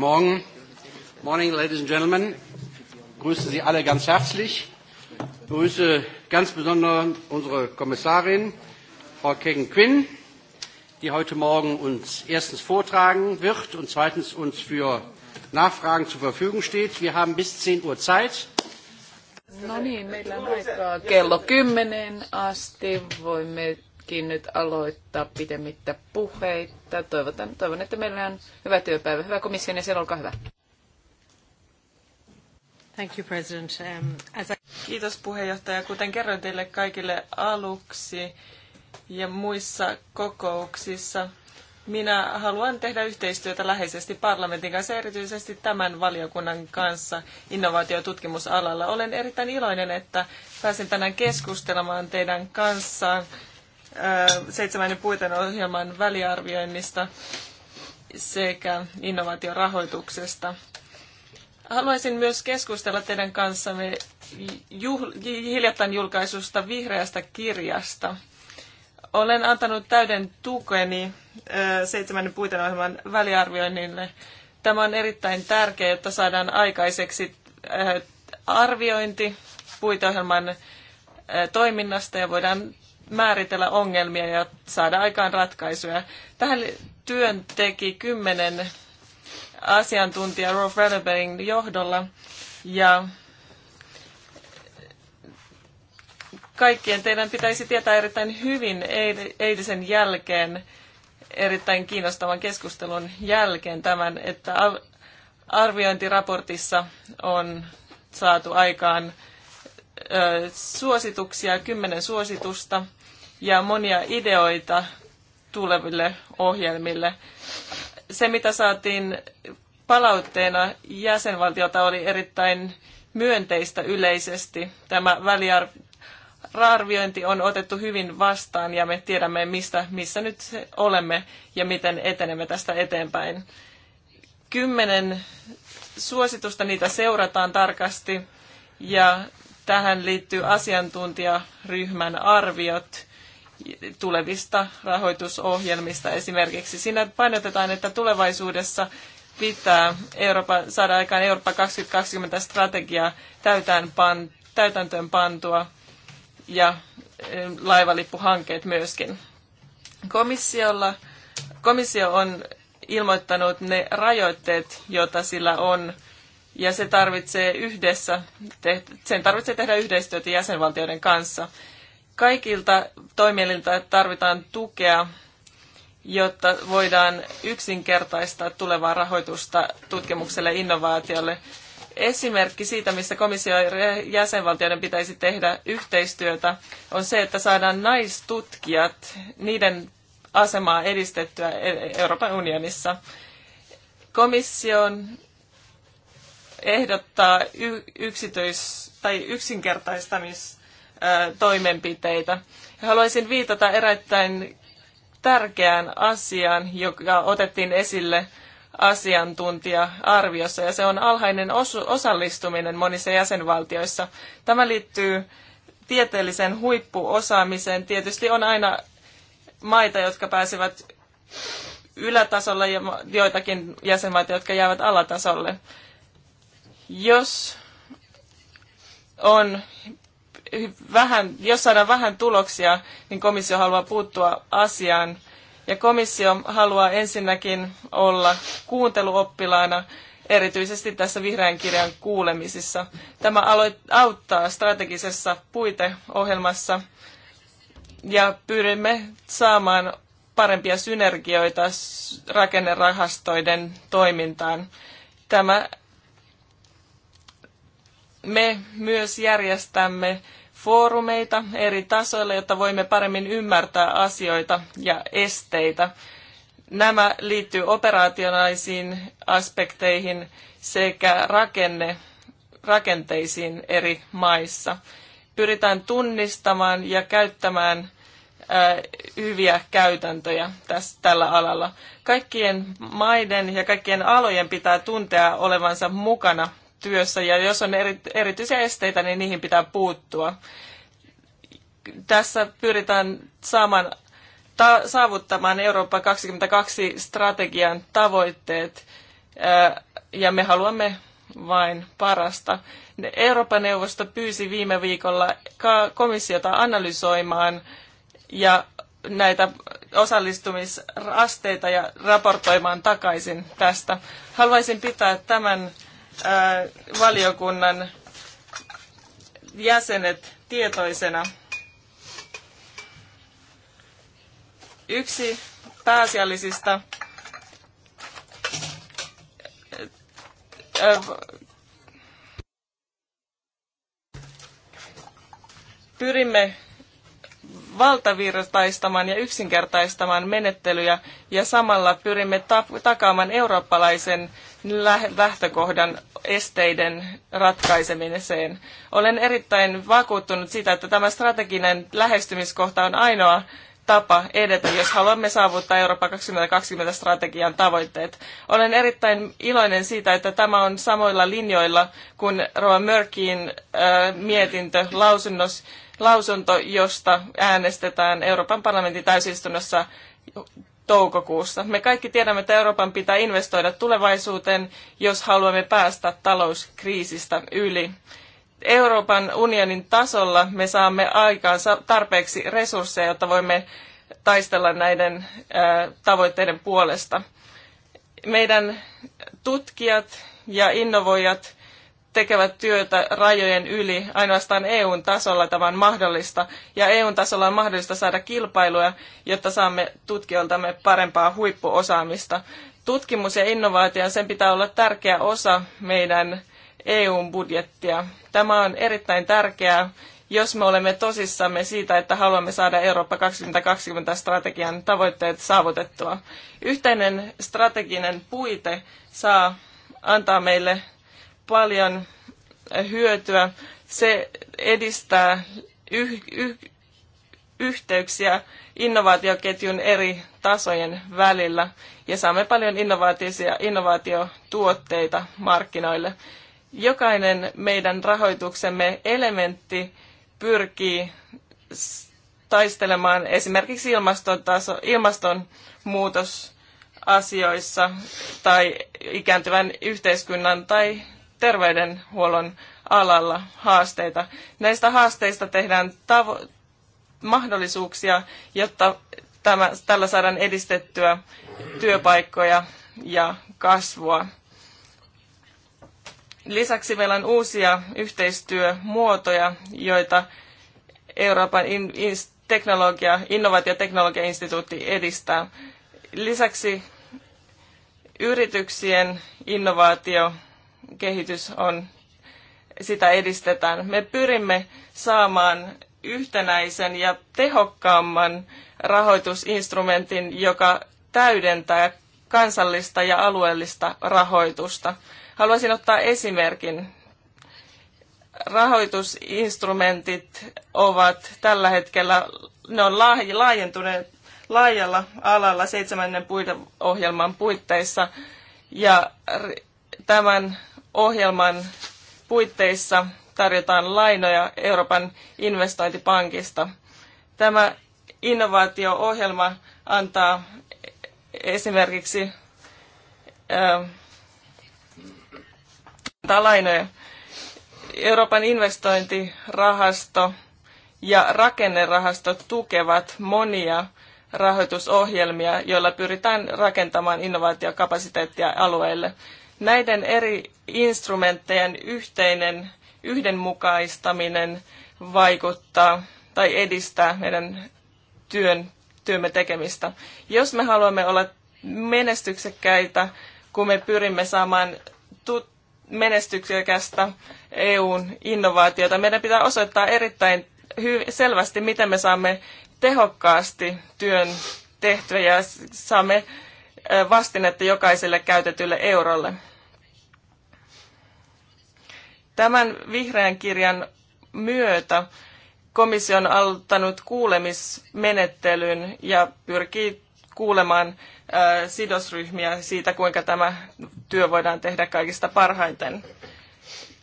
Morgen. Morning, ladies and gentlemen. Ich grüße Sie alle ganz herzlich. Ich grüße ganz besonders unsere Kommissarin, Frau Kegan-Quinn, die heute Morgen uns erstens vortragen wird und zweitens uns für Nachfragen zur Verfügung steht. Wir haben bis 10 Uhr Zeit. No niin, meillä on aikaa kello 10 asti. Voimme voimmekin nyt aloittaa pidemmittä puheita. Toivotan, toivon, että meillä on hyvä työpäivä. Hyvä komission ja siellä olkaa hyvä. Thank you, President. Um, as I... Kiitos puheenjohtaja. Kuten kerroin teille kaikille aluksi ja muissa kokouksissa, minä haluan tehdä yhteistyötä läheisesti parlamentin kanssa, erityisesti tämän valiokunnan kanssa innovaatiotutkimusalalla. Olen erittäin iloinen, että pääsin tänään keskustelemaan teidän kanssaan seitsemännen puiten ohjelman väliarvioinnista sekä innovaatiorahoituksesta. Haluaisin myös keskustella teidän kanssamme hiljattain julkaisusta vihreästä kirjasta. Olen antanut täyden tukeni seitsemännen puiten ohjelman väliarvioinnille. Tämä on erittäin tärkeää, jotta saadaan aikaiseksi arviointi puiteohjelman toiminnasta ja voidaan määritellä ongelmia ja saada aikaan ratkaisuja. Tähän työn teki kymmenen asiantuntijaa Rolf Rennebergin johdolla ja kaikkien teidän pitäisi tietää erittäin hyvin eilisen jälkeen, erittäin kiinnostavan keskustelun jälkeen tämän, että arviointiraportissa on saatu aikaan suosituksia, kymmenen suositusta, ja monia ideoita tuleville ohjelmille. Se, mitä saatiin palautteena jäsenvaltiota, oli erittäin myönteistä yleisesti. Tämä väliarviointi on otettu hyvin vastaan ja me tiedämme, mistä, missä nyt olemme ja miten etenemme tästä eteenpäin. Kymmenen suositusta, niitä seurataan tarkasti ja tähän liittyy asiantuntijaryhmän arviot – tulevista rahoitusohjelmista esimerkiksi. Siinä painotetaan, että tulevaisuudessa pitää Eurooppa, saada aikaan Eurooppa 2020 strategiaa täytäntöön pantua ja eh, laivalippuhankkeet myöskin. Komissiolla, komissio on ilmoittanut ne rajoitteet, joita sillä on, ja se tarvitsee yhdessä, sen tarvitsee tehdä yhteistyötä jäsenvaltioiden kanssa. Kaikilta toimielintä tarvitaan tukea, jotta voidaan yksinkertaistaa tulevaa rahoitusta tutkimukselle ja innovaatiolle. Esimerkki siitä, missä komissio ja jäsenvaltioiden pitäisi tehdä yhteistyötä, on se, että saadaan naistutkijat, niiden asemaa edistettyä e- Euroopan unionissa. Komission ehdottaa y- yksityis- tai yksinkertaistamista toimenpiteitä. Haluaisin viitata erittäin tärkeään asiaan, joka otettiin esille asiantuntija-arviossa, ja se on alhainen osallistuminen monissa jäsenvaltioissa. Tämä liittyy tieteellisen huippuosaamiseen. Tietysti on aina maita, jotka pääsevät ylätasolle ja joitakin jäsenmaita, jotka jäävät alatasolle. Jos on vähän, jos saadaan vähän tuloksia, niin komissio haluaa puuttua asiaan. Ja komissio haluaa ensinnäkin olla kuunteluoppilaana, erityisesti tässä vihreän kirjan kuulemisissa. Tämä aloit- auttaa strategisessa puiteohjelmassa ja pyrimme saamaan parempia synergioita rakennerahastoiden toimintaan. Tämä me myös järjestämme foorumeita eri tasoilla, jotta voimme paremmin ymmärtää asioita ja esteitä. Nämä liittyvät operationaalisiin aspekteihin sekä rakenne, rakenteisiin eri maissa. Pyritään tunnistamaan ja käyttämään hyviä käytäntöjä tässä, tällä alalla. Kaikkien maiden ja kaikkien alojen pitää tuntea olevansa mukana työssä ja jos on eri, erityisiä esteitä, niin niihin pitää puuttua. Tässä pyritään saamaan, ta, saavuttamaan Eurooppa 22 strategian tavoitteet ja me haluamme vain parasta. Euroopan neuvosto pyysi viime viikolla komissiota analysoimaan ja näitä osallistumisasteita ja raportoimaan takaisin tästä. Haluaisin pitää tämän Äh, valiokunnan jäsenet tietoisena. Yksi pääasiallisista äh, pyrimme valtavirtaistamaan ja yksinkertaistamaan menettelyjä ja samalla pyrimme takaamaan eurooppalaisen lähtökohdan esteiden ratkaisemiseen. Olen erittäin vakuuttunut siitä, että tämä strateginen lähestymiskohta on ainoa tapa edetä, jos haluamme saavuttaa Eurooppa 2020 strategian tavoitteet. Olen erittäin iloinen siitä, että tämä on samoilla linjoilla kuin roa Mörkin äh, mietintö, lausunnos, lausunto, josta äänestetään Euroopan parlamentin täysistunnossa toukokuussa. Me kaikki tiedämme, että Euroopan pitää investoida tulevaisuuteen, jos haluamme päästä talouskriisistä yli. Euroopan unionin tasolla me saamme aikaan tarpeeksi resursseja, jotta voimme taistella näiden tavoitteiden puolesta. Meidän tutkijat ja innovoijat tekevät työtä rajojen yli. Ainoastaan EUn tasolla tämä on mahdollista. Ja EUn tasolla on mahdollista saada kilpailuja, jotta saamme tutkijoiltamme parempaa huippuosaamista. Tutkimus ja innovaatio, sen pitää olla tärkeä osa meidän EUn budjettia. Tämä on erittäin tärkeää, jos me olemme tosissamme siitä, että haluamme saada Eurooppa 2020 strategian tavoitteet saavutettua. Yhteinen strateginen puite saa antaa meille paljon hyötyä. Se edistää yh, yh, yhteyksiä innovaatioketjun eri tasojen välillä ja saamme paljon innovaatiotuotteita markkinoille. Jokainen meidän rahoituksemme elementti pyrkii taistelemaan esimerkiksi ilmastontaso, ilmastonmuutosasioissa tai ikääntyvän yhteiskunnan tai terveydenhuollon alalla haasteita. Näistä haasteista tehdään tavo- mahdollisuuksia, jotta tämä, tällä saadaan edistettyä työpaikkoja ja kasvua. Lisäksi meillä on uusia yhteistyömuotoja, joita Euroopan in, in, teknologia, innovaatioteknologiainstituutti edistää. Lisäksi yrityksien innovaatio kehitys on, sitä edistetään. Me pyrimme saamaan yhtenäisen ja tehokkaamman rahoitusinstrumentin, joka täydentää kansallista ja alueellista rahoitusta. Haluaisin ottaa esimerkin. Rahoitusinstrumentit ovat tällä hetkellä, ne on laajentuneet laajalla alalla seitsemännen ohjelman puitteissa ja tämän ohjelman puitteissa tarjotaan lainoja Euroopan investointipankista. Tämä innovaatio-ohjelma antaa esimerkiksi ähm, antaa lainoja. Euroopan investointirahasto ja rakennerahasto tukevat monia rahoitusohjelmia, joilla pyritään rakentamaan innovaatiokapasiteettia alueille. Näiden eri instrumenttejen yhteinen yhdenmukaistaminen vaikuttaa tai edistää meidän työn, työmme tekemistä. Jos me haluamme olla menestyksekkäitä, kun me pyrimme saamaan tut- menestyksekästä EUn innovaatiota, meidän pitää osoittaa erittäin selvästi, miten me saamme tehokkaasti työn tehtyä ja saamme vastinetta jokaiselle käytetylle eurolle. Tämän vihreän kirjan myötä komissio on aloittanut kuulemismenettelyn ja pyrkii kuulemaan sidosryhmiä siitä, kuinka tämä työ voidaan tehdä kaikista parhaiten.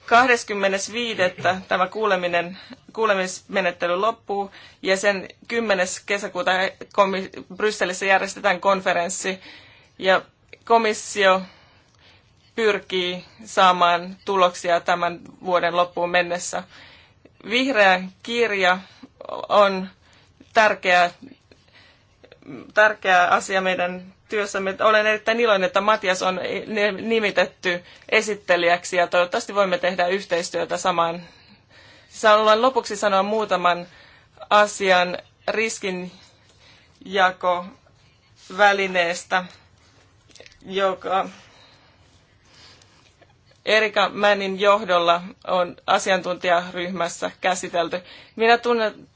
25. tämä kuuleminen, kuulemismenettely loppuu ja sen 10. kesäkuuta Brysselissä järjestetään konferenssi ja komissio pyrkii saamaan tuloksia tämän vuoden loppuun mennessä. Vihreä kirja on tärkeä, tärkeä asia meidän työssämme. Olen erittäin iloinen, että Matias on nimitetty esittelijäksi ja toivottavasti voimme tehdä yhteistyötä samaan. Haluan lopuksi sanoa muutaman asian riskinjakovälineestä, joka Erika Männin johdolla on asiantuntijaryhmässä käsitelty. Minä tunnen,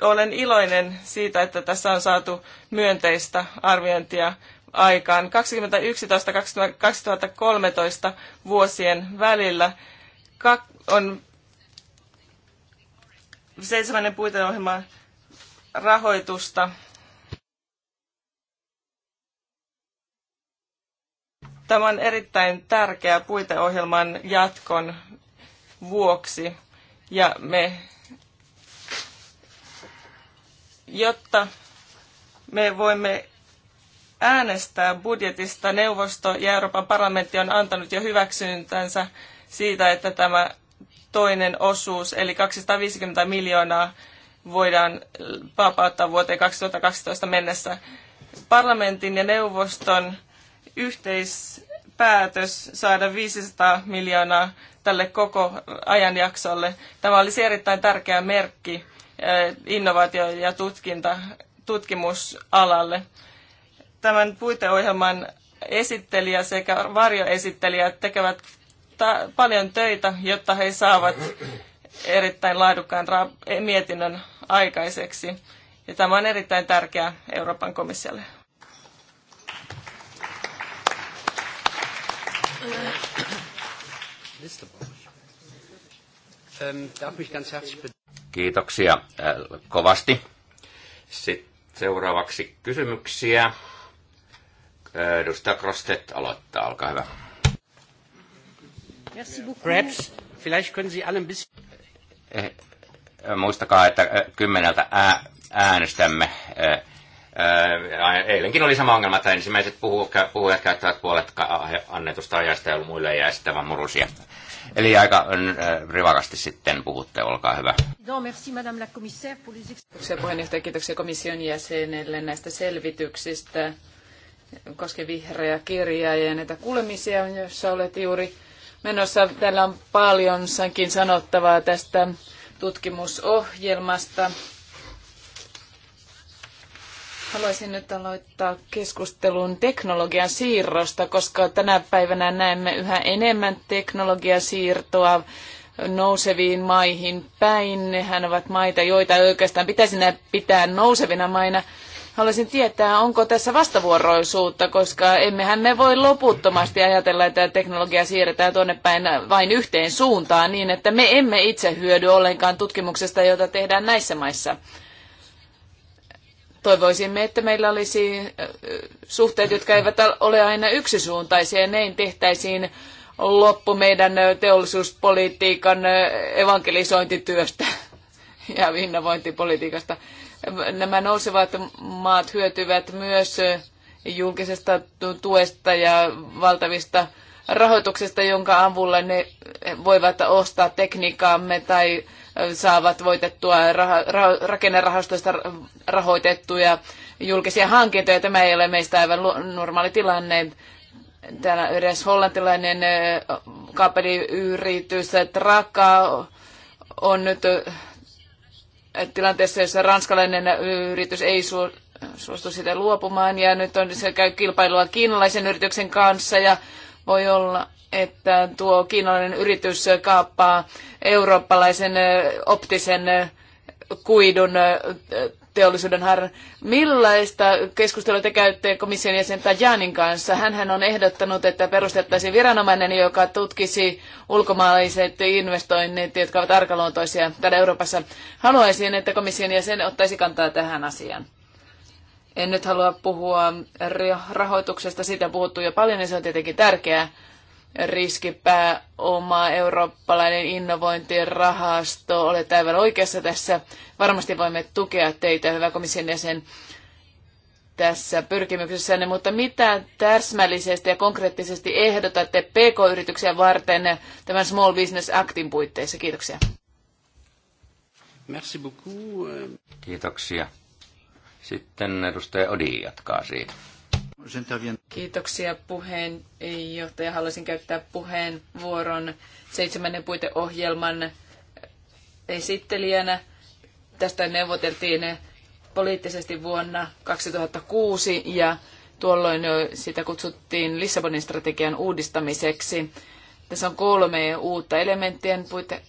olen iloinen siitä, että tässä on saatu myönteistä arviointia aikaan 2011-2013 vuosien välillä on seitsemännen puiteohjelman rahoitusta Tämä on erittäin tärkeä puiteohjelman jatkon vuoksi. Ja me, jotta me voimme äänestää budjetista, neuvosto ja Euroopan parlamentti on antanut jo hyväksyntänsä siitä, että tämä toinen osuus, eli 250 miljoonaa, voidaan vapauttaa vuoteen 2012 mennessä. Parlamentin ja neuvoston yhteispäätös saada 500 miljoonaa tälle koko ajanjaksolle. Tämä olisi erittäin tärkeä merkki eh, innovaatio- ja tutkinta, tutkimusalalle. Tämän puiteohjelman esittelijä sekä varjoesittelijä tekevät paljon töitä, jotta he saavat erittäin laadukkaan mietinnön aikaiseksi. Ja tämä on erittäin tärkeää Euroopan komissiolle. Ähm, Kiitoksia äh, kovasti. Sitten seuraavaksi kysymyksiä. Äh, edustaja Krostet aloittaa, olkaa hyvä. Perhaps, vielleicht können Sie alle ein bisschen... Eh, eh, muistakaa, että äh, kymmeneltä äänestämme Eilenkin oli sama ongelma, että ensimmäiset puhujat käyttävät puolet annetusta ajasta ja muille jää sitten vaan murusia. Eli aika rivakasti sitten puhutte, olkaa hyvä. No, merci, madame la commissaire, Kiitoksia puheenjohtaja, kiitoksia komission jäsenelle näistä selvityksistä koskien vihreä kirjaa ja näitä kuulemisia, joissa olet juuri menossa. Täällä on paljonkin sanottavaa tästä tutkimusohjelmasta Haluaisin nyt aloittaa keskustelun teknologian siirrosta, koska tänä päivänä näemme yhä enemmän teknologian siirtoa nouseviin maihin päin. Nehän ovat maita, joita oikeastaan pitäisi pitää nousevina maina. Haluaisin tietää, onko tässä vastavuoroisuutta, koska emmehän me voi loputtomasti ajatella, että teknologia siirretään tuonne päin vain yhteen suuntaan niin, että me emme itse hyödy ollenkaan tutkimuksesta, jota tehdään näissä maissa. Toivoisimme, että meillä olisi suhteet, jotka eivät ole aina yksisuuntaisia, nein tehtäisiin loppu meidän teollisuuspolitiikan evankelisointityöstä ja innovointipolitiikasta. Nämä nousevat maat hyötyvät myös julkisesta tuesta ja valtavista rahoituksesta, jonka avulla ne voivat ostaa tekniikkaamme tai saavat voitettua raha, ra, rakennerahastoista rahoitettuja julkisia hankintoja. Tämä ei ole meistä aivan normaali tilanne. Täällä edes hollantilainen kaapeliyritys Traka on nyt tilanteessa, jossa ranskalainen yritys ei suostu sitä luopumaan ja nyt on se käy kilpailua kiinalaisen yrityksen kanssa ja voi olla, että tuo kiinalainen yritys kaappaa eurooppalaisen optisen kuidun teollisuuden har. Millaista keskustelua te käytte komission jäsen Tajanin kanssa? hän on ehdottanut, että perustettaisiin viranomainen, joka tutkisi ulkomaalaiset investoinnit, jotka ovat arkaluontoisia täällä Euroopassa. Haluaisin, että komission jäsen ottaisi kantaa tähän asiaan. En nyt halua puhua rahoituksesta, siitä puhuttu jo paljon ja niin se on tietenkin riskipää oma eurooppalainen innovointirahasto, olet aivan oikeassa tässä. Varmasti voimme tukea teitä, hyvä komission jäsen, tässä pyrkimyksessänne, mutta mitä täsmällisesti ja konkreettisesti ehdotatte PK-yrityksiä varten tämän Small Business Actin puitteissa? Kiitoksia. Merci beaucoup. Kiitoksia. Sitten edustaja Odi jatkaa siitä. Kiitoksia puheenjohtaja. Haluaisin käyttää puheenvuoron seitsemännen puiteohjelman esittelijänä. Tästä neuvoteltiin poliittisesti vuonna 2006 ja tuolloin sitä kutsuttiin Lissabonin strategian uudistamiseksi. Tässä on kolme uutta elementtiä. Puite,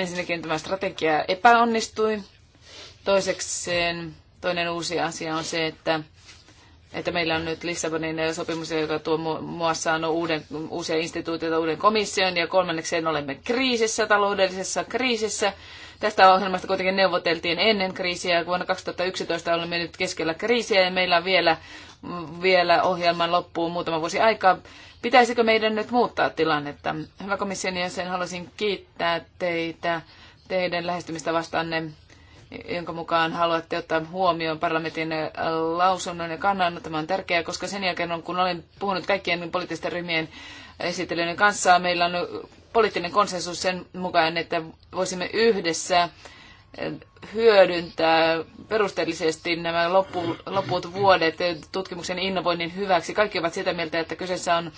ensinnäkin tämä strategia epäonnistui. Toisekseen Toinen uusi asia on se, että että meillä on nyt Lissabonin sopimus, joka tuo on uuden, uusia instituutioita, uuden komission, ja kolmannekseen olemme kriisissä, taloudellisessa kriisissä. Tästä ohjelmasta kuitenkin neuvoteltiin ennen kriisiä, vuonna 2011 olemme nyt keskellä kriisiä, ja meillä on vielä, vielä ohjelman loppuun muutama vuosi aikaa. Pitäisikö meidän nyt muuttaa tilannetta? Hyvä komission jäsen, haluaisin kiittää teitä teidän lähestymistä vastaanne jonka mukaan haluatte ottaa huomioon parlamentin äh, lausunnon ja kannan. No, tämä on tärkeää, koska sen jälkeen, kun olen puhunut kaikkien poliittisten ryhmien esittelyiden kanssa, meillä on äh, poliittinen konsensus sen mukaan, että voisimme yhdessä äh, hyödyntää perusteellisesti nämä loput vuodet tutkimuksen innovoinnin hyväksi. Kaikki ovat sitä mieltä, että kyseessä on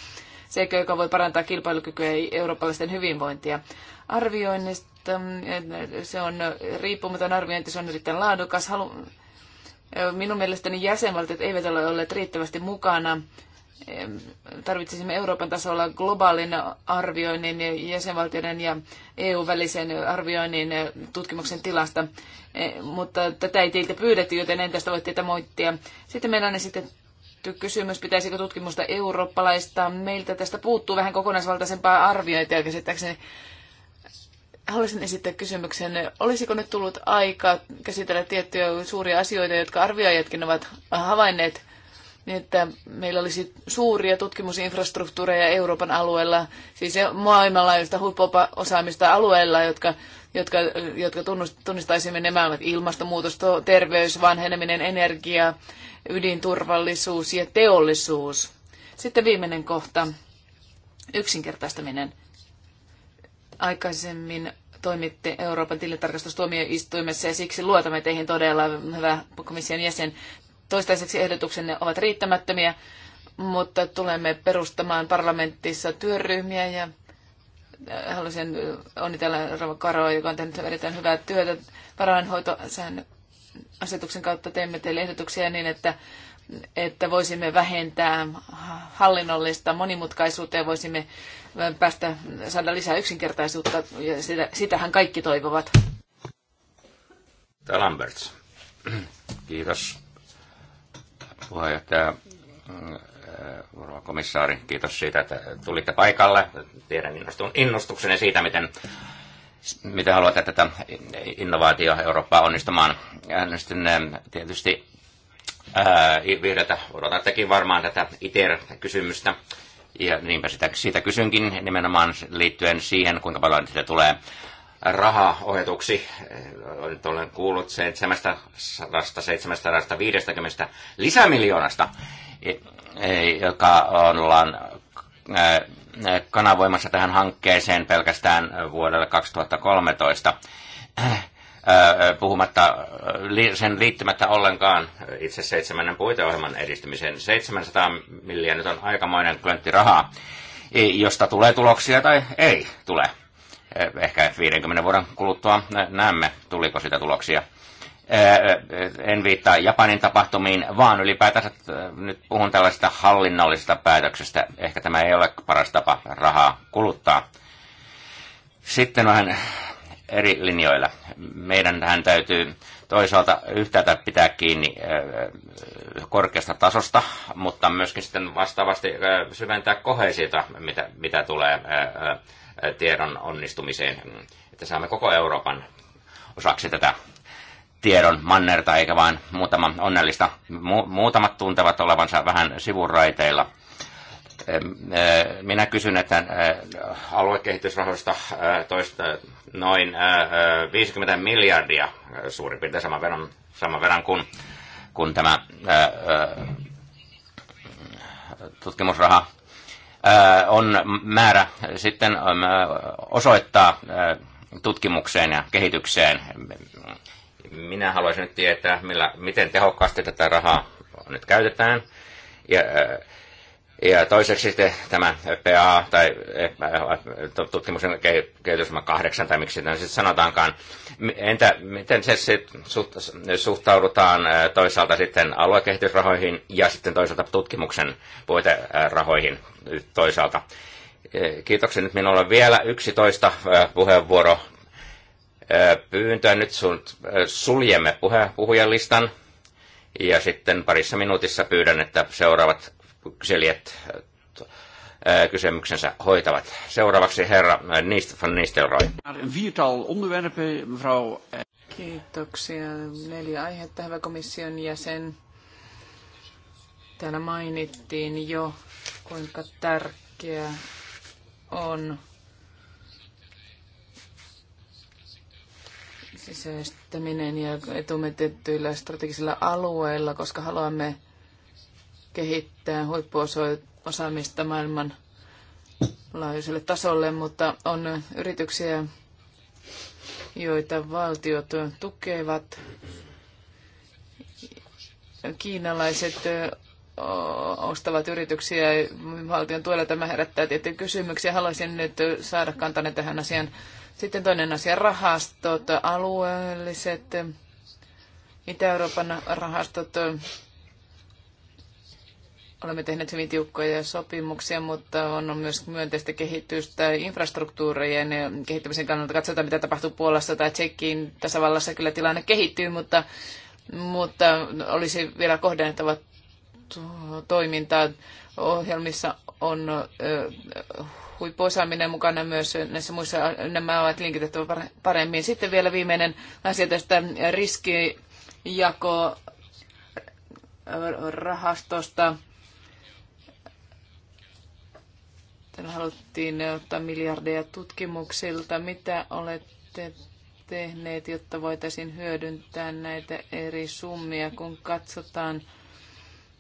seikka, joka voi parantaa kilpailukykyä ja eurooppalaisten hyvinvointia. Arvioinnista, se on riippumaton arviointi, se on erittäin laadukas. Halu, minun mielestäni jäsenvaltiot eivät ole olleet riittävästi mukana tarvitsisimme Euroopan tasolla globaalin arvioinnin jäsenvaltioiden ja EU-välisen arvioinnin tutkimuksen tilasta, e, mutta tätä ei teiltä pyydetty, joten en tästä voi teitä moittia. Sitten meillä on esitetty kysymys, pitäisikö tutkimusta eurooppalaista. Meiltä tästä puuttuu vähän kokonaisvaltaisempaa arviointia käsittääkseni. Haluaisin esittää kysymyksen, olisiko nyt tullut aika käsitellä tiettyjä suuria asioita, jotka arvioijatkin ovat havainneet, niin että meillä olisi suuria tutkimusinfrastruktuureja Euroopan alueella, siis maailmanlaajuista huippuosaamista alueella, jotka jotka, jotka tunnistaisimme, nämä ilmastonmuutos, terveys, vanheneminen, energia, ydinturvallisuus ja teollisuus. Sitten viimeinen kohta, yksinkertaistaminen. Aikaisemmin toimitte Euroopan tilintarkastustuomioistuimessa ja siksi luotamme teihin todella, hyvä komission jäsen. Toistaiseksi ehdotuksenne ovat riittämättömiä, mutta tulemme perustamaan parlamentissa työryhmiä ja äh, haluaisin onnitella Rova Karoa, joka on tehnyt erittäin hyvää työtä varainhoitosäännöksiä asetuksen kautta teemme teille ehdotuksia niin, että, että voisimme vähentää hallinnollista monimutkaisuutta ja voisimme päästä saada lisää yksinkertaisuutta. Ja sitä, sitähän kaikki toivovat. Lamberts. Kiitos puheenjohtaja äh, komissaari, kiitos siitä, että tulitte paikalle. Tiedän innostuksenne siitä, miten miten haluatte tätä innovaatio Eurooppaa onnistumaan. Äänestin tietysti vihreätä odotan tekin varmaan tätä ITER-kysymystä. Ja niinpä sitä, siitä kysynkin nimenomaan liittyen siihen, kuinka paljon sitä tulee rahaa ohjatuksi. Nyt olen kuullut 750 lisämiljoonasta, joka ollaan kanavoimassa tähän hankkeeseen pelkästään vuodelle 2013, äh, äh, puhumatta äh, sen liittymättä ollenkaan itse seitsemännen puiteohjelman edistymiseen. 700 milliä nyt on aikamoinen klöntti rahaa, josta tulee tuloksia tai ei tule. Ehkä 50 vuoden kuluttua näemme, tuliko sitä tuloksia en viittaa Japanin tapahtumiin, vaan ylipäätänsä nyt puhun tällaista hallinnollisesta päätöksestä. Ehkä tämä ei ole paras tapa rahaa kuluttaa. Sitten vähän eri linjoilla. Meidän tähän täytyy toisaalta yhtäältä pitää kiinni korkeasta tasosta, mutta myöskin sitten vastaavasti syventää koheisiota, mitä, mitä tulee tiedon onnistumiseen, että saamme koko Euroopan osaksi tätä tiedon mannerta, eikä vain muutama onnellista. Mu- muutamat tuntevat olevansa vähän sivuraiteilla. Eh, minä kysyn, että eh, aluekehitysrahoista eh, toista noin 50 miljardia suurin piirtein saman verran, saman verran kuin, kuin tämä tutkimusraha on määrä sitten osoittaa tutkimukseen ja kehitykseen minä haluaisin nyt tietää, millä, miten tehokkaasti tätä rahaa nyt käytetään. Ja, äh, ja toiseksi sitten tämä PA tai äh, tutkimuksen kehitysmä kahdeksan tai miksi sitä sitten sanotaankaan. Entä miten se sitten suhtaudutaan äh, toisaalta sitten aluekehitysrahoihin ja sitten toisaalta tutkimuksen puiterahoihin toisaalta? Kiitoksia. Nyt minulla on vielä 11 puheenvuoro pyyntöä. Nyt suljemme puhujalistan ja sitten parissa minuutissa pyydän, että seuraavat kyselijät kysymyksensä hoitavat. Seuraavaksi herra Niist van Nistelrooy. Eh. Kiitoksia. Neljä aihetta, hyvä komission jäsen. Täällä mainittiin jo, kuinka tärkeä on sisäistäminen ja etumetettyillä strategisilla alueilla, koska haluamme kehittää huippuosaamista maailman laajuiselle tasolle, mutta on yrityksiä, joita valtiot tukevat. Kiinalaiset ostavat yrityksiä valtion tuella. Tämä herättää tiettyjä kysymyksiä. Haluaisin nyt saada kantanne tähän asiaan. Sitten toinen asia, rahastot, alueelliset, Itä-Euroopan rahastot. Olemme tehneet hyvin tiukkoja sopimuksia, mutta on myös myönteistä kehitystä infrastruktuurien kehittämisen kannalta. Katsotaan, mitä tapahtuu Puolassa tai Tsekkiin. Tasavallassa kyllä tilanne kehittyy, mutta, mutta olisi vielä kohdennettava toimintaa. Ohjelmissa on huippuosaaminen mukana myös näissä muissa, nämä ovat linkitettävä paremmin. Sitten vielä viimeinen asia tästä riskijako äh, rahastosta. Tällä haluttiin ottaa miljardeja tutkimuksilta. Mitä olette tehneet, jotta voitaisiin hyödyntää näitä eri summia, kun katsotaan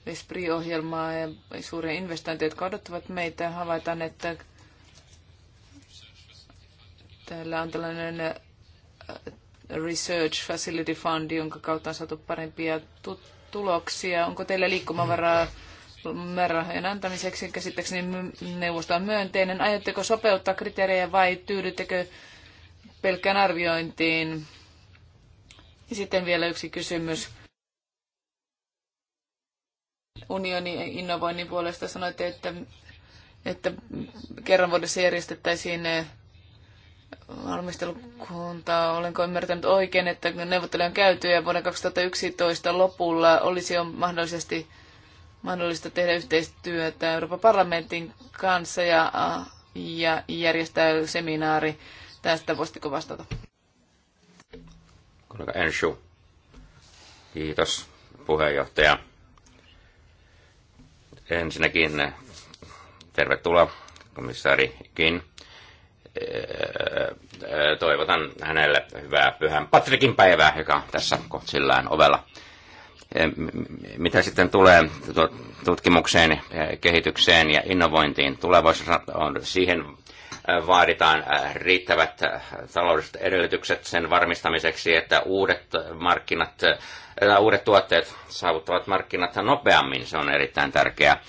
Esprit-ohjelmaa ja suuria investointeja, jotka odottavat meitä. Havaitaan, että Täällä on tällainen äh, Research Facility Fund, jonka kautta on saatu parempia tuloksia. Onko teillä liikkumavaraa määrärahojen antamiseksi? Käsittääkseni neuvosto on myönteinen. Aiotteko sopeuttaa kriteerejä vai tyydyttekö pelkkään arviointiin? Ja sitten vielä yksi kysymys. Unionin innovoinnin puolesta sanoitte, että, että kerran vuodessa järjestettäisiin valmistelukunta, Olenko ymmärtänyt oikein, että neuvotteluja on käyty ja vuoden 2011 lopulla olisi jo mahdollisesti mahdollista tehdä yhteistyötä Euroopan parlamentin kanssa ja, ja järjestää seminaari. Tästä voisitko vastata? Kollega Enshu. Kiitos puheenjohtaja. Ensinnäkin tervetuloa komissaarikin toivotan hänelle hyvää pyhän Patrikin päivää, joka tässä kohtsillään ovella. Mitä sitten tulee tutkimukseen, kehitykseen ja innovointiin tulevaisuudessa, on siihen vaaditaan riittävät taloudelliset edellytykset sen varmistamiseksi, että uudet markkinat, uudet tuotteet saavuttavat markkinat nopeammin. Se on erittäin tärkeää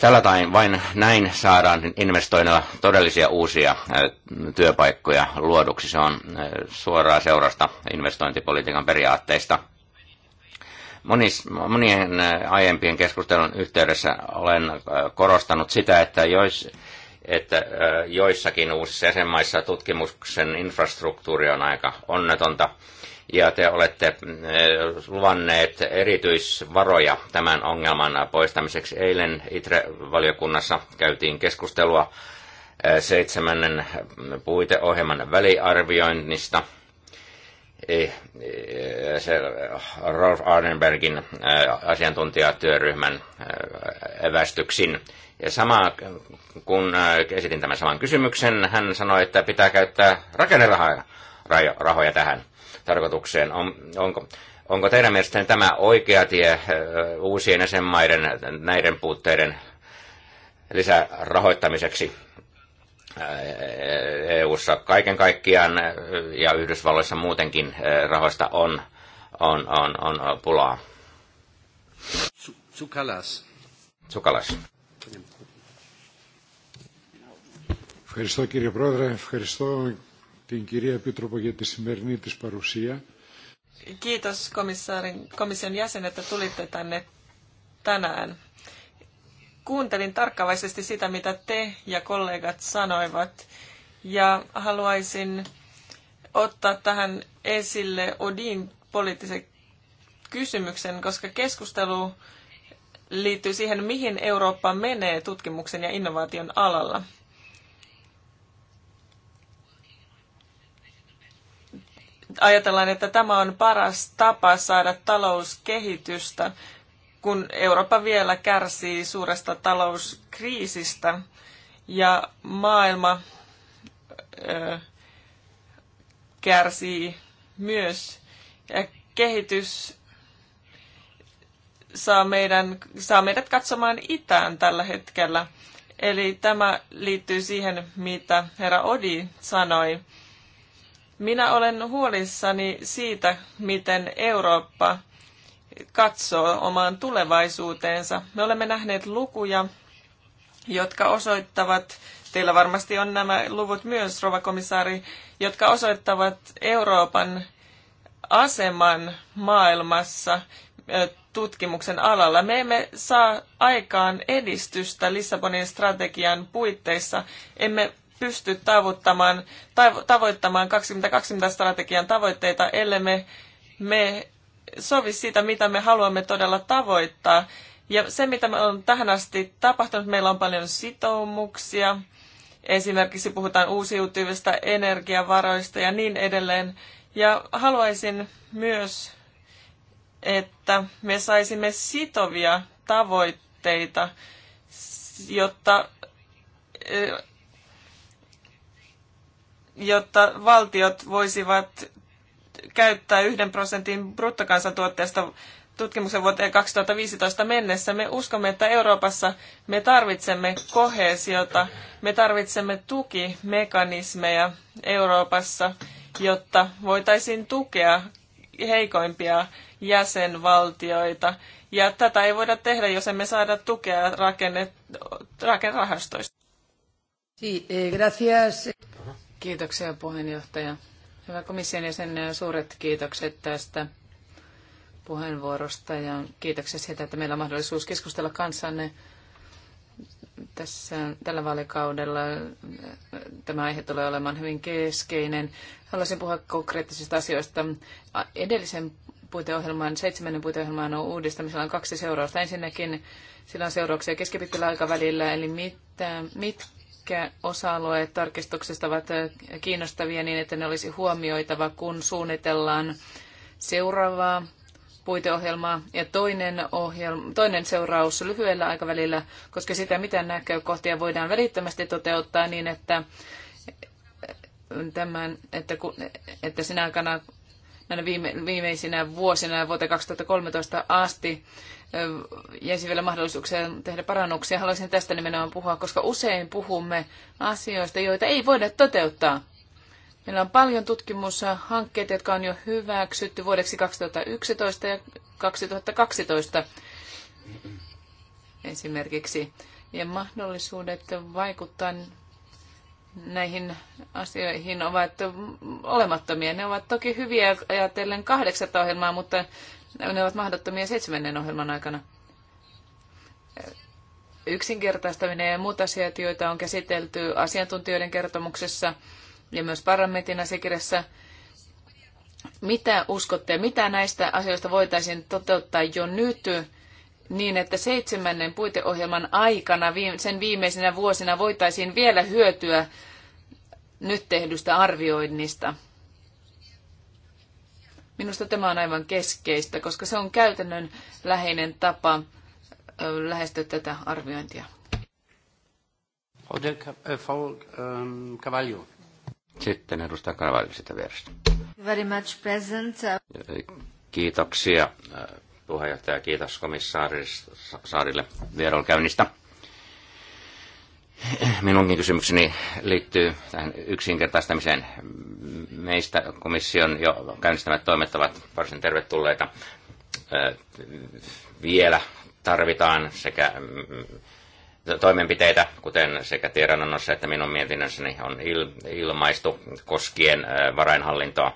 Tällä tai vain näin saadaan investoinnilla todellisia uusia työpaikkoja luoduksi. Se on suoraa seurasta investointipolitiikan periaatteista. Monis, monien aiempien keskustelun yhteydessä olen korostanut sitä, että, jos, että joissakin uusissa jäsenmaissa tutkimuksen infrastruktuuri on aika onnetonta – ja te olette eh, luvanneet erityisvaroja tämän ongelman poistamiseksi. Eilen ITRE-valiokunnassa käytiin keskustelua eh, seitsemännen puiteohjelman väliarvioinnista. Eh, se Rolf Ardenbergin asiantuntijatyöryhmän evästyksin. Ja sama, kun esitin tämän saman kysymyksen, hän sanoi, että pitää käyttää rakennerahoja rahoja tähän tarkoitukseen. On, onko, onko teidän mielestänne tämä oikea tie uusien jäsenmaiden näiden puutteiden lisärahoittamiseksi EU-ssa kaiken kaikkiaan ja Yhdysvalloissa muutenkin rahoista on, on, on, on pulaa? Sukalas. Sukalas. Ευχαριστώ κύριε Πρόεδρε, ευχαριστώ την κυρία Επίτροπο για τη σημερινή της παρουσία. Kiitos komission jäsen, että tulitte tänne tänään. Kuuntelin tarkkavaisesti sitä, mitä te ja kollegat sanoivat, ja haluaisin ottaa tähän esille Odin poliittisen kysymyksen, koska keskustelu liittyy siihen, mihin Eurooppa menee tutkimuksen ja innovaation alalla. ajatellaan, että tämä on paras tapa saada talouskehitystä, kun Eurooppa vielä kärsii suuresta talouskriisistä ja maailma ö, kärsii myös. Ja kehitys saa, meidän, saa meidät katsomaan itään tällä hetkellä. Eli tämä liittyy siihen, mitä herra Odi sanoi minä olen huolissani siitä, miten Eurooppa katsoo omaan tulevaisuuteensa. Me olemme nähneet lukuja, jotka osoittavat, teillä varmasti on nämä luvut myös, rova komissaari, jotka osoittavat Euroopan aseman maailmassa tutkimuksen alalla. Me emme saa aikaan edistystä Lissabonin strategian puitteissa. Emme pysty tavoittamaan, tavoittamaan 2020-strategian tavoitteita, ellemme me sovi siitä, mitä me haluamme todella tavoittaa. Ja se, mitä me on tähän asti tapahtunut, meillä on paljon sitoumuksia. Esimerkiksi puhutaan uusiutuvista energiavaroista ja niin edelleen. Ja haluaisin myös, että me saisimme sitovia tavoitteita, jotta jotta valtiot voisivat käyttää yhden prosentin bruttokansantuotteesta tutkimuksen vuoteen 2015 mennessä. Me uskomme, että Euroopassa me tarvitsemme kohesiota, me tarvitsemme tukimekanismeja Euroopassa, jotta voitaisiin tukea heikoimpia jäsenvaltioita. Ja tätä ei voida tehdä, jos emme saada tukea rakennerahastoista. Sí, eh, gracias. Kiitoksia puheenjohtaja. Hyvä komission jäsen, suuret kiitokset tästä puheenvuorosta ja kiitoksia siitä, että meillä on mahdollisuus keskustella kanssanne tässä, tällä vaalikaudella. Tämä aihe tulee olemaan hyvin keskeinen. Haluaisin puhua konkreettisista asioista. Edellisen puiteohjelman, seitsemännen puiteohjelman uudistamisella on kaksi seurausta. Ensinnäkin sillä on seurauksia keskipitkällä aikavälillä, eli mitä, mit, osa-alueet tarkistuksesta ovat kiinnostavia niin, että ne olisi huomioitava, kun suunnitellaan seuraavaa puiteohjelmaa. Ja toinen, ohjelma, toinen seuraus lyhyellä aikavälillä, koska sitä, mitä näkökohtia voidaan välittömästi toteuttaa niin, että, tämän, että, kun, että sinä aikana, näinä viime, viimeisinä vuosina vuoteen 2013 asti jäisi vielä mahdollisuuksia tehdä parannuksia. Haluaisin tästä nimenomaan puhua, koska usein puhumme asioista, joita ei voida toteuttaa. Meillä on paljon tutkimushankkeita, jotka on jo hyväksytty vuodeksi 2011 ja 2012 esimerkiksi. Ja mahdollisuudet vaikuttaa näihin asioihin ovat olemattomia. Ne ovat toki hyviä ajatellen kahdeksatta ohjelmaa, mutta ne ovat mahdottomia seitsemännen ohjelman aikana. Yksinkertaistaminen ja muut asiat, joita on käsitelty asiantuntijoiden kertomuksessa ja myös parlamentin asiakirjassa, mitä uskotte, mitä näistä asioista voitaisiin toteuttaa jo nyt niin, että seitsemännen puiteohjelman aikana, sen viimeisinä vuosina, voitaisiin vielä hyötyä nyt tehdystä arvioinnista. Minusta tämä on aivan keskeistä, koska se on käytännön läheinen tapa lähestyä tätä arviointia. Äh, ähm, Sitten edustaja Carvalho sitä vierestä. Very much present. Kiitoksia puheenjohtaja. Kiitos komissaarille vierailukäynnistä. Minunkin kysymykseni liittyy tähän yksinkertaistamiseen. Meistä komission jo käynnistämät toimet ovat varsin tervetulleita. Vielä tarvitaan sekä mm, toimenpiteitä, kuten sekä tiedonannossa että minun mietinnössäni on ilmaistu koskien varainhallintoa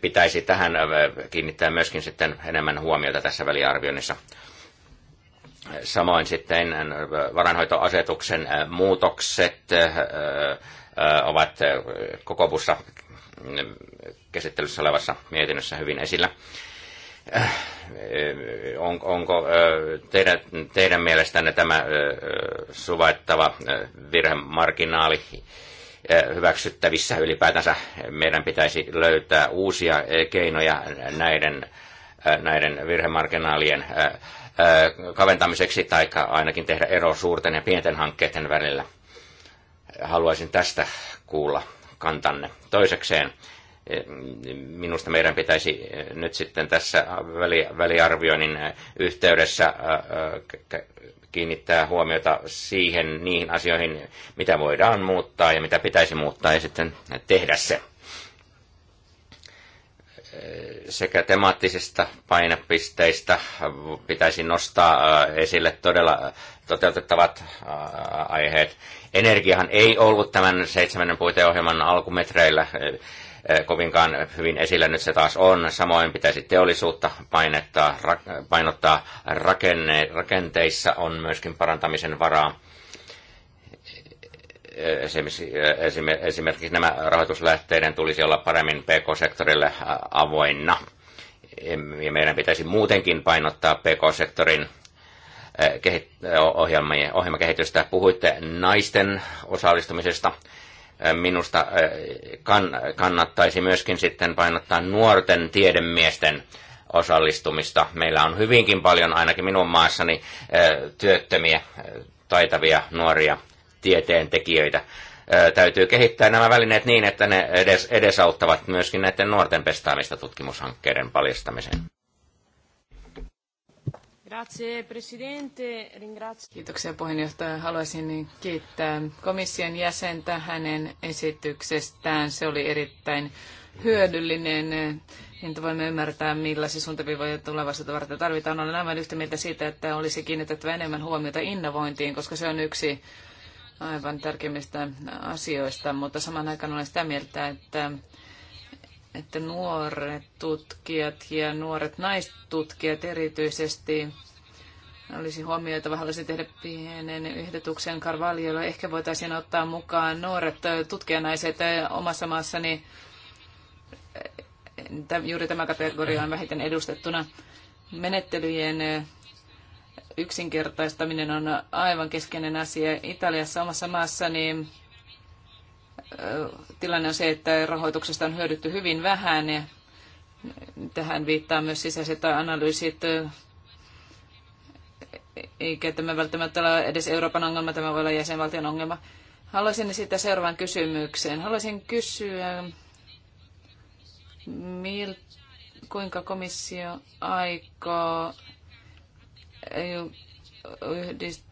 pitäisi tähän äh, kiinnittää myöskin sitten enemmän huomiota tässä väliarvioinnissa. Samoin sitten äh, varainhoitoasetuksen äh, muutokset ovat kokoopussa käsittelyssä olevassa mietinnössä hyvin esillä. On, onko teidän, teidän mielestänne tämä suvaittava virhemarginaali hyväksyttävissä ylipäätänsä. Meidän pitäisi löytää uusia keinoja näiden, näiden virhemarginaalien kaventamiseksi tai ainakin tehdä ero suurten ja pienten hankkeiden välillä. Haluaisin tästä kuulla kantanne. Toisekseen minusta meidän pitäisi nyt sitten tässä väliarvioinnin yhteydessä kiinnittää huomiota siihen, niihin asioihin, mitä voidaan muuttaa ja mitä pitäisi muuttaa ja sitten tehdä se sekä temaattisista painopisteistä pitäisi nostaa äh, esille todella toteutettavat äh, aiheet. Energiahan ei ollut tämän seitsemännen puiteohjelman alkumetreillä kovinkaan hyvin esillä nyt se taas on. Samoin pitäisi teollisuutta painettaa, painottaa. Rakenne, rakenteissa on myöskin parantamisen varaa. Esimerkiksi nämä rahoituslähteiden tulisi olla paremmin PK-sektorille avoinna. Ja meidän pitäisi muutenkin painottaa PK-sektorin ohjelmakehitystä. Puhuitte naisten osallistumisesta minusta äh, kannattaisi myöskin sitten painottaa nuorten tiedemiesten osallistumista. Meillä on hyvinkin paljon, ainakin minun maassani, äh, työttömiä, äh, taitavia nuoria tieteentekijöitä. Täytyy kehittää nämä välineet niin, että ne edes, edesauttavat myöskin näiden nuorten pestaamista tutkimushankkeiden paljastamiseen. Grazie, presidente. Kiitoksia puheenjohtaja. Haluaisin kiittää komission jäsentä hänen esityksestään. Se oli erittäin hyödyllinen, niin voimme ymmärtää, millaisia suuntaviivoja tulevaisuutta varten tarvitaan. Olen aivan yhtä mieltä siitä, että olisi kiinnitettävä enemmän huomiota innovointiin, koska se on yksi aivan tärkeimmistä asioista, mutta saman aikaan olen sitä mieltä, että että nuoret tutkijat ja nuoret naistutkijat erityisesti olisi huomioitava, haluaisin tehdä pienen ehdotuksen Karvaljolle. Ehkä voitaisiin ottaa mukaan nuoret tutkijanaiset omassa maassani. Juuri tämä kategoria on vähiten edustettuna. Menettelyjen yksinkertaistaminen on aivan keskeinen asia. Italiassa omassa maassani tilanne on se, että rahoituksesta on hyödytty hyvin vähän ja tähän viittaa myös sisäiset analyysit. Eikä tämä välttämättä ole edes Euroopan ongelma, tämä voi olla jäsenvaltion ongelma. Haluaisin esittää seuraavan kysymyksen. Haluaisin kysyä, mil, kuinka komissio aikoo yhdistää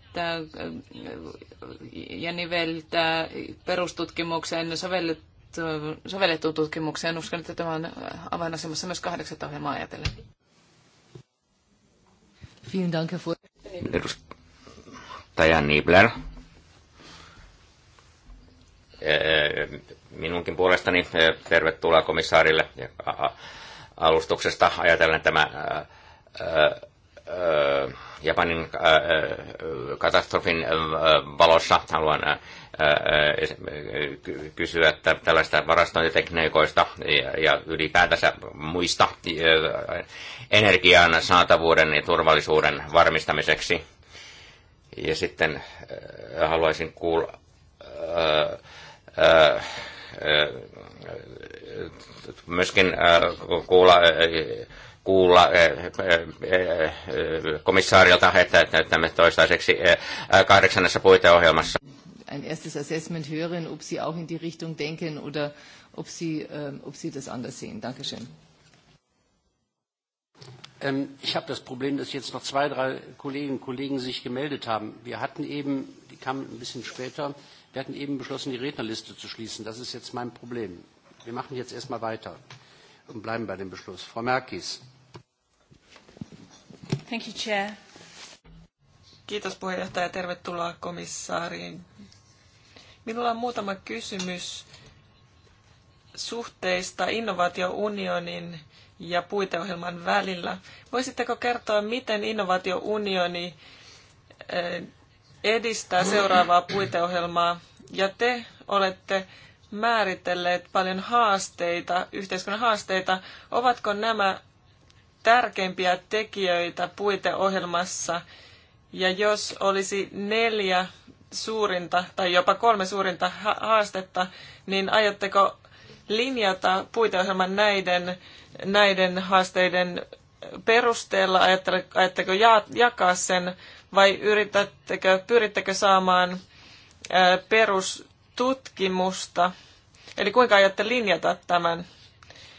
ja niveltää perustutkimukseen sovellettuun tutkimukseen. Uskon, että tämä on avainasemassa myös kahdeksan ohjelmaa ajatellen. Vielen Dank, Herr Edustaja Nibler. Minunkin puolestani tervetuloa komissaarille alustuksesta ajatellen tämä Japanin katastrofin valossa haluan kysyä että tällaista varastointitekniikoista ja ylipäätänsä muista energian saatavuuden ja turvallisuuden varmistamiseksi. Ja sitten haluaisin kuulla myöskin kuulla kuulla eh, eh, eh, komissaarilta, että, että me toistaiseksi kahdeksannessa puiteohjelmassa. Ein erstes Assessment hören, ob Sie auch in die Richtung denken oder ob Sie, ähm, ob Sie das anders sehen. Dankeschön. Ähm, ich habe das Problem, dass jetzt noch zwei, drei Kolleginnen und Kollegen sich gemeldet haben. Wir hatten eben, die kamen ein bisschen später, wir hatten eben beschlossen, die Rednerliste zu schließen. Das ist jetzt mein Problem. Wir machen jetzt erstmal weiter und bleiben bei dem Beschluss. Frau Merkis. Thank you, Chair. Kiitos puheenjohtaja ja tervetuloa komissaariin. Minulla on muutama kysymys suhteista innovaatiounionin ja puiteohjelman välillä. Voisitteko kertoa, miten innovaatiounioni eh, edistää seuraavaa puiteohjelmaa? Ja te olette määritelleet paljon haasteita, yhteiskunnan haasteita. Ovatko nämä tärkeimpiä tekijöitä puiteohjelmassa. Ja jos olisi neljä suurinta tai jopa kolme suurinta haastetta, niin aiotteko linjata puiteohjelman näiden, näiden haasteiden perusteella? Ajatteko jakaa sen vai yritättekö, pyrittekö saamaan perustutkimusta? Eli kuinka aiotte linjata tämän?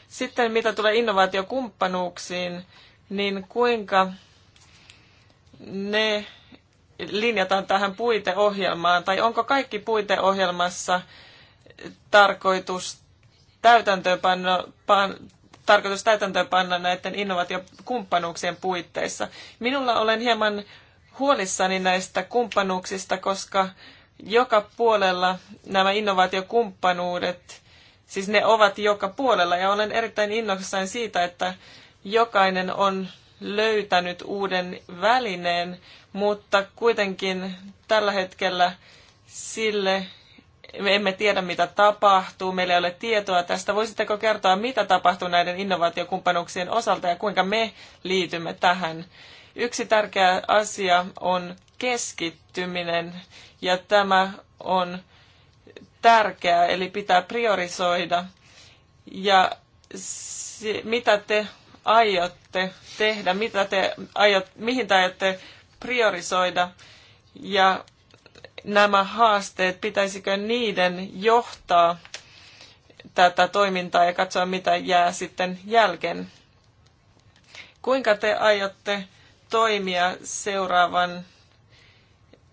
Sitten mitä tulee innovaatiokumppanuuksiin, niin kuinka ne linjataan tähän puiteohjelmaan, tai onko kaikki puiteohjelmassa tarkoitus täytäntöönpanna, pan, tarkoitus täytäntöönpanna näiden innovaatiokumppanuuksien puitteissa. Minulla olen hieman huolissani näistä kumppanuuksista, koska joka puolella nämä innovaatiokumppanuudet Siis ne ovat joka puolella ja olen erittäin innoissani siitä, että jokainen on löytänyt uuden välineen, mutta kuitenkin tällä hetkellä sille me emme tiedä, mitä tapahtuu, meillä ei ole tietoa tästä. Voisitteko kertoa, mitä tapahtuu näiden innovaatiokumppanuuksien osalta ja kuinka me liitymme tähän? Yksi tärkeä asia on keskittyminen ja tämä on tärkeää, eli pitää priorisoida. Ja se, mitä te aiotte tehdä, mitä te aiot, mihin te aiotte priorisoida ja nämä haasteet, pitäisikö niiden johtaa tätä toimintaa ja katsoa, mitä jää sitten jälkeen. Kuinka te aiotte toimia seuraavan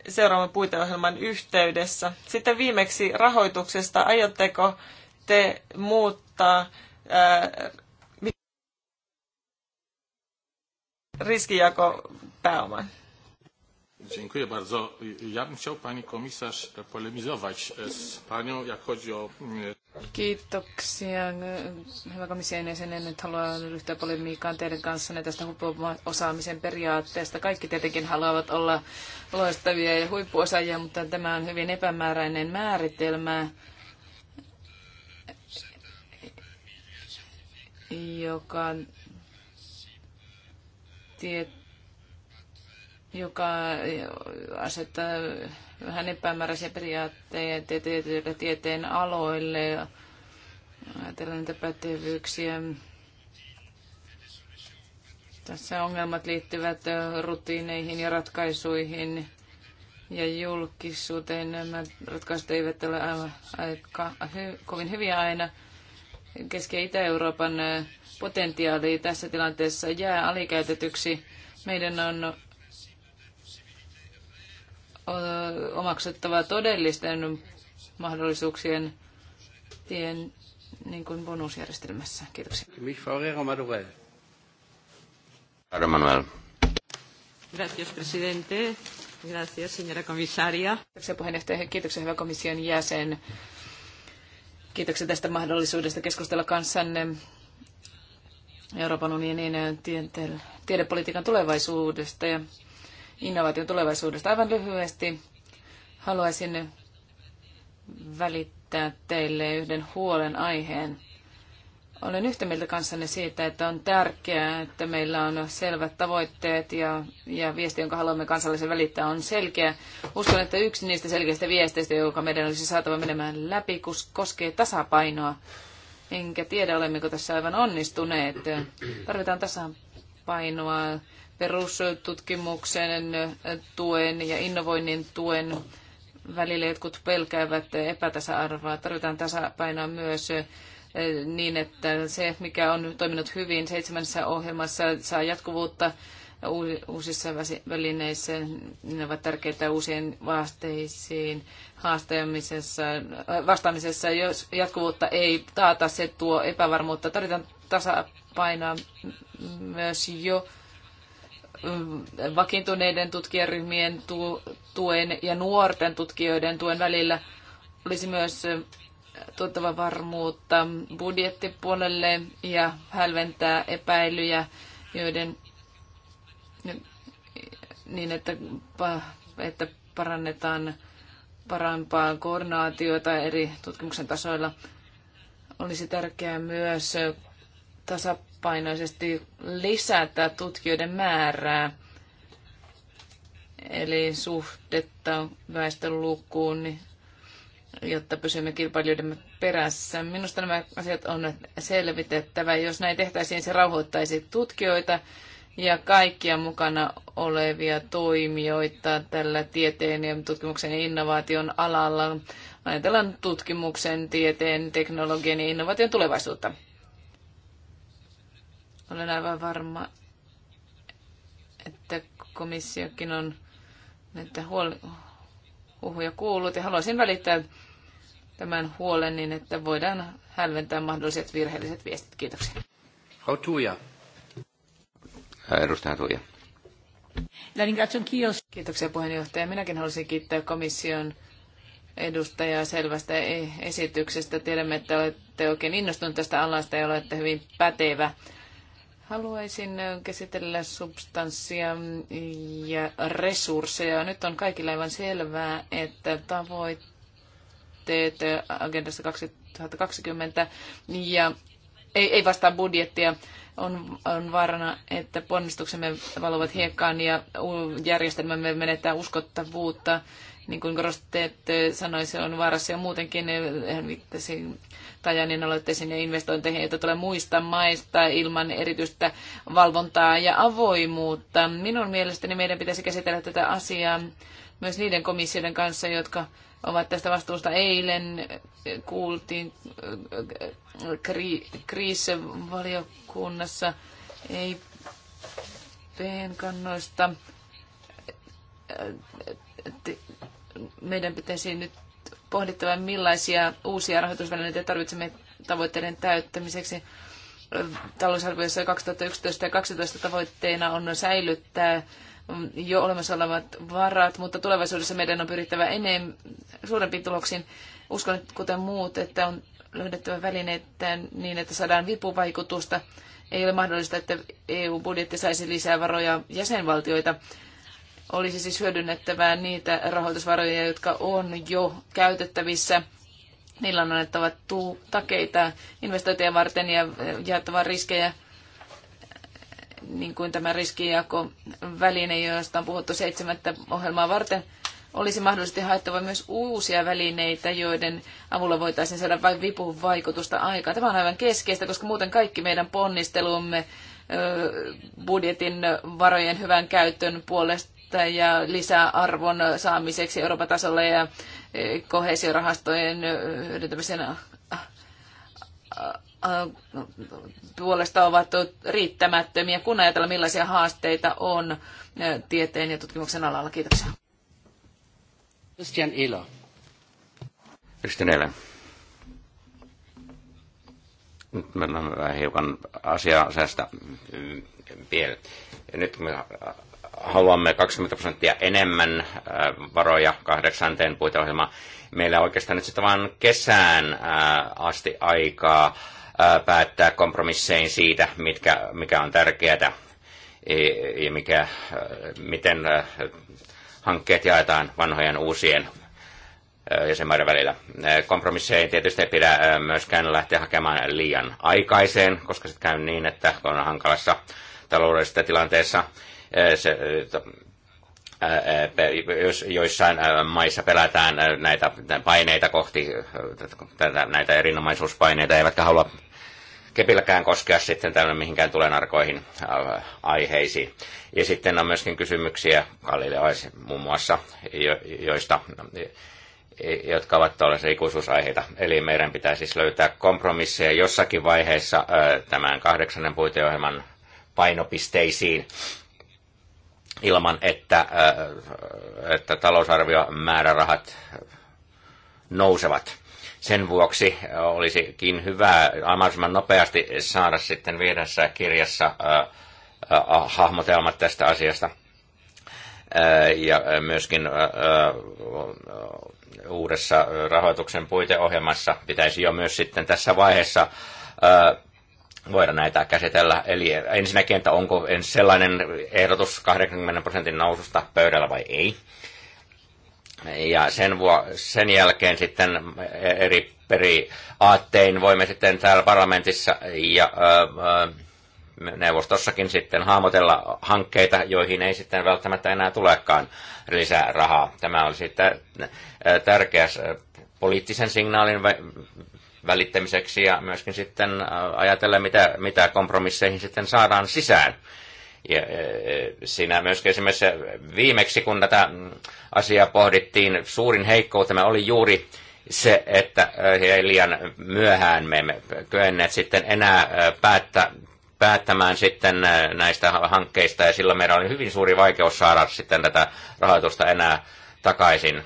seuraavan puiteohjelman yhteydessä. Sitten viimeksi rahoituksesta. Aiotteko te muuttaa ää, riskijako pääoman? Dziękuję bardzo. Ja bym chciał pani komisarz polemizować e, z panią, jak chodzi o... E, Kiitoksia. Hyvä komission jäsen, en nyt halua ryhtyä polemiikkaan teidän kanssanne tästä huippuosaamisen periaatteesta. Kaikki tietenkin haluavat olla loistavia ja huippuosaajia, mutta tämä on hyvin epämääräinen määritelmä, joka, tie, joka asettaa vähän epämääräisiä periaatteita tieteen aloille. Ajatellaan niitä pätevyyksiä. Tässä ongelmat liittyvät rutiineihin ja ratkaisuihin ja julkisuuteen. Nämä ratkaisut eivät ole aivan, aika, hy, kovin hyviä aina. Keski- ja Itä-Euroopan potentiaali tässä tilanteessa jää alikäytetyksi. Meidän on omaksuttava todellisten mahdollisuuksien tien niin kuin bonusjärjestelmässä. Kiitoksia. Gracias, presidente. Gracias, señora comisaria. Kiitoksia puheenjohtaja. Kiitoksia, hyvä komission jäsen. Kiitoksia tästä mahdollisuudesta keskustella kanssanne Euroopan unionin tiedepolitiikan tulevaisuudesta ja innovaation tulevaisuudesta. Aivan lyhyesti haluaisin välittää teille yhden huolen aiheen. Olen yhtä mieltä kanssanne siitä, että on tärkeää, että meillä on selvät tavoitteet ja, ja viesti, jonka haluamme kansallisen välittää, on selkeä. Uskon, että yksi niistä selkeistä viesteistä, joka meidän olisi saatava menemään läpi, koskee tasapainoa. Enkä tiedä, olemmeko tässä aivan onnistuneet. Tarvitaan tasapainoa perustutkimuksen tuen ja innovoinnin tuen välillä jotkut pelkäävät epätasa-arvoa. Tarvitaan tasapainoa myös eh, niin, että se, mikä on toiminut hyvin seitsemässä ohjelmassa, saa jatkuvuutta uusissa välineissä. Ne ovat tärkeitä uusien vaasteisiin haasteamisessa, eh, vastaamisessa. Jos jatkuvuutta ei taata, se tuo epävarmuutta. Tarvitaan tasapainoa myös jo vakiintuneiden tutkijaryhmien tuen ja nuorten tutkijoiden tuen välillä olisi myös tuottava varmuutta budjettipuolelle ja hälventää epäilyjä, joiden niin, että, että parannetaan parempaa koordinaatiota eri tutkimuksen tasoilla. Olisi tärkeää myös tasapainottaa tasapainoisesti lisätä tutkijoiden määrää, eli suhdetta väestölukuun, jotta pysymme kilpailijoiden perässä. Minusta nämä asiat on selvitettävä. Jos näin tehtäisiin, se rauhoittaisi tutkijoita ja kaikkia mukana olevia toimijoita tällä tieteen ja tutkimuksen ja innovaation alalla. Ajatellaan tutkimuksen, tieteen, teknologian ja innovaation tulevaisuutta. Olen aivan varma, että komissiokin on näitä huol- huhuja kuullut ja haluaisin välittää tämän huolen niin, että voidaan hälventää mahdolliset virheelliset viestit. Kiitoksia. Frau Tuija. Edustaja Tuija. Kiitoksia puheenjohtaja. Minäkin haluaisin kiittää komission edustajaa selvästä e- esityksestä. Tiedämme, että olette oikein innostunut tästä alasta ja olette hyvin pätevä Haluaisin käsitellä substanssia ja resursseja. Nyt on kaikille aivan selvää, että tavoitteet agendassa 2020 ja ei, ei vastaa budjettia. On, on vaarana, että ponnistuksemme valuvat hiekkaan ja järjestelmämme menettää uskottavuutta niin kuin korostatte, sanoi, se on vaarassa ja muutenkin, hän viittasi Tajanin aloitteisiin ja investointeihin, joita tulee muista maista ilman erityistä valvontaa ja avoimuutta. Minun mielestäni meidän pitäisi käsitellä tätä asiaa myös niiden komissioiden kanssa, jotka ovat tästä vastuusta. Eilen kuultiin äh, kriisivaliokunnassa ei kannoista äh, äh, meidän pitäisi nyt pohdittava, millaisia uusia rahoitusvälineitä tarvitsemme tavoitteiden täyttämiseksi. Talousarviossa 2011 ja 2012 tavoitteena on säilyttää jo olemassa olevat varat, mutta tulevaisuudessa meidän on pyrittävä enemmän suurempiin tuloksiin. Uskon, että kuten muut, että on löydettävä välineitä niin, että saadaan vipuvaikutusta. Ei ole mahdollista, että EU-budjetti saisi lisää varoja jäsenvaltioita olisi siis hyödynnettävää niitä rahoitusvaroja, jotka on jo käytettävissä. Niillä on annettava tuu takeita investointeja varten ja jaettava riskejä, niin kuin tämä riskijako väline, josta on puhuttu seitsemättä ohjelmaa varten olisi mahdollisesti haettava myös uusia välineitä, joiden avulla voitaisiin saada vain vipun vaikutusta aikaan. Tämä on aivan keskeistä, koska muuten kaikki meidän ponnistelumme budjetin varojen hyvän käytön puolesta ja lisäarvon saamiseksi Euroopan tasolla ja e, kohesiorahastojen hyödyntämisen puolesta ovat riittämättömiä, kun ajatellaan millaisia haasteita on e, tieteen ja tutkimuksen alalla. Kiitoksia. Christian Ilo. Christian Ilo. Nyt meillä on hiukan asiaa säästä mm, vielä. Nyt me haluamme 20 prosenttia enemmän äh, varoja kahdeksanteen puiteohjelmaan. Meillä oikeastaan nyt sitten vain kesään äh, asti aikaa äh, päättää kompromissein siitä, mitkä, mikä on tärkeää ja mikä, miten hankkeet jaetaan vanhojen uusien jäsenmaiden välillä. Kompromisseja ei tietysti pidä myöskään lähteä hakemaan liian aikaiseen, koska sitten käy niin, että kun on hankalassa taloudellisessa tilanteessa se, jos joissain maissa pelätään näitä paineita kohti, näitä erinomaisuuspaineita, eivätkä halua kepilläkään koskea sitten tämmöinen mihinkään tulenarkoihin aiheisiin. Ja sitten on myöskin kysymyksiä olisi muun muassa, joista, jotka ovat tuollaisia ikuisuusaiheita. Eli meidän pitää siis löytää kompromisseja jossakin vaiheessa tämän kahdeksannen puiteohjelman painopisteisiin ilman, että, äh, että talousarviomäärärahat nousevat. Sen vuoksi olisikin hyvä mahdollisimman nopeasti saada sitten viidessä kirjassa äh, äh, hahmotelmat tästä asiasta ja myöskin uudessa rahoituksen puiteohjelmassa pitäisi jo myös sitten tässä vaiheessa voida näitä käsitellä. Eli ensinnäkin, että onko sellainen ehdotus 80 prosentin noususta pöydällä vai ei. Ja sen, vuo, sen jälkeen sitten eri periaattein voimme sitten täällä parlamentissa ja ää, neuvostossakin sitten hahmotella hankkeita, joihin ei sitten välttämättä enää tulekaan lisää rahaa. Tämä oli sitten tärkeä poliittisen signaalin välittämiseksi ja myöskin sitten äh, ajatella, mitä, mitä kompromisseihin sitten saadaan sisään. Ja, äh, siinä myöskin esimerkiksi viimeksi, kun tätä mm, asiaa pohdittiin, suurin heikkoutemme oli juuri se, että äh, liian myöhään me emme kyenneet sitten enää päättä, päättämään sitten näistä hankkeista, ja silloin meillä oli hyvin suuri vaikeus saada sitten tätä rahoitusta enää takaisin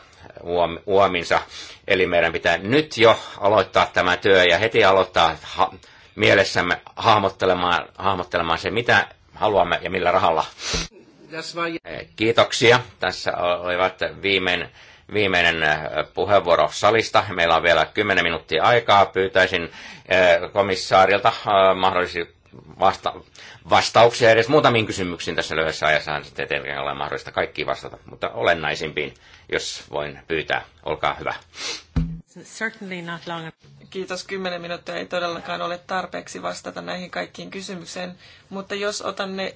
huominsa. Eli meidän pitää nyt jo aloittaa tämä työ ja heti aloittaa ha- mielessämme hahmottelemaan, hahmottelemaan se, mitä haluamme ja millä rahalla. Eh, kiitoksia. Tässä olivat viimein, viimeinen eh, puheenvuoro salista. Meillä on vielä 10 minuuttia aikaa. Pyytäisin eh, komissaarilta mahdollisesti vasta- vastauksia edes muutamiin kysymyksiin tässä lyhyessä ajassa. Sitten tietenkin ole mahdollista kaikki vastata, mutta olennaisimpiin, jos voin pyytää. Olkaa hyvä. Kiitos. Kymmenen minuuttia ei todellakaan ole tarpeeksi vastata näihin kaikkiin kysymykseen, mutta jos otan ne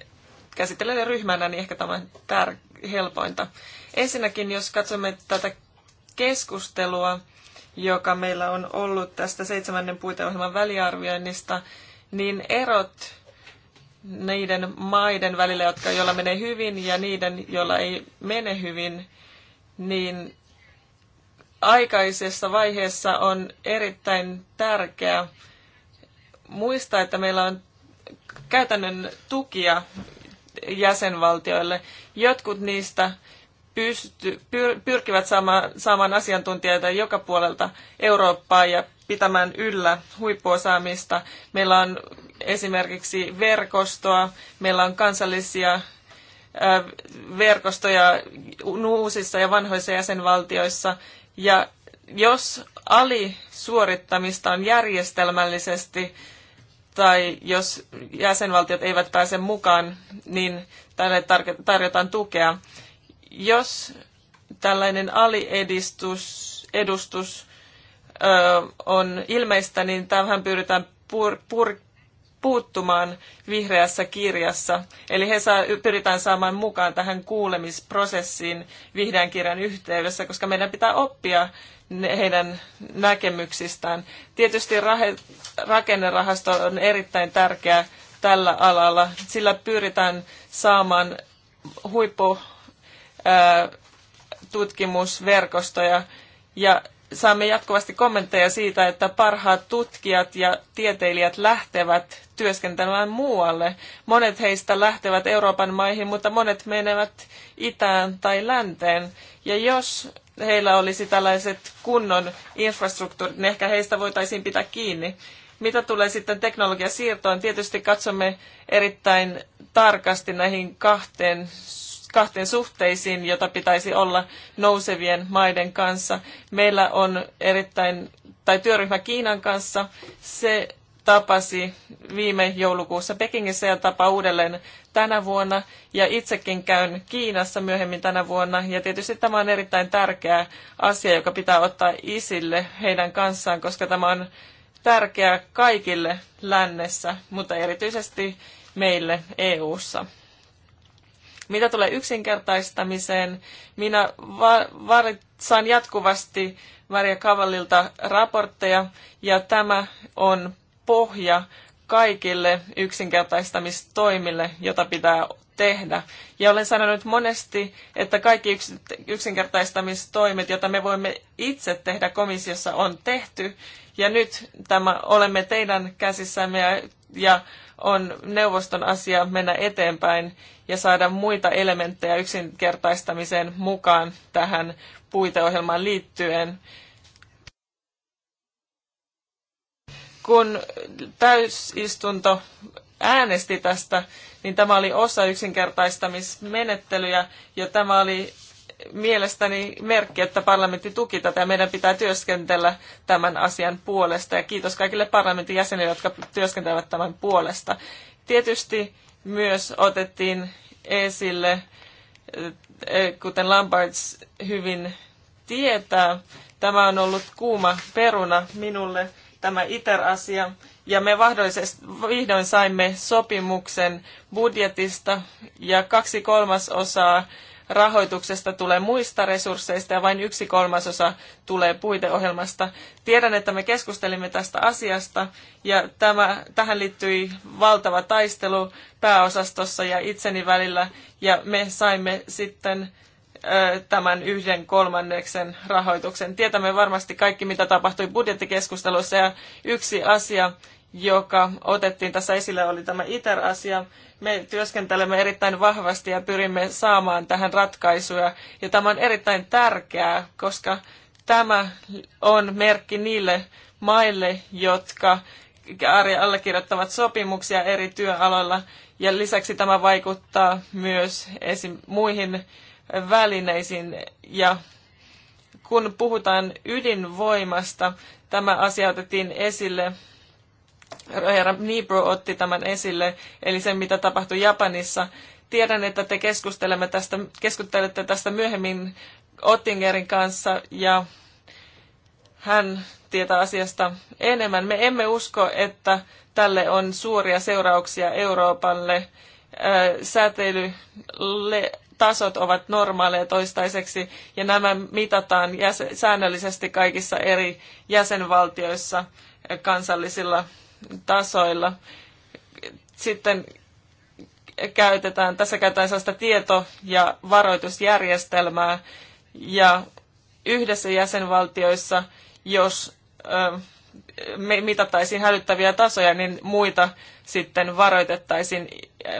käsittelen ryhmänä, niin ehkä tämä on tär- helpointa. Ensinnäkin, jos katsomme tätä keskustelua, joka meillä on ollut tästä seitsemännen puiteohjelman väliarvioinnista, niin erot niiden maiden välillä, jotka, joilla menee hyvin ja niiden, joilla ei mene hyvin, niin aikaisessa vaiheessa on erittäin tärkeää muistaa, että meillä on käytännön tukia jäsenvaltioille. Jotkut niistä pysty, pyr, pyrkivät saamaan, saamaan asiantuntijoita joka puolelta Eurooppaa ja pitämään yllä huippuosaamista. Meillä on esimerkiksi verkostoa, meillä on kansallisia verkostoja uusissa ja vanhoissa jäsenvaltioissa. Ja jos alisuorittamista on järjestelmällisesti tai jos jäsenvaltiot eivät pääse mukaan, niin tälle tarjotaan tukea. Jos tällainen aliedustus edustus on ilmeistä, niin tähän pyritään pur, pur, puuttumaan vihreässä kirjassa. Eli he saa, pyritään saamaan mukaan tähän kuulemisprosessiin vihreän kirjan yhteydessä, koska meidän pitää oppia heidän näkemyksistään. Tietysti rahe, rakennerahasto on erittäin tärkeä tällä alalla. Sillä pyritään saamaan huippu tutkimusverkostoja ja saamme jatkuvasti kommentteja siitä, että parhaat tutkijat ja tieteilijät lähtevät työskentelemään muualle. Monet heistä lähtevät Euroopan maihin, mutta monet menevät itään tai länteen. Ja jos heillä olisi tällaiset kunnon infrastruktuurit, niin ehkä heistä voitaisiin pitää kiinni. Mitä tulee sitten teknologiasiirtoon, tietysti katsomme erittäin tarkasti näihin kahteen kahteen suhteisiin, jota pitäisi olla nousevien maiden kanssa. Meillä on erittäin, tai työryhmä Kiinan kanssa, se tapasi viime joulukuussa Pekingissä ja tapa uudelleen tänä vuonna. Ja itsekin käyn Kiinassa myöhemmin tänä vuonna. Ja tietysti tämä on erittäin tärkeä asia, joka pitää ottaa isille heidän kanssaan, koska tämä on tärkeää kaikille lännessä, mutta erityisesti meille EU:ssa. ssa mitä tulee yksinkertaistamiseen, minä va- saan jatkuvasti Maria Kavallilta raportteja ja tämä on pohja kaikille yksinkertaistamistoimille, jota pitää tehdä. Ja olen sanonut monesti, että kaikki yksinkertaistamistoimet, joita me voimme itse tehdä komissiossa, on tehty. Ja nyt tämä olemme teidän käsissämme ja, ja on neuvoston asia mennä eteenpäin ja saada muita elementtejä yksinkertaistamiseen mukaan tähän puiteohjelmaan liittyen. Kun täysistunto äänesti tästä, niin tämä oli osa yksinkertaistamismenettelyjä ja tämä oli mielestäni merkki, että parlamentti tuki tätä ja meidän pitää työskentellä tämän asian puolesta. Ja kiitos kaikille parlamentin jäsenille, jotka työskentelevät tämän puolesta. Tietysti myös otettiin esille, eh, eh, kuten Lamberts hyvin tietää, tämä on ollut kuuma peruna minulle, tämä ITER-asia. Ja me vihdoin saimme sopimuksen budjetista ja kaksi kolmasosaa osaa rahoituksesta tulee muista resursseista ja vain yksi kolmasosa tulee puiteohjelmasta. Tiedän, että me keskustelimme tästä asiasta ja tämä, tähän liittyi valtava taistelu pääosastossa ja itseni välillä ja me saimme sitten tämän yhden kolmanneksen rahoituksen. Tietämme varmasti kaikki, mitä tapahtui budjettikeskustelussa ja yksi asia, joka otettiin tässä esille, oli tämä ITER-asia. Me työskentelemme erittäin vahvasti ja pyrimme saamaan tähän ratkaisuja. Ja tämä on erittäin tärkeää, koska tämä on merkki niille maille, jotka allekirjoittavat sopimuksia eri työaloilla. Ja lisäksi tämä vaikuttaa myös esim. muihin välineisiin. Ja kun puhutaan ydinvoimasta, tämä asia otettiin esille Herra Nibro otti tämän esille, eli sen mitä tapahtui Japanissa. Tiedän, että te keskustelemme tästä, keskustelette tästä myöhemmin Ottingerin kanssa ja hän tietää asiasta enemmän. Me emme usko, että tälle on suuria seurauksia Euroopalle. tasot ovat normaaleja toistaiseksi ja nämä mitataan säännöllisesti kaikissa eri jäsenvaltioissa kansallisilla tasoilla. Sitten käytetään, tässä käytetään sellaista tieto- ja varoitusjärjestelmää, ja yhdessä jäsenvaltioissa, jos mitattaisiin hälyttäviä tasoja, niin muita sitten varoitettaisiin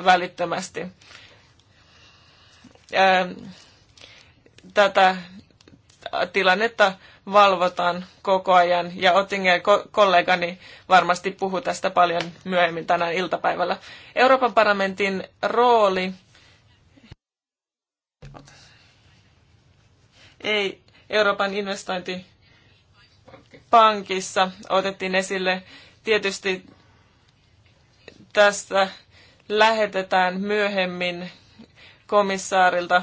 välittömästi. tätä tilannetta valvotaan koko ajan. Ja Ottinger kollegani varmasti puhuu tästä paljon myöhemmin tänään iltapäivällä. Euroopan parlamentin rooli ei Euroopan investointipankissa otettiin esille. Tietysti tästä lähetetään myöhemmin komissaarilta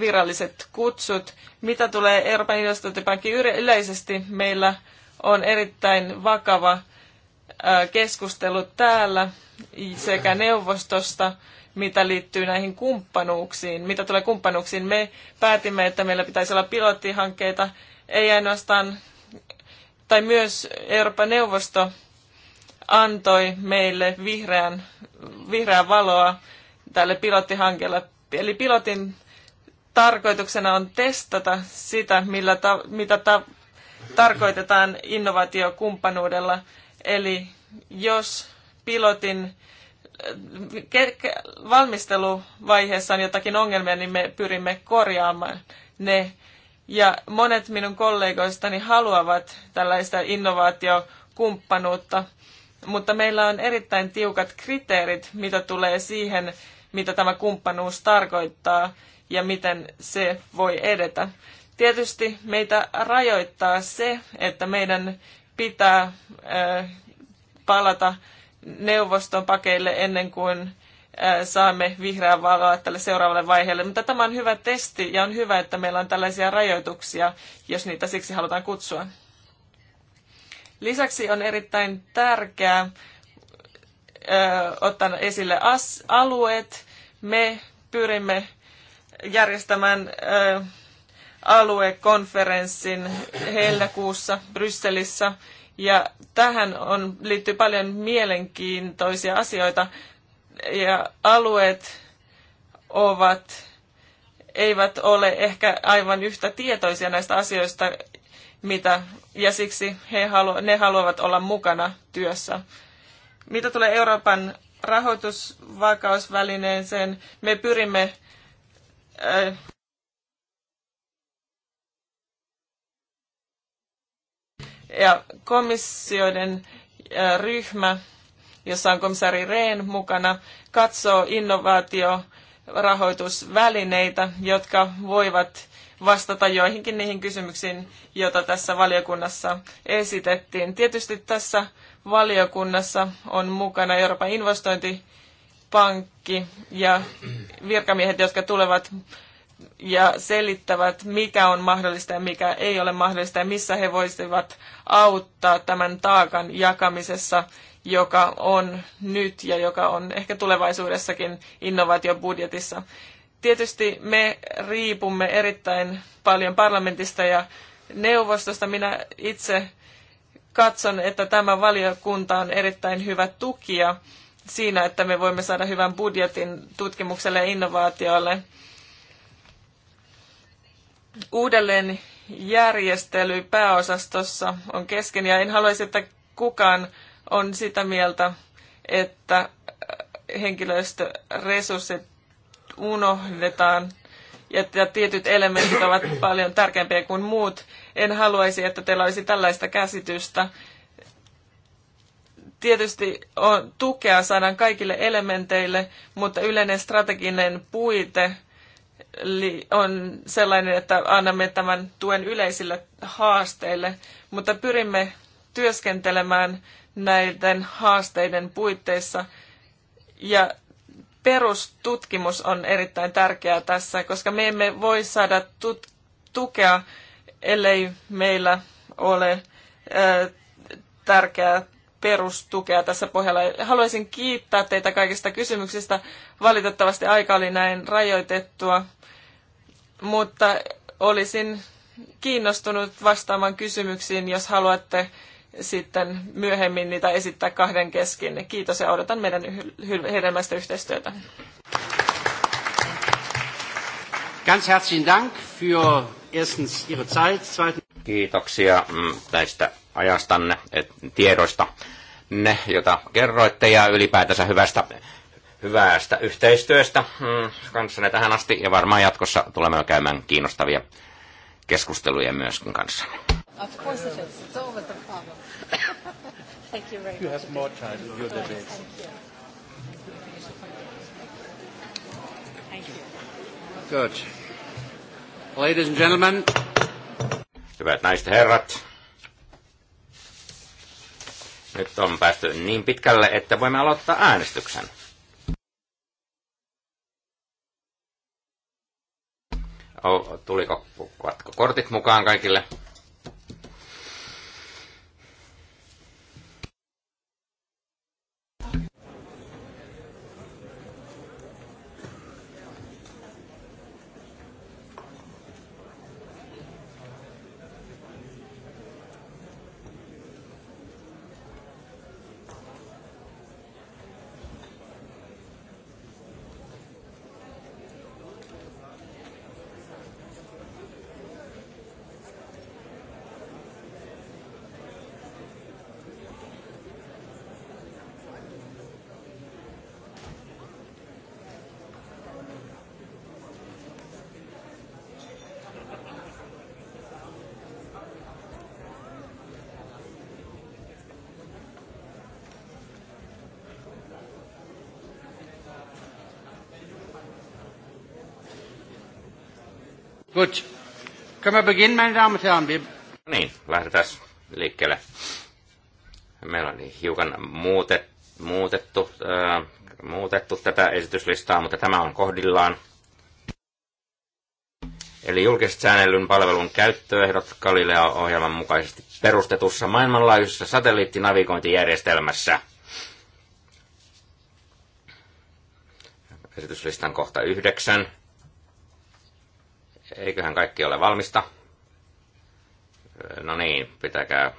viralliset kutsut. Mitä tulee Euroopan investointipankin yleisesti, meillä on erittäin vakava keskustelu täällä sekä neuvostosta, mitä liittyy näihin kumppanuuksiin. Mitä tulee kumppanuuksiin, me päätimme, että meillä pitäisi olla pilottihankkeita, ei ainoastaan, tai myös Euroopan neuvosto antoi meille vihreän, vihreän valoa tälle pilottihankkeelle eli pilotin tarkoituksena on testata sitä, millä ta, mitä ta, tarkoitetaan innovaatiokumppanuudella. Eli jos pilotin äh, valmisteluvaiheessa on jotakin ongelmia, niin me pyrimme korjaamaan ne. Ja monet minun kollegoistani haluavat tällaista innovaatiokumppanuutta, mutta meillä on erittäin tiukat kriteerit, mitä tulee siihen, mitä tämä kumppanuus tarkoittaa ja miten se voi edetä. Tietysti meitä rajoittaa se, että meidän pitää palata neuvoston pakeille ennen kuin saamme vihreää valoa tälle seuraavalle vaiheelle. Mutta tämä on hyvä testi ja on hyvä, että meillä on tällaisia rajoituksia, jos niitä siksi halutaan kutsua. Lisäksi on erittäin tärkeää ottanut esille as- alueet. Me pyrimme järjestämään ö, aluekonferenssin heinäkuussa Brysselissä. Ja tähän on, liittyy paljon mielenkiintoisia asioita. Ja alueet ovat, eivät ole ehkä aivan yhtä tietoisia näistä asioista, mitä, ja siksi he halu, ne haluavat olla mukana työssä mitä tulee Euroopan rahoitusvakausvälineeseen, me pyrimme äh, ja komissioiden äh, ryhmä, jossa on komissaari Rehn mukana, katsoo innovaatiorahoitusvälineitä, jotka voivat vastata joihinkin niihin kysymyksiin, joita tässä valiokunnassa esitettiin. Tietysti tässä valiokunnassa on mukana Euroopan investointipankki ja virkamiehet, jotka tulevat ja selittävät, mikä on mahdollista ja mikä ei ole mahdollista ja missä he voisivat auttaa tämän taakan jakamisessa, joka on nyt ja joka on ehkä tulevaisuudessakin innovaatiobudjetissa. Tietysti me riipumme erittäin paljon parlamentista ja neuvostosta. Minä itse katson, että tämä valiokunta on erittäin hyvä tukija siinä, että me voimme saada hyvän budjetin tutkimukselle ja innovaatioille. Uudelleen järjestely pääosastossa on kesken ja en haluaisi, että kukaan on sitä mieltä, että henkilöstöresurssit unohdetaan ja tietyt elementit ovat paljon tärkeämpiä kuin muut. En haluaisi, että teillä olisi tällaista käsitystä. Tietysti on, tukea saadaan kaikille elementeille, mutta yleinen strateginen puite on sellainen, että annamme tämän tuen yleisille haasteille, mutta pyrimme työskentelemään näiden haasteiden puitteissa ja perustutkimus on erittäin tärkeää tässä, koska me emme voi saada tut- tukea, ellei meillä ole ö, tärkeää perustukea tässä pohjalla. Haluaisin kiittää teitä kaikista kysymyksistä. Valitettavasti aika oli näin rajoitettua, mutta olisin kiinnostunut vastaamaan kysymyksiin, jos haluatte sitten myöhemmin niitä esittää kahden kesken. Kiitos ja odotan meidän hedelmäistä yhteistyötä. Ganz herzlichen Dank für erstens Ihre Zeit, zweitens Kiitoksia mm, näistä ajastanne tiedoista, ne, joita kerroitte ja ylipäätänsä hyvästä hyvästä yhteistyöstä mm, kanssanne tähän asti ja varmaan jatkossa tulemme käymään kiinnostavia keskusteluja myöskin kanssanne. Of course it is. It's over the problem. Thank you very much. You have more time in your debate. Thank you. Thank you. Good. Ladies and gentlemen. Hyvät naiset ja herrat. Nyt on päästy niin pitkälle, että voimme aloittaa äänestyksen. Tuliko, kortit mukaan kaikille? Gut. Können wir beginnen, meine Damen und Herren? Wir... No niin, lähdetään liikkeelle. Meillä on niin hiukan muutet, muutettu, äh, muutettu tätä esityslistaa, mutta tämä on kohdillaan. Eli julkiset säännellyn palvelun käyttöehdot Galileo-ohjelman mukaisesti perustetussa maailmanlaajuisessa satelliittinavigointijärjestelmässä. Esityslistan kohta yhdeksän Eiköhän kaikki ole valmista. No niin, pitäkää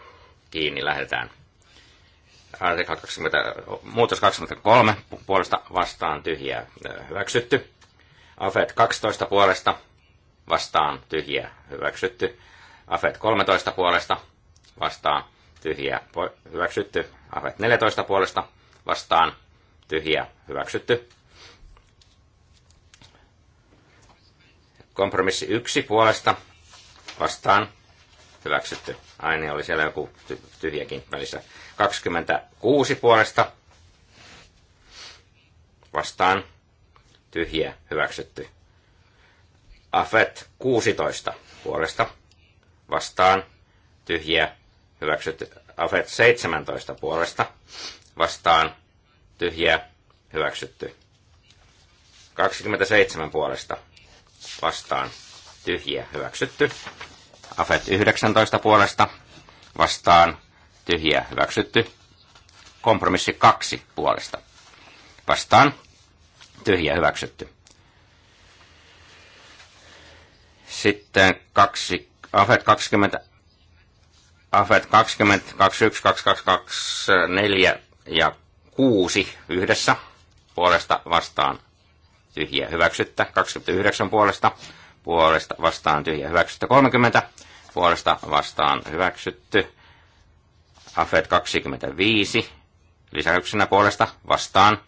kiinni, lähdetään. Artikla 20, muutos 23, puolesta vastaan tyhjää hyväksytty. AFET 12 puolesta vastaan tyhjää hyväksytty. AFET 13 puolesta vastaan tyhjää hyväksytty. AFET 14 puolesta vastaan tyhjää hyväksytty. Kompromissi yksi puolesta vastaan hyväksytty. Aine oli siellä joku tyhjäkin välissä. 26 puolesta vastaan tyhjä hyväksytty. Afet 16 puolesta vastaan tyhjä hyväksytty. Afet 17 puolesta vastaan tyhjä hyväksytty. 27 puolesta vastaan tyhjiä hyväksytty. Afet 19 puolesta vastaan tyhjiä hyväksytty. Kompromissi 2 puolesta vastaan tyhjiä hyväksytty. Sitten kaksi, Afet 20, Afet 20, 21, 22, 24 ja 6 yhdessä puolesta vastaan tyhjiä hyväksyttä, 29 puolesta, puolesta vastaan tyhjiä hyväksyttä, 30 puolesta vastaan hyväksytty, AFET 25 lisäyksenä puolesta vastaan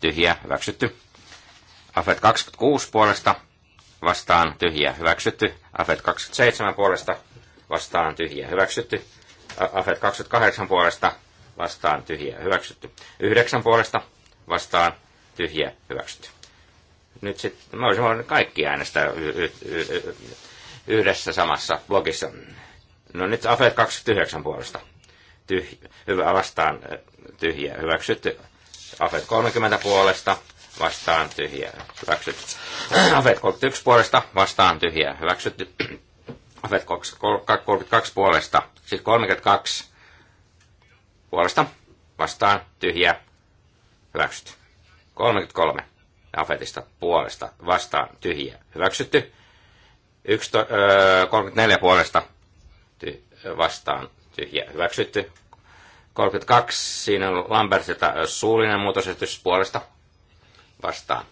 tyhjiä hyväksytty, AFET 26 puolesta vastaan tyhjiä hyväksytty, AFET 27 puolesta vastaan tyhjiä hyväksytty, AFET 28 puolesta vastaan tyhjiä hyväksytty, 9 puolesta vastaan tyhjiä hyväksytty nyt sitten, mä olisin voinut kaikki äänestää yhdessä samassa blogissa. No nyt Afet 29 puolesta. Tyhjä, hyvä vastaan tyhjä hyväksytty. Afet 30 puolesta vastaan tyhjä hyväksytty. Afet 31 puolesta vastaan tyhjä hyväksytty. Afet 32 puolesta, siis 32 puolesta vastaan tyhjä hyväksytty. 33 Jafetista puolesta vastaan tyhjä hyväksytty. 11, öö, 34 puolesta ty, vastaan tyhjä hyväksytty. 32, siinä on Lambertilta suullinen muutosesitys puolesta vastaan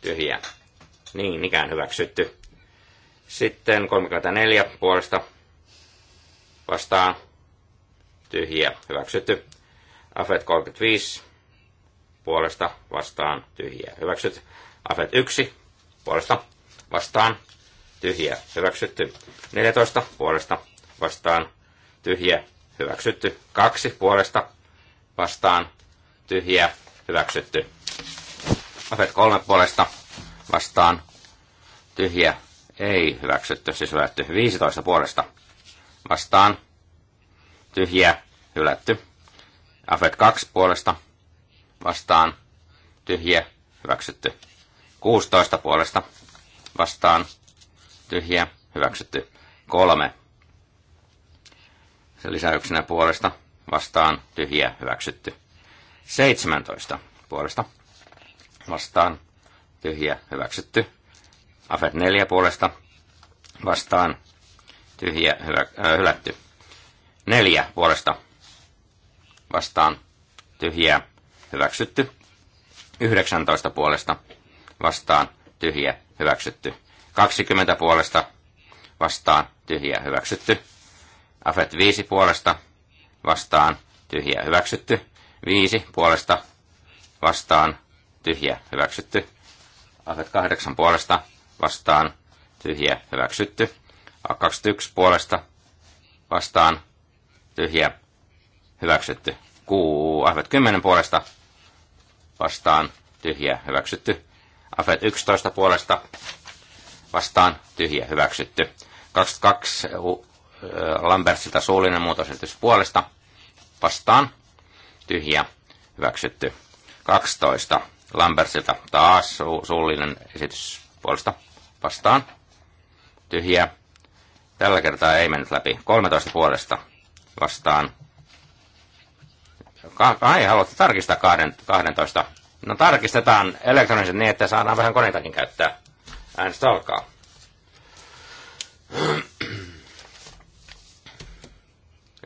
tyhjä. Niin ikään hyväksytty. Sitten 34 puolesta vastaan tyhjä hyväksytty. Afet 35 puolesta vastaan tyhjiä hyväksyt. Afet 1 puolesta vastaan tyhjiä hyväksytty. 14 puolesta vastaan tyhjiä hyväksytty. 2 puolesta vastaan tyhjiä hyväksytty. Afet 3 puolesta vastaan tyhjiä ei hyväksytty, siis hylätty. 15 puolesta vastaan tyhjiä hylätty. Afet 2 puolesta vastaan tyhjiä hyväksytty. 16 puolesta vastaan tyhjiä hyväksytty. 3. Sen lisäyksenä puolesta vastaan tyhjiä hyväksytty. 17 puolesta vastaan tyhjiä hyväksytty. Afet 4 puolesta vastaan tyhjiä hyvä, äh, hylätty. 4 puolesta vastaan tyhjiä hyväksytty. 19 puolesta vastaan tyhjä hyväksytty. 20 puolesta vastaan tyhjä hyväksytty. Afet 5 puolesta vastaan tyhjä hyväksytty. 5 puolesta vastaan tyhjä hyväksytty. Afet 8 puolesta vastaan tyhjä hyväksytty. A21 puolesta vastaan tyhjä hyväksytty. Kuu, Afet 10 puolesta vastaan tyhjä hyväksytty. Afet 11 puolesta vastaan tyhjä hyväksytty. 22 Lambertsilta suullinen muutosesitys puolesta vastaan tyhjä hyväksytty. 12 Lambertsilta taas su- suullinen esitys puolesta vastaan tyhjä. Tällä kertaa ei mennyt läpi. 13 puolesta vastaan Ai, haluatte tarkistaa 12? No tarkistetaan elektronisen niin, että saadaan vähän koneitakin käyttää. Äänestä alkaa.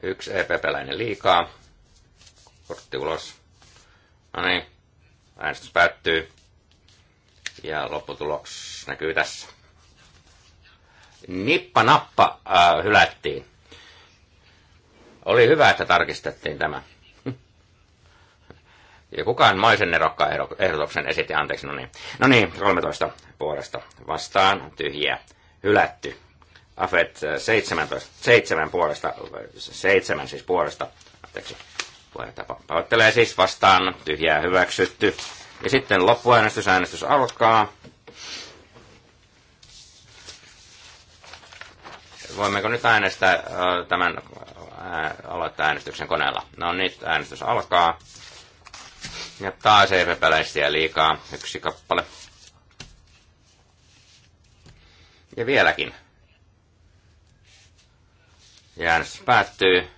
Yksi EPP-läinen liikaa. Kortti ulos. No niin, äänestys päättyy. Ja lopputulos näkyy tässä. Nippa nappa äh, hylättiin. Oli hyvä, että tarkistettiin tämä. Ja kukaan maisen erokkaan ehdotuksen esitti, anteeksi, no niin. No niin, 13 puolesta vastaan, tyhjä, hylätty. Afet 17, äh, 7 puolesta, 7 siis puolesta, anteeksi, puheenjohtaja pahoittelee siis vastaan, tyhjää hyväksytty. Ja sitten loppuäänestys, äänestys alkaa. Voimmeko nyt äänestää äh, tämän äh, aloittaa äänestyksen koneella? No nyt niin, äänestys alkaa. Ja taas peleistä liikaa. Yksi kappale. Ja vieläkin. Ja päättyy.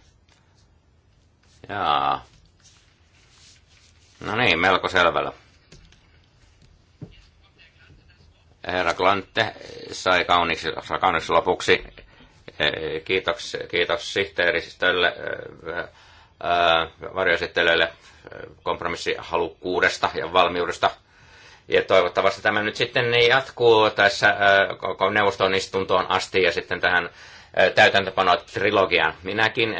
Jaa. No niin, melko selvällä. Herra Glante sai kauniksi, kauniiksi lopuksi. Kiitos, kiitos sihteeristölle varjoesittelijöille kompromissihalukkuudesta ja valmiudesta. Ja toivottavasti tämä nyt sitten jatkuu tässä koko neuvoston istuntoon asti ja sitten tähän täytäntöpanoa trilogiaan. Minäkin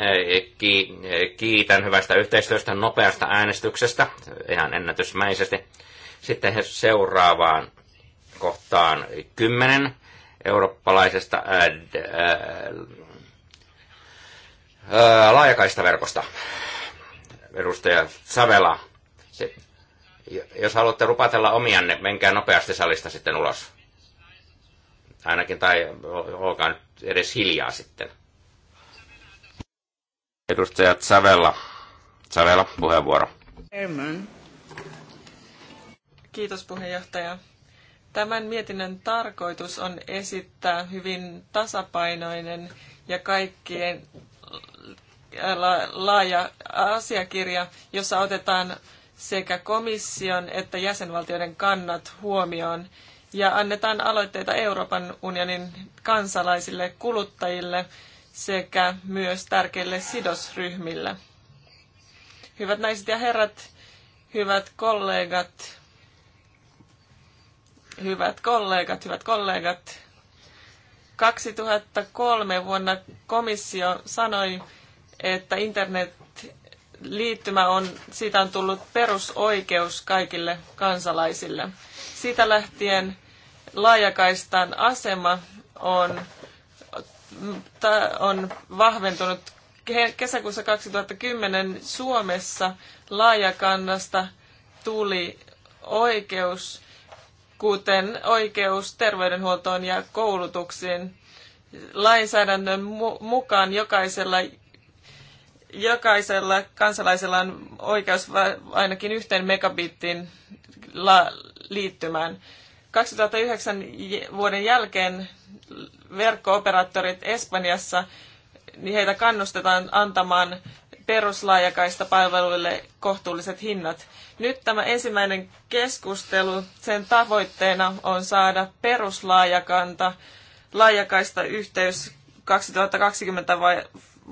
kiitän hyvästä yhteistyöstä, nopeasta äänestyksestä, ihan ennätysmäisesti. Sitten seuraavaan kohtaan kymmenen eurooppalaisesta laajakaistaverkosta. Edustaja Savela, se, jos haluatte rupatella omianne, menkää nopeasti salista sitten ulos. Ainakin, tai olkaa nyt edes hiljaa sitten. Edustaja Savella. Savella, puheenvuoro. Amen. Kiitos puheenjohtaja. Tämän mietinnön tarkoitus on esittää hyvin tasapainoinen ja kaikkien Äh, laaja asiakirja, jossa otetaan sekä komission että jäsenvaltioiden kannat huomioon ja annetaan aloitteita Euroopan unionin kansalaisille, kuluttajille sekä myös tärkeille sidosryhmille. Hyvät naiset ja herrat, hyvät kollegat, hyvät kollegat, hyvät kollegat. 2003 vuonna komissio sanoi, että internet-liittymä on, siitä on tullut perusoikeus kaikille kansalaisille. Siitä lähtien laajakaistan asema on, on vahventunut kesäkuussa 2010 Suomessa laajakannasta tuli oikeus, kuten oikeus terveydenhuoltoon ja koulutuksiin. Lainsäädännön mukaan jokaisella jokaisella kansalaisella on oikeus ainakin yhteen megabittiin liittymään. 2009 vuoden jälkeen verkkooperaattorit Espanjassa, niin heitä kannustetaan antamaan peruslaajakaista palveluille kohtuulliset hinnat. Nyt tämä ensimmäinen keskustelu, sen tavoitteena on saada peruslaajakanta, laajakaista yhteys 2020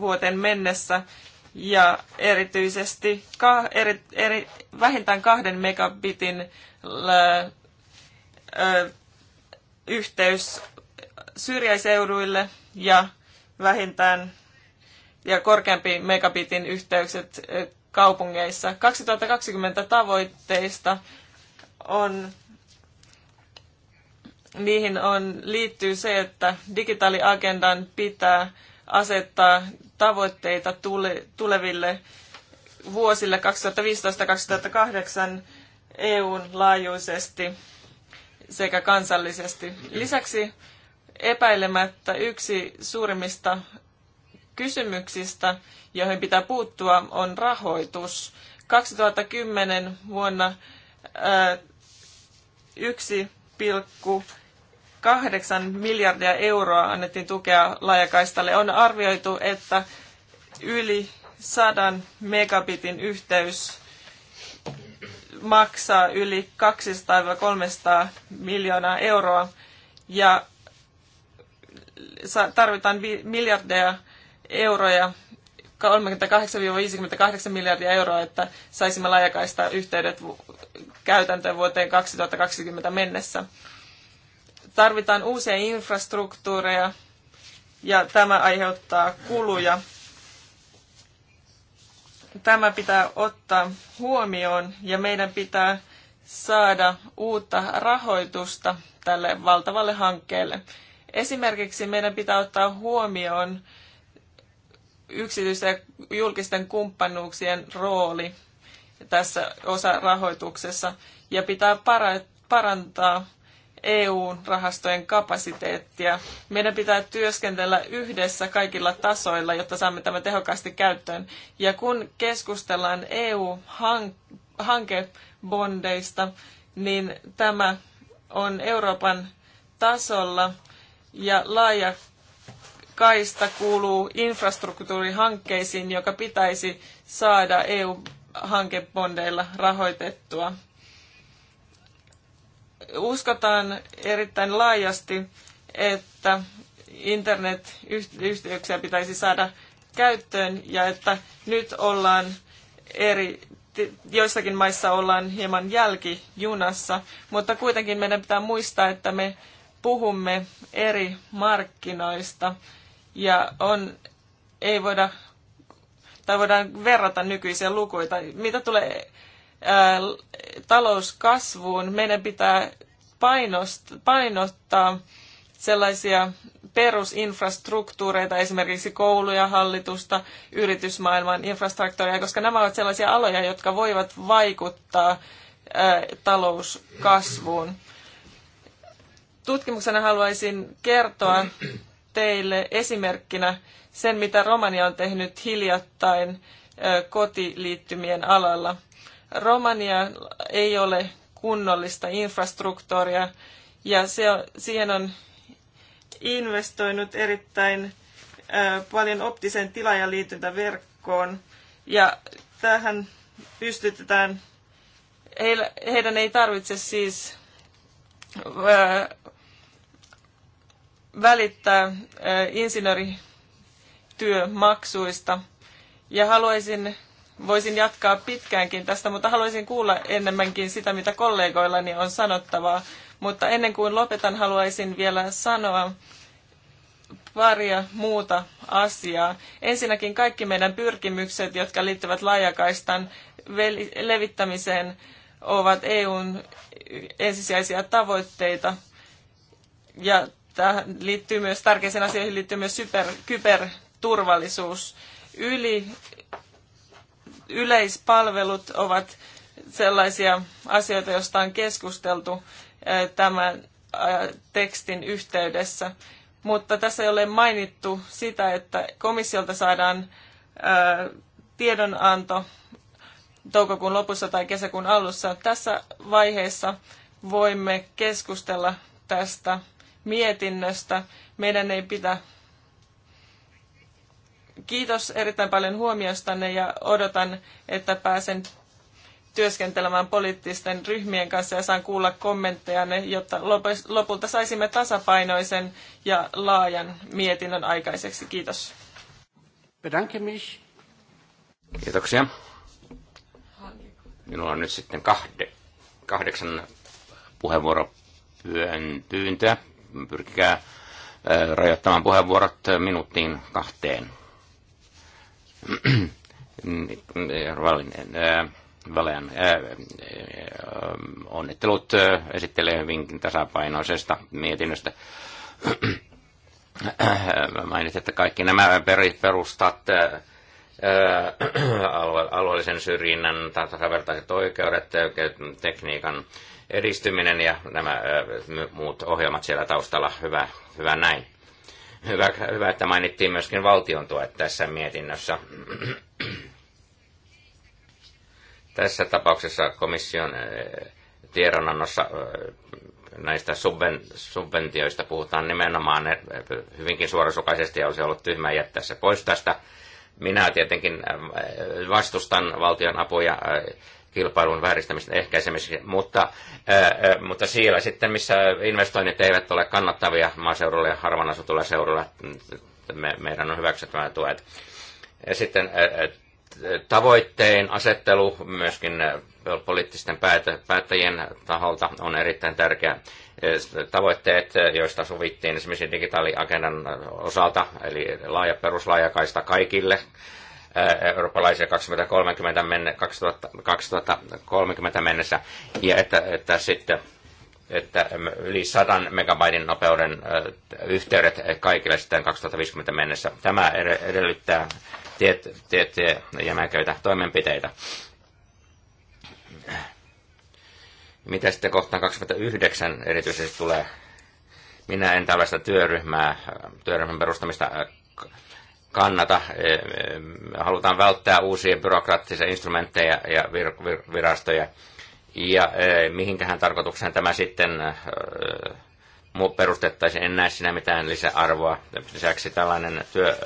vuoteen mennessä ja erityisesti ka, eri, eri, vähintään kahden megabitin lä, ö, yhteys syrjäiseuduille ja vähintään ja korkeampi megabitin yhteykset kaupungeissa. 2020 tavoitteista on, niihin on, liittyy se, että digitaaliagendan pitää asettaa tavoitteita tuleville vuosille 2015-2008 EUn laajuisesti sekä kansallisesti. Lisäksi epäilemättä yksi suurimmista kysymyksistä, joihin pitää puuttua, on rahoitus. 2010 vuonna yksi 8 miljardia euroa annettiin tukea laajakaistalle. On arvioitu, että yli 100 megabitin yhteys maksaa yli 200-300 miljoonaa euroa ja tarvitaan miljardeja euroja, 38-58 miljardia euroa, että saisimme laajakaista yhteydet käytäntöön vuoteen 2020 mennessä tarvitaan uusia infrastruktuureja ja tämä aiheuttaa kuluja. Tämä pitää ottaa huomioon ja meidän pitää saada uutta rahoitusta tälle valtavalle hankkeelle. Esimerkiksi meidän pitää ottaa huomioon yksityisten ja julkisten kumppanuuksien rooli tässä osarahoituksessa ja pitää parantaa EU-rahastojen kapasiteettia. Meidän pitää työskentellä yhdessä kaikilla tasoilla, jotta saamme tämän tehokkaasti käyttöön. Ja kun keskustellaan EU-hankebondeista, niin tämä on Euroopan tasolla ja laaja kaista kuuluu infrastruktuurihankkeisiin, joka pitäisi saada EU-hankebondeilla rahoitettua uskotaan erittäin laajasti, että internetyhteyksiä pitäisi saada käyttöön ja että nyt ollaan eri, joissakin maissa ollaan hieman jälkijunassa, mutta kuitenkin meidän pitää muistaa, että me puhumme eri markkinoista ja on, ei voida, tai voidaan verrata nykyisiä lukuita. Mitä tulee talouskasvuun, meidän pitää painottaa sellaisia perusinfrastruktuureita, esimerkiksi kouluja, hallitusta, yritysmaailman infrastruktuuria, koska nämä ovat sellaisia aloja, jotka voivat vaikuttaa talouskasvuun. Tutkimuksena haluaisin kertoa teille esimerkkinä sen, mitä Romania on tehnyt hiljattain kotiliittymien alalla – Romania ei ole kunnollista infrastruktuuria ja se siihen on investoinut erittäin paljon optiseen tila- ja liityntäverkkoon. Ja tähän pystytetään, heidän ei tarvitse siis välittää insinöörityömaksuista. Ja haluaisin voisin jatkaa pitkäänkin tästä, mutta haluaisin kuulla enemmänkin sitä, mitä kollegoillani on sanottavaa. Mutta ennen kuin lopetan, haluaisin vielä sanoa paria muuta asiaa. Ensinnäkin kaikki meidän pyrkimykset, jotka liittyvät laajakaistan levittämiseen, ovat EUn ensisijaisia tavoitteita. Ja tähän liittyy myös, tärkeisiin asioihin liittyy myös kyber, kyberturvallisuus. Yli yleispalvelut ovat sellaisia asioita, joista on keskusteltu tämän tekstin yhteydessä. Mutta tässä ei ole mainittu sitä, että komissiolta saadaan tiedonanto toukokuun lopussa tai kesäkuun alussa. Tässä vaiheessa voimme keskustella tästä mietinnöstä. Meidän ei pitä Kiitos erittäin paljon huomiostanne ja odotan, että pääsen työskentelemään poliittisten ryhmien kanssa ja saan kuulla kommenttejanne, jotta lopulta saisimme tasapainoisen ja laajan mietinnön aikaiseksi. Kiitos. Kiitoksia. Minulla on nyt sitten kahde, kahdeksan puheenvuoropyyntöä. Pyrkikää rajoittamaan puheenvuorot minuuttiin kahteen. Äh, Valean äh, äh, onnittelut esittelee hyvinkin tasapainoisesta mietinnöstä. Mainit, että kaikki nämä perustat alueellisen syrjinnän tasavertaiset oikeudet, tekniikan edistyminen ja nämä muut ohjelmat siellä taustalla. Hyvä, hyvä näin. Hyvä, hyvä, että mainittiin myöskin valtion tuet tässä mietinnössä. tässä tapauksessa komission eh, tiedonannossa eh, näistä subven, subventioista puhutaan nimenomaan ne eh, hyvinkin suorasukaisesti ja olisi ollut tyhmä jättää se pois tästä. Minä tietenkin vastustan valtion apuja kilpailun vääristämisen ehkäisemiseksi, mutta, mutta siellä sitten, missä investoinnit eivät ole kannattavia maaseudulla ja harvan asutulla seudulla, me, meidän on hyväksyttävä tuet. Ja sitten tavoitteen asettelu myöskin poliittisten päättäjien taholta on erittäin tärkeä. Tavoitteet, joista sovittiin esimerkiksi digitaaliagendan osalta, eli laaja peruslaajakaista kaikille, eurooppalaisia 2030 mennessä, 2030 mennessä, ja että, että sitten että yli 100 megabaitin nopeuden yhteydet kaikille sitten 2050 mennessä. Tämä edellyttää tiettyjä tiet, jämäköitä toimenpiteitä. Mitä sitten kohtaan 29 erityisesti tulee? Minä en tällaista työryhmää, työryhmän perustamista kannata. Halutaan välttää uusia byrokraattisia instrumentteja ja vir- vir- virastoja. Ja e, mihinkähän tarkoitukseen tämä sitten e, perustettaisiin. En näe siinä mitään lisäarvoa. Lisäksi tällainen työ,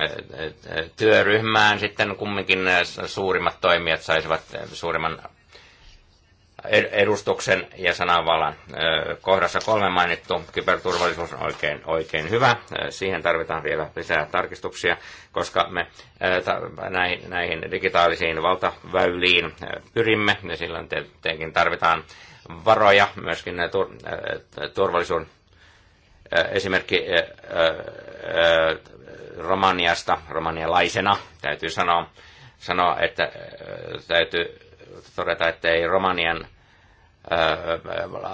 e, työryhmään sitten kumminkin suurimmat toimijat saisivat suurimman edustuksen ja sananvallan. Kohdassa kolme mainittu kyberturvallisuus on oikein, oikein hyvä. Siihen tarvitaan vielä lisää tarkistuksia, koska me näihin, näihin digitaalisiin valtaväyliin pyrimme, ja silloin tietenkin tarvitaan varoja myöskin turvallisuuden esimerkki Romaniasta, romanialaisena täytyy sanoa, sanoa että täytyy todeta, että ei Romanian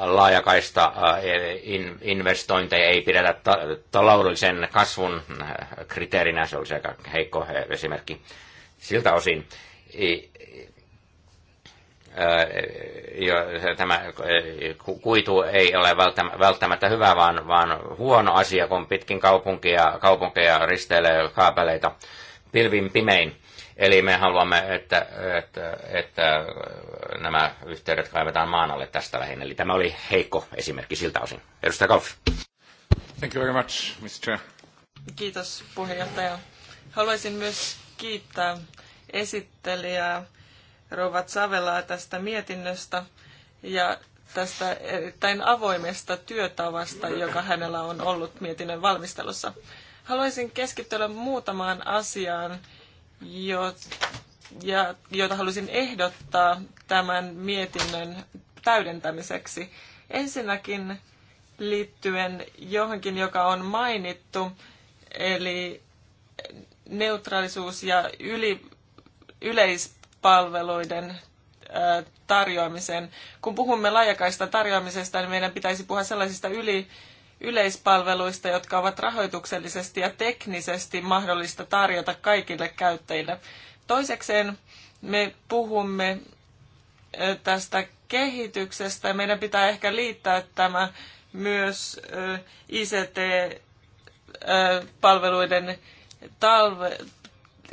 laajakaista investointeja ei pidetä taloudellisen kasvun kriteerinä, se olisi aika heikko esimerkki siltä osin. Tämä kuitu ei ole välttämättä hyvä, vaan, vaan huono asia, kun pitkin kaupunkia, kaupunkeja risteilee kaapeleita pilvin pimein Eli me haluamme, että, että, että nämä yhteydet kaivetaan maan alle tästä lähinnä. Eli tämä oli heikko esimerkki siltä osin. Edustaja Kauf. Thank you very much, Mr. Chair. Kiitos puheenjohtaja. Haluaisin myös kiittää esittelijää Rova Savelaa tästä mietinnöstä ja tästä erittäin avoimesta työtavasta, joka hänellä on ollut mietinnön valmistelussa. Haluaisin keskittyä muutamaan asiaan, jo, ja, joita halusin ehdottaa tämän mietinnön täydentämiseksi. Ensinnäkin liittyen johonkin, joka on mainittu, eli neutraalisuus ja yli, yleispalveluiden tarjoamisen. Kun puhumme laajakaista tarjoamisesta, niin meidän pitäisi puhua sellaisista yli yleispalveluista, jotka ovat rahoituksellisesti ja teknisesti mahdollista tarjota kaikille käyttäjille. Toisekseen me puhumme tästä kehityksestä. Meidän pitää ehkä liittää tämä myös ICT-palveluiden talve,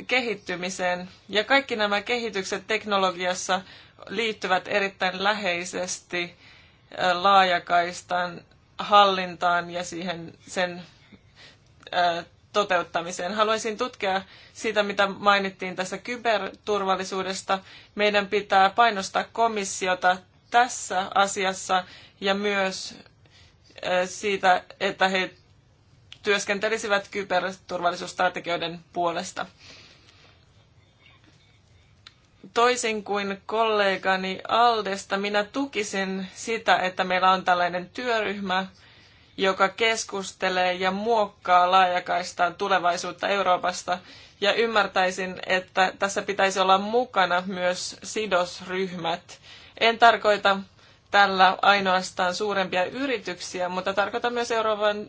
kehittymiseen. Ja kaikki nämä kehitykset teknologiassa liittyvät erittäin läheisesti laajakaistan hallintaan ja siihen sen toteuttamiseen. Haluaisin tutkia sitä, mitä mainittiin tässä kyberturvallisuudesta. Meidän pitää painostaa komissiota tässä asiassa ja myös siitä, että he työskentelisivät kyberturvallisuusstrategioiden puolesta toisin kuin kollegani Aldesta, minä tukisin sitä, että meillä on tällainen työryhmä, joka keskustelee ja muokkaa laajakaistaan tulevaisuutta Euroopasta. Ja ymmärtäisin, että tässä pitäisi olla mukana myös sidosryhmät. En tarkoita tällä ainoastaan suurempia yrityksiä, mutta tarkoitan myös Euroopan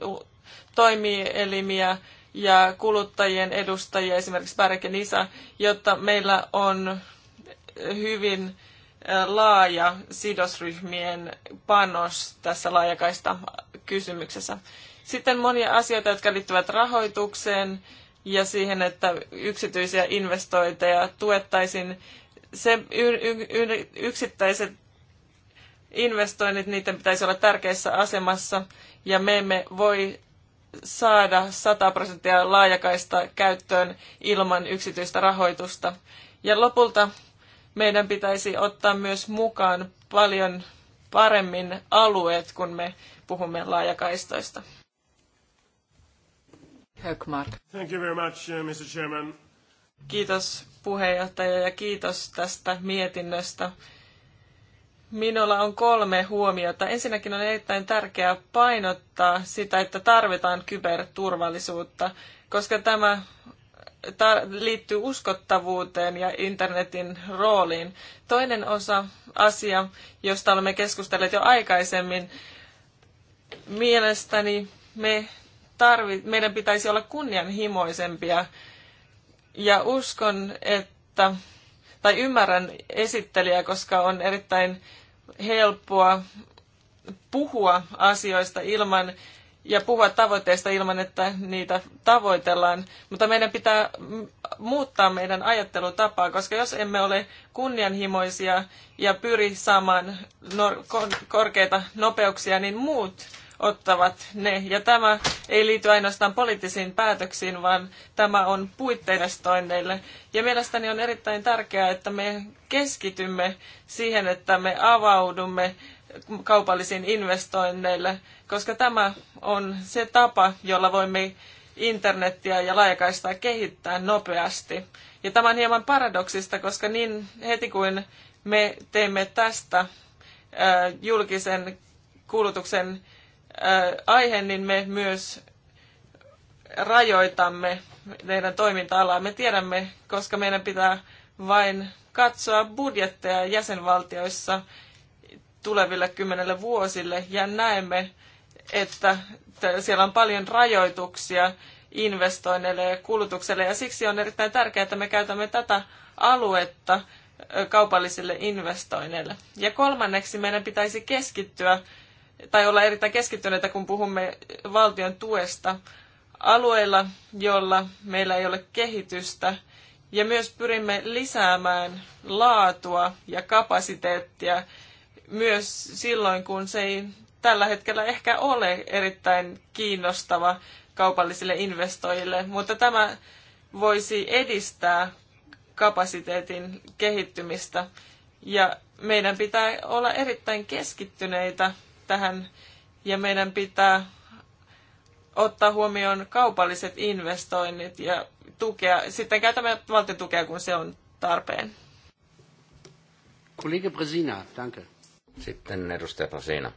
toimielimiä ja kuluttajien edustajia, esimerkiksi Pärke Nisa, jotta meillä on hyvin laaja sidosryhmien panos tässä laajakaista kysymyksessä. Sitten monia asioita, jotka liittyvät rahoitukseen ja siihen, että yksityisiä investointeja tuettaisiin. Se yksittäiset investoinnit, niiden pitäisi olla tärkeässä asemassa ja me emme voi saada 100 prosenttia laajakaista käyttöön ilman yksityistä rahoitusta. Ja lopulta meidän pitäisi ottaa myös mukaan paljon paremmin alueet, kun me puhumme laajakaistoista. Högmark. Thank you very much, uh, Mr. Chairman. Kiitos puheenjohtaja ja kiitos tästä mietinnöstä. Minulla on kolme huomiota. Ensinnäkin on erittäin tärkeää painottaa sitä, että tarvitaan kyberturvallisuutta, koska tämä liittyy uskottavuuteen ja internetin rooliin. Toinen osa asia, josta olemme keskustelleet jo aikaisemmin, mielestäni me tarvi, meidän pitäisi olla kunnianhimoisempia. Ja uskon, että, tai ymmärrän esittelijää, koska on erittäin helppoa puhua asioista ilman, ja puhua tavoitteista ilman, että niitä tavoitellaan. Mutta meidän pitää muuttaa meidän ajattelutapaa, koska jos emme ole kunnianhimoisia ja pyri saamaan korkeita nopeuksia, niin muut ottavat ne. Ja tämä ei liity ainoastaan poliittisiin päätöksiin, vaan tämä on puitteistoinneille. Ja mielestäni on erittäin tärkeää, että me keskitymme siihen, että me avaudumme kaupallisiin investoinneille, koska tämä on se tapa, jolla voimme internettiä ja laajakaistaa kehittää nopeasti. Ja tämä on hieman paradoksista, koska niin heti kuin me teemme tästä julkisen kulutuksen aihe, niin me myös rajoitamme meidän toiminta-alaa. Me tiedämme, koska meidän pitää vain katsoa budjetteja jäsenvaltioissa tuleville kymmenelle vuosille ja näemme, että siellä on paljon rajoituksia investoinneille ja kulutukselle ja siksi on erittäin tärkeää, että me käytämme tätä aluetta kaupallisille investoinneille. Ja kolmanneksi meidän pitäisi keskittyä tai olla erittäin keskittyneitä, kun puhumme valtion tuesta alueilla, joilla meillä ei ole kehitystä. Ja myös pyrimme lisäämään laatua ja kapasiteettia myös silloin, kun se ei tällä hetkellä ehkä ole erittäin kiinnostava kaupallisille investoijille, mutta tämä voisi edistää kapasiteetin kehittymistä. Ja meidän pitää olla erittäin keskittyneitä tähän ja meidän pitää ottaa huomioon kaupalliset investoinnit ja tukea. Sitten käytämme valtion tukea, kun se on tarpeen. Kollega Brezina, danke. Sitten edustaja Pasina.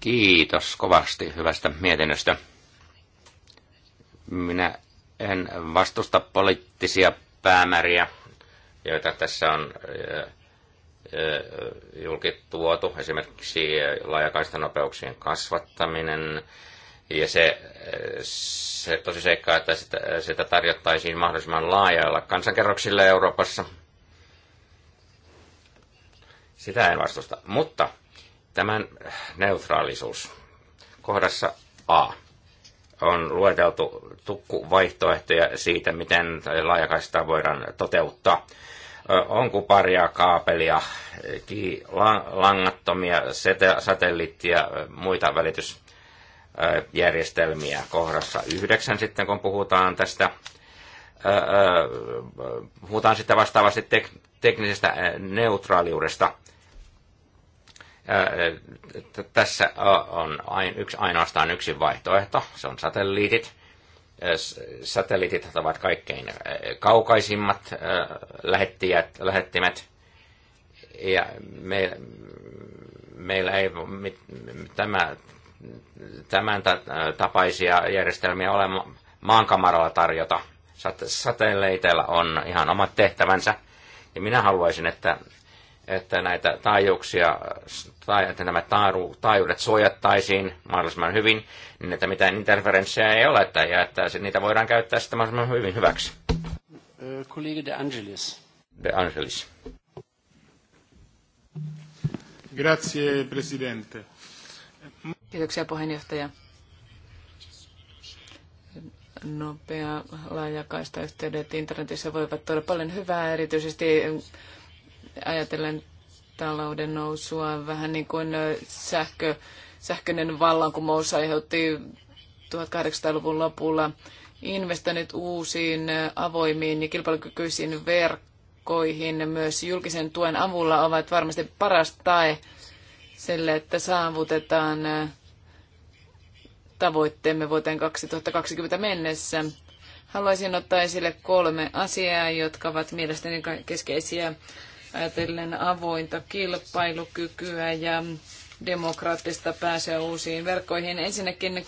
Kiitos kovasti hyvästä mietinnöstä. Minä en vastusta poliittisia päämääriä, joita tässä on eh, eh, julkituotu, esimerkiksi laajakaistanopeuksien kasvattaminen, ja se, se tosi seikka, että sitä, sitä tarjottaisiin mahdollisimman laajalla kansankerroksilla Euroopassa, sitä en vastusta. Mutta tämän neutraalisuus kohdassa A on lueteltu tukkuvaihtoehtoja siitä, miten laajakaistaa voidaan toteuttaa. On kuparia, kaapelia, langattomia satelliittia ja muita välitys järjestelmiä kohdassa yhdeksän sitten, kun puhutaan tästä puhutaan sitten vastaavasti tek- teknisestä neutraaliudesta. Tässä on yksi, ainoastaan yksi vaihtoehto, se on satelliitit. Satelliitit ovat kaikkein kaukaisimmat lähettijät, lähettimet. Ja me, meillä ei, tämä tämän tapaisia järjestelmiä ole maankamaralla tarjota. Satelleiteilla on ihan omat tehtävänsä. Ja minä haluaisin, että, että näitä taajuuksia, tai että nämä taaru, taajuudet suojattaisiin mahdollisimman hyvin, niin että mitään interferenssejä ei ole, että, ja että niitä voidaan käyttää sitten mahdollisimman hyvin hyväksi. Äh, Kollega De Angelis. De Angelis. Grazie, Presidente. Kiitoksia puheenjohtaja. Nopea laajakaista yhteydet internetissä voivat tuoda paljon hyvää, erityisesti ajatellen talouden nousua, vähän niin kuin sähkö, sähköinen vallankumous aiheutti 1800-luvun lopulla investoinnit uusiin avoimiin ja kilpailukykyisiin verkkoihin myös julkisen tuen avulla ovat varmasti paras tae sillä, että saavutetaan tavoitteemme vuoteen 2020 mennessä. Haluaisin ottaa esille kolme asiaa, jotka ovat mielestäni keskeisiä ajatellen avointa kilpailukykyä ja demokraattista pääsyä uusiin verkkoihin. Ensinnäkin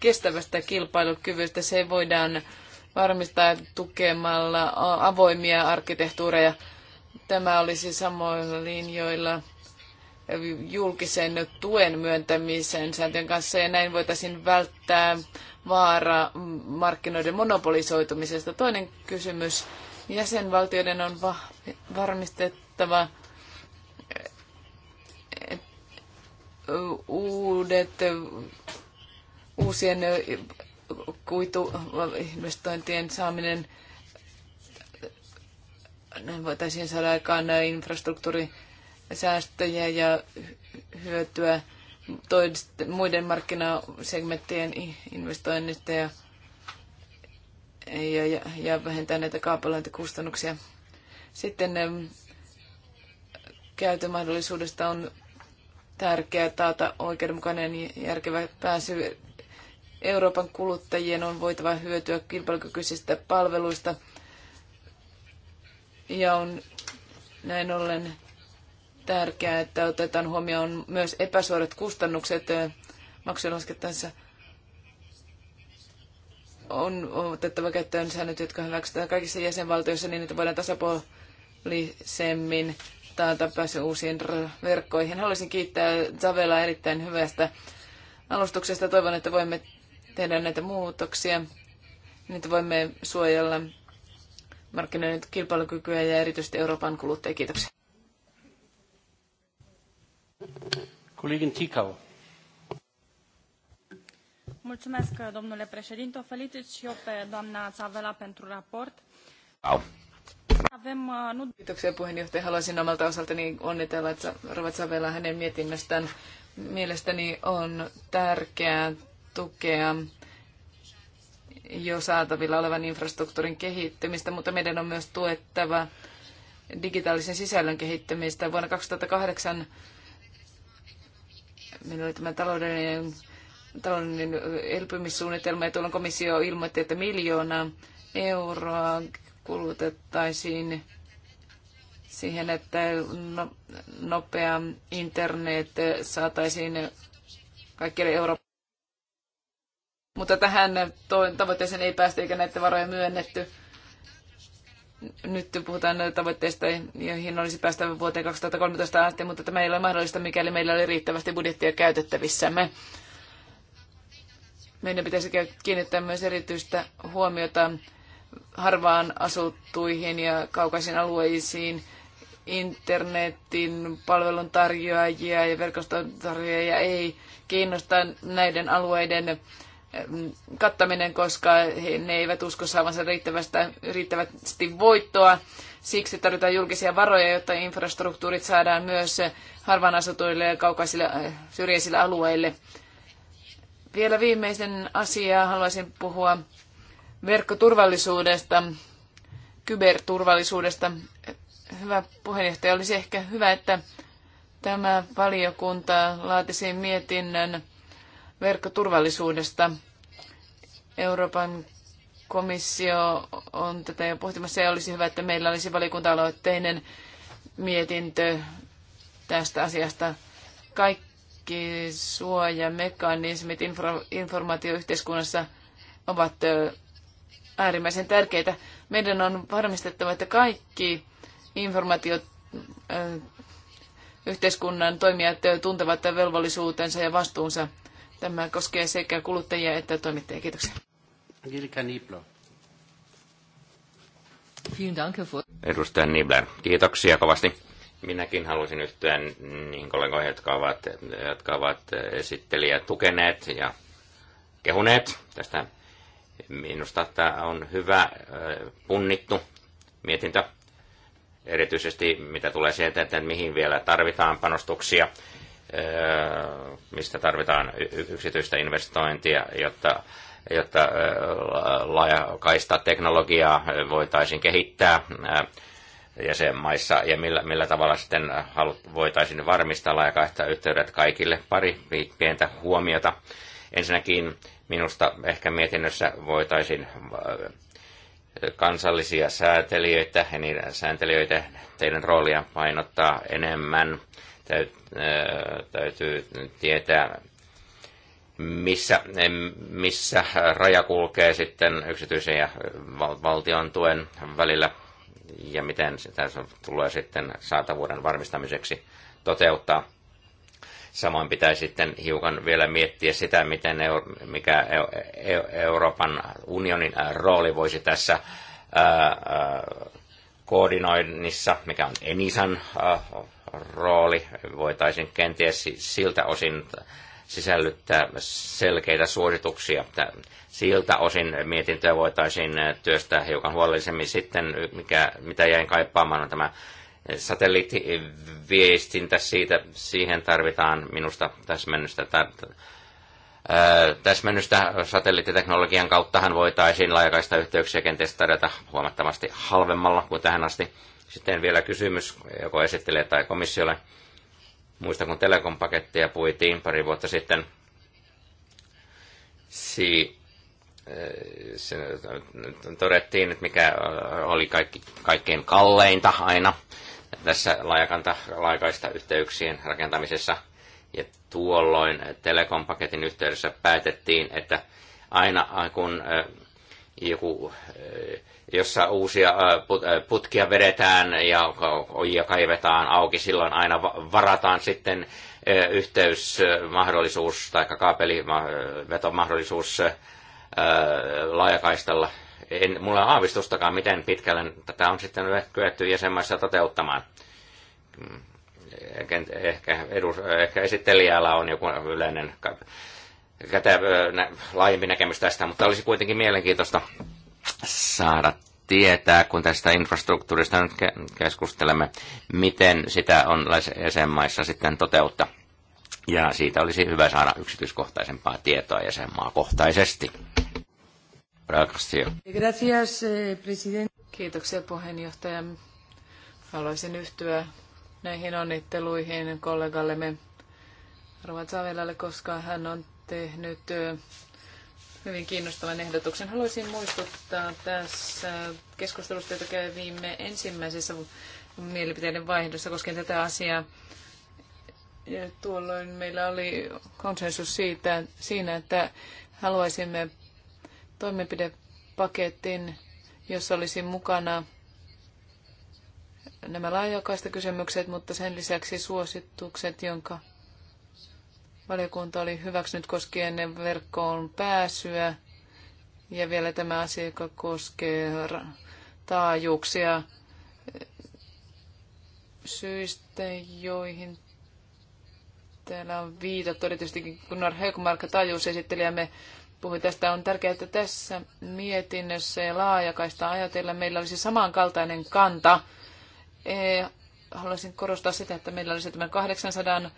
kestävästä kilpailukyvystä se voidaan varmistaa tukemalla avoimia arkkitehtuureja. Tämä olisi samoilla linjoilla julkisen tuen myöntämisen sääntöjen kanssa ja näin voitaisiin välttää vaara markkinoiden monopolisoitumisesta. Toinen kysymys. Jäsenvaltioiden on va- varmistettava uudet uusien kuituinvestointien saaminen. Näin voitaisiin saada aikaan infrastruktuuri säästöjä ja hyötyä muiden markkinasegmenttien investoinnista ja, ja, ja, ja vähentää näitä kaapelointikustannuksia. Sitten käytömahdollisuudesta on tärkeää taata oikeudenmukainen ja järkevä pääsy. Euroopan kuluttajien on voitava hyötyä kilpailukykyisistä palveluista ja on näin ollen tärkeää, että otetaan huomioon myös epäsuorat kustannukset maksujen laskettaessa. On otettava käyttöön säännöt, jotka hyväksytään kaikissa jäsenvaltioissa niin, että voidaan tasapuolisemmin taata pääsy uusiin verkkoihin. Haluaisin kiittää Savela erittäin hyvästä alustuksesta. Toivon, että voimme tehdä näitä muutoksia, niin että voimme suojella markkinoiden kilpailukykyä ja erityisesti Euroopan kuluttajia. Kiitoksia. Kollegin Tikau. Mulțumesc, domnule președinte. O felicit și eu pe doamna Țavela pentru raport. Au. Avem, uh, nu... Kiitoksia puheenjohtaja. Haluaisin omalta osaltani onnitella Rovasavella hänen mietinnöstään. Mielestäni on tärkeää tukea jo saatavilla olevan infrastruktuurin kehittämistä, mutta meidän on myös tuettava digitaalisen sisällön kehittämistä. Vuonna 2008 Meillä oli tämä taloudellinen, taloudellinen elpymissuunnitelma ja tuolloin komissio ilmoitti, että miljoona euroa kulutettaisiin siihen, että no, nopea internet saataisiin kaikille Euroopan. Mutta tähän tavoitteeseen ei päästä eikä näitä varoja myönnetty nyt puhutaan tavoitteista, joihin olisi päästävä vuoteen 2013 asti, mutta tämä ei ole mahdollista, mikäli meillä oli riittävästi budjettia käytettävissämme. Meidän pitäisi kiinnittää myös erityistä huomiota harvaan asuttuihin ja kaukaisiin alueisiin, internetin palvelun tarjoajia ja verkoston tarjoajia ei kiinnosta näiden alueiden Mm, kattaminen, koska ne eivät usko saavansa riittävästi voittoa. Siksi tarvitaan julkisia varoja, jotta infrastruktuurit saadaan myös harvaan asutuille ja kaukaisille äh, syrjäisille alueille. Vielä viimeisen asiaa haluaisin puhua verkkoturvallisuudesta, kyberturvallisuudesta. Hyvä puheenjohtaja, olisi ehkä hyvä, että tämä valiokunta laatisi mietinnön verkkoturvallisuudesta. Euroopan komissio on tätä jo pohtimassa ja olisi hyvä, että meillä olisi valiokunta-aloitteinen mietintö tästä asiasta. Kaikki suojamekanismit infra- informaatioyhteiskunnassa ovat äärimmäisen tärkeitä. Meidän on varmistettava, että kaikki informaatioyhteiskunnan yhteiskunnan toimijat tuntevat velvollisuutensa ja vastuunsa Tämä koskee sekä kuluttajia että toimittajia. Kiitoksia. Angelika Niblo. Edustaja Nibler, kiitoksia kovasti. Minäkin haluaisin yhtyä niihin kollegoihin, jotka ovat, jotka ovat esittelijät tukeneet ja kehuneet. Tästä minusta tämä on hyvä punnittu mietintö, erityisesti mitä tulee sieltä, että mihin vielä tarvitaan panostuksia – mistä tarvitaan yksityistä investointia, jotta, jotta laajakaista teknologiaa voitaisiin kehittää jäsenmaissa ja millä, millä tavalla sitten halut, voitaisiin varmistaa laajakaista yhteydet kaikille. Pari pientä huomiota. Ensinnäkin minusta ehkä mietinnössä voitaisiin kansallisia säätelijöitä ja niiden sääntelijöitä teidän roolia painottaa enemmän – Äh, täytyy tietää, missä, missä raja kulkee sitten yksityisen ja valtion tuen välillä ja miten sitä tulee sitten saatavuuden varmistamiseksi toteuttaa. Samoin pitää sitten hiukan vielä miettiä sitä, miten Euro- mikä e-, e-, Euroopan unionin rooli voisi tässä ää, äh, ää, äh, koordinoinnissa, mikä on Enisan rooli voitaisiin kenties siltä osin sisällyttää selkeitä suosituksia. Siltä osin mietintöä voitaisiin työstää hiukan huolellisemmin sitten, mikä, mitä jäin kaipaamaan, on tämä satelliittiviestintä. Siitä, siihen tarvitaan minusta täsmennystä. Täsmennystä satelliittiteknologian kauttahan voitaisiin laajakaista yhteyksiä kenties tarjota huomattavasti halvemmalla kuin tähän asti sitten vielä kysymys joko esittelee tai komissiolle. Muista kun Telekom pakettia puitiin pari vuotta sitten. Si- eh, se eh, todettiin, että mikä oli kaikki, kaikkein kalleinta aina tässä laajakanta, laajakaista yhteyksien rakentamisessa. Ja tuolloin telekompaketin yhteydessä päätettiin, että aina kun eh, joku jossa uusia putkia vedetään ja ojia kaivetaan auki, silloin aina varataan sitten yhteysmahdollisuus tai kaapelivetomahdollisuus laajakaistalla. En, mulla ei aavistustakaan, miten pitkälle tätä on sitten kyetty jäsenmaissa toteuttamaan. Hmm. Ehkä, edus, ehkä esittelijällä on joku yleinen kätä, laajempi näkemys tästä, mutta olisi kuitenkin mielenkiintoista saada tietää, kun tästä infrastruktuurista nyt keskustelemme, miten sitä on jäsenmaissa sitten toteuttaa. Ja siitä olisi hyvä saada yksityiskohtaisempaa tietoa jäsenmaakohtaisesti. Eh, Kiitoksia puheenjohtaja. Haluaisin yhtyä näihin onnitteluihin kollegallemme Rovat Savelalle, koska hän on tehnyt eh, hyvin kiinnostavan ehdotuksen. Haluaisin muistuttaa tässä keskustelusta, jota kävimme ensimmäisessä mielipiteiden vaihdossa koskien tätä asiaa. Ja tuolloin meillä oli konsensus siitä, siinä, että haluaisimme toimenpidepaketin, jossa olisi mukana nämä laajakaista kysymykset, mutta sen lisäksi suositukset, jonka valiokunta oli hyväksynyt koskien verkkoon pääsyä. Ja vielä tämä asia, joka koskee taajuuksia syistä, joihin täällä on viitattu. Erityisesti Gunnar Högmark, taajuusesittelijämme, puhui tästä. On tärkeää, että tässä mietinnössä ja laajakaista ajatella meillä olisi samankaltainen kanta e- haluaisin korostaa sitä, että meillä olisi tämä 800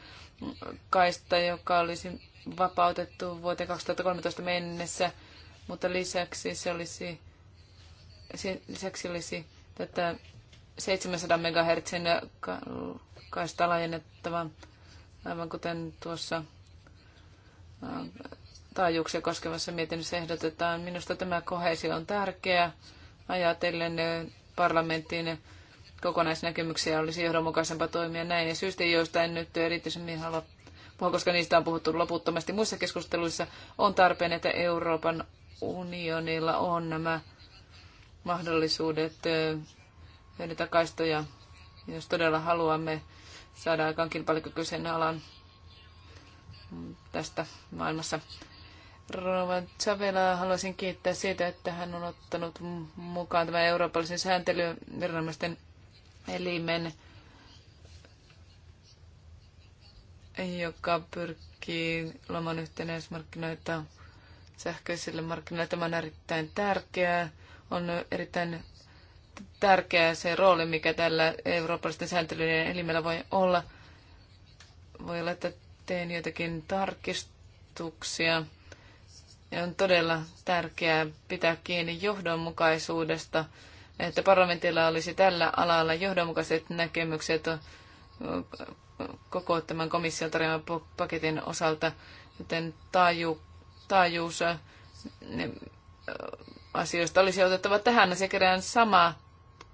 kaista, joka olisi vapautettu vuoteen 2013 mennessä, mutta lisäksi se olisi, se, lisäksi olisi tätä 700 MHz kaista laajennettava, aivan kuten tuossa äh, taajuuksia koskevassa mietinnössä ehdotetaan. Minusta tämä kohesio on tärkeä ajatellen äh, parlamentin kokonaisnäkemyksiä olisi johdonmukaisempaa toimia näin. Ja syystä, joista en nyt erityisemmin halua puhua, koska niistä on puhuttu loputtomasti muissa keskusteluissa, on tarpeen, että Euroopan unionilla on nämä mahdollisuudet hyödyntää kaistoja, jos todella haluamme saada aikaan kilpailukykyisen alan tästä maailmassa. Rova Chavela haluaisin kiittää siitä, että hän on ottanut mukaan tämän eurooppalaisen sääntelyviranomaisten elimen, joka pyrkii luomaan yhtenäismarkkinoita sähköisille markkinoille. Tämä on erittäin tärkeää. On erittäin tärkeää se rooli, mikä tällä eurooppalaisten sääntelyiden elimellä voi olla. Voi olla, että teen jotakin tarkistuksia. Ja on todella tärkeää pitää kiinni johdonmukaisuudesta että parlamentilla olisi tällä alalla johdonmukaiset näkemykset koko tämän komission tarjoaman paketin osalta, joten taaju, taajuus ne, asioista olisi otettava tähän asiakirjaan sama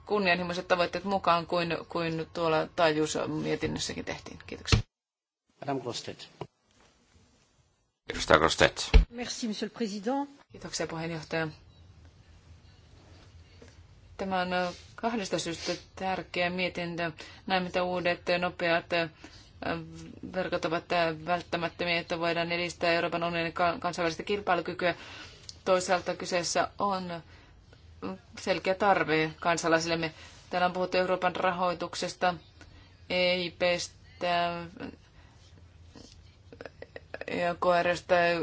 kunnianhimoiset tavoitteet mukaan kuin, kuin tuolla taajuusmietinnössäkin tehtiin. Kiitoksia. Madame Grostet. Edustaja Grostet. Merci, monsieur le président. Kiitoksia puheenjohtaja. Tämä on kahdesta syystä tärkeä mietintö. Näin, mitä uudet nopeat verkot ovat välttämättömiä, että voidaan edistää Euroopan unionin kansainvälistä kilpailukykyä. Toisaalta kyseessä on selkeä tarve kansalaisillemme. Täällä on puhuttu Euroopan rahoituksesta, EIPstä ja e KRstä, e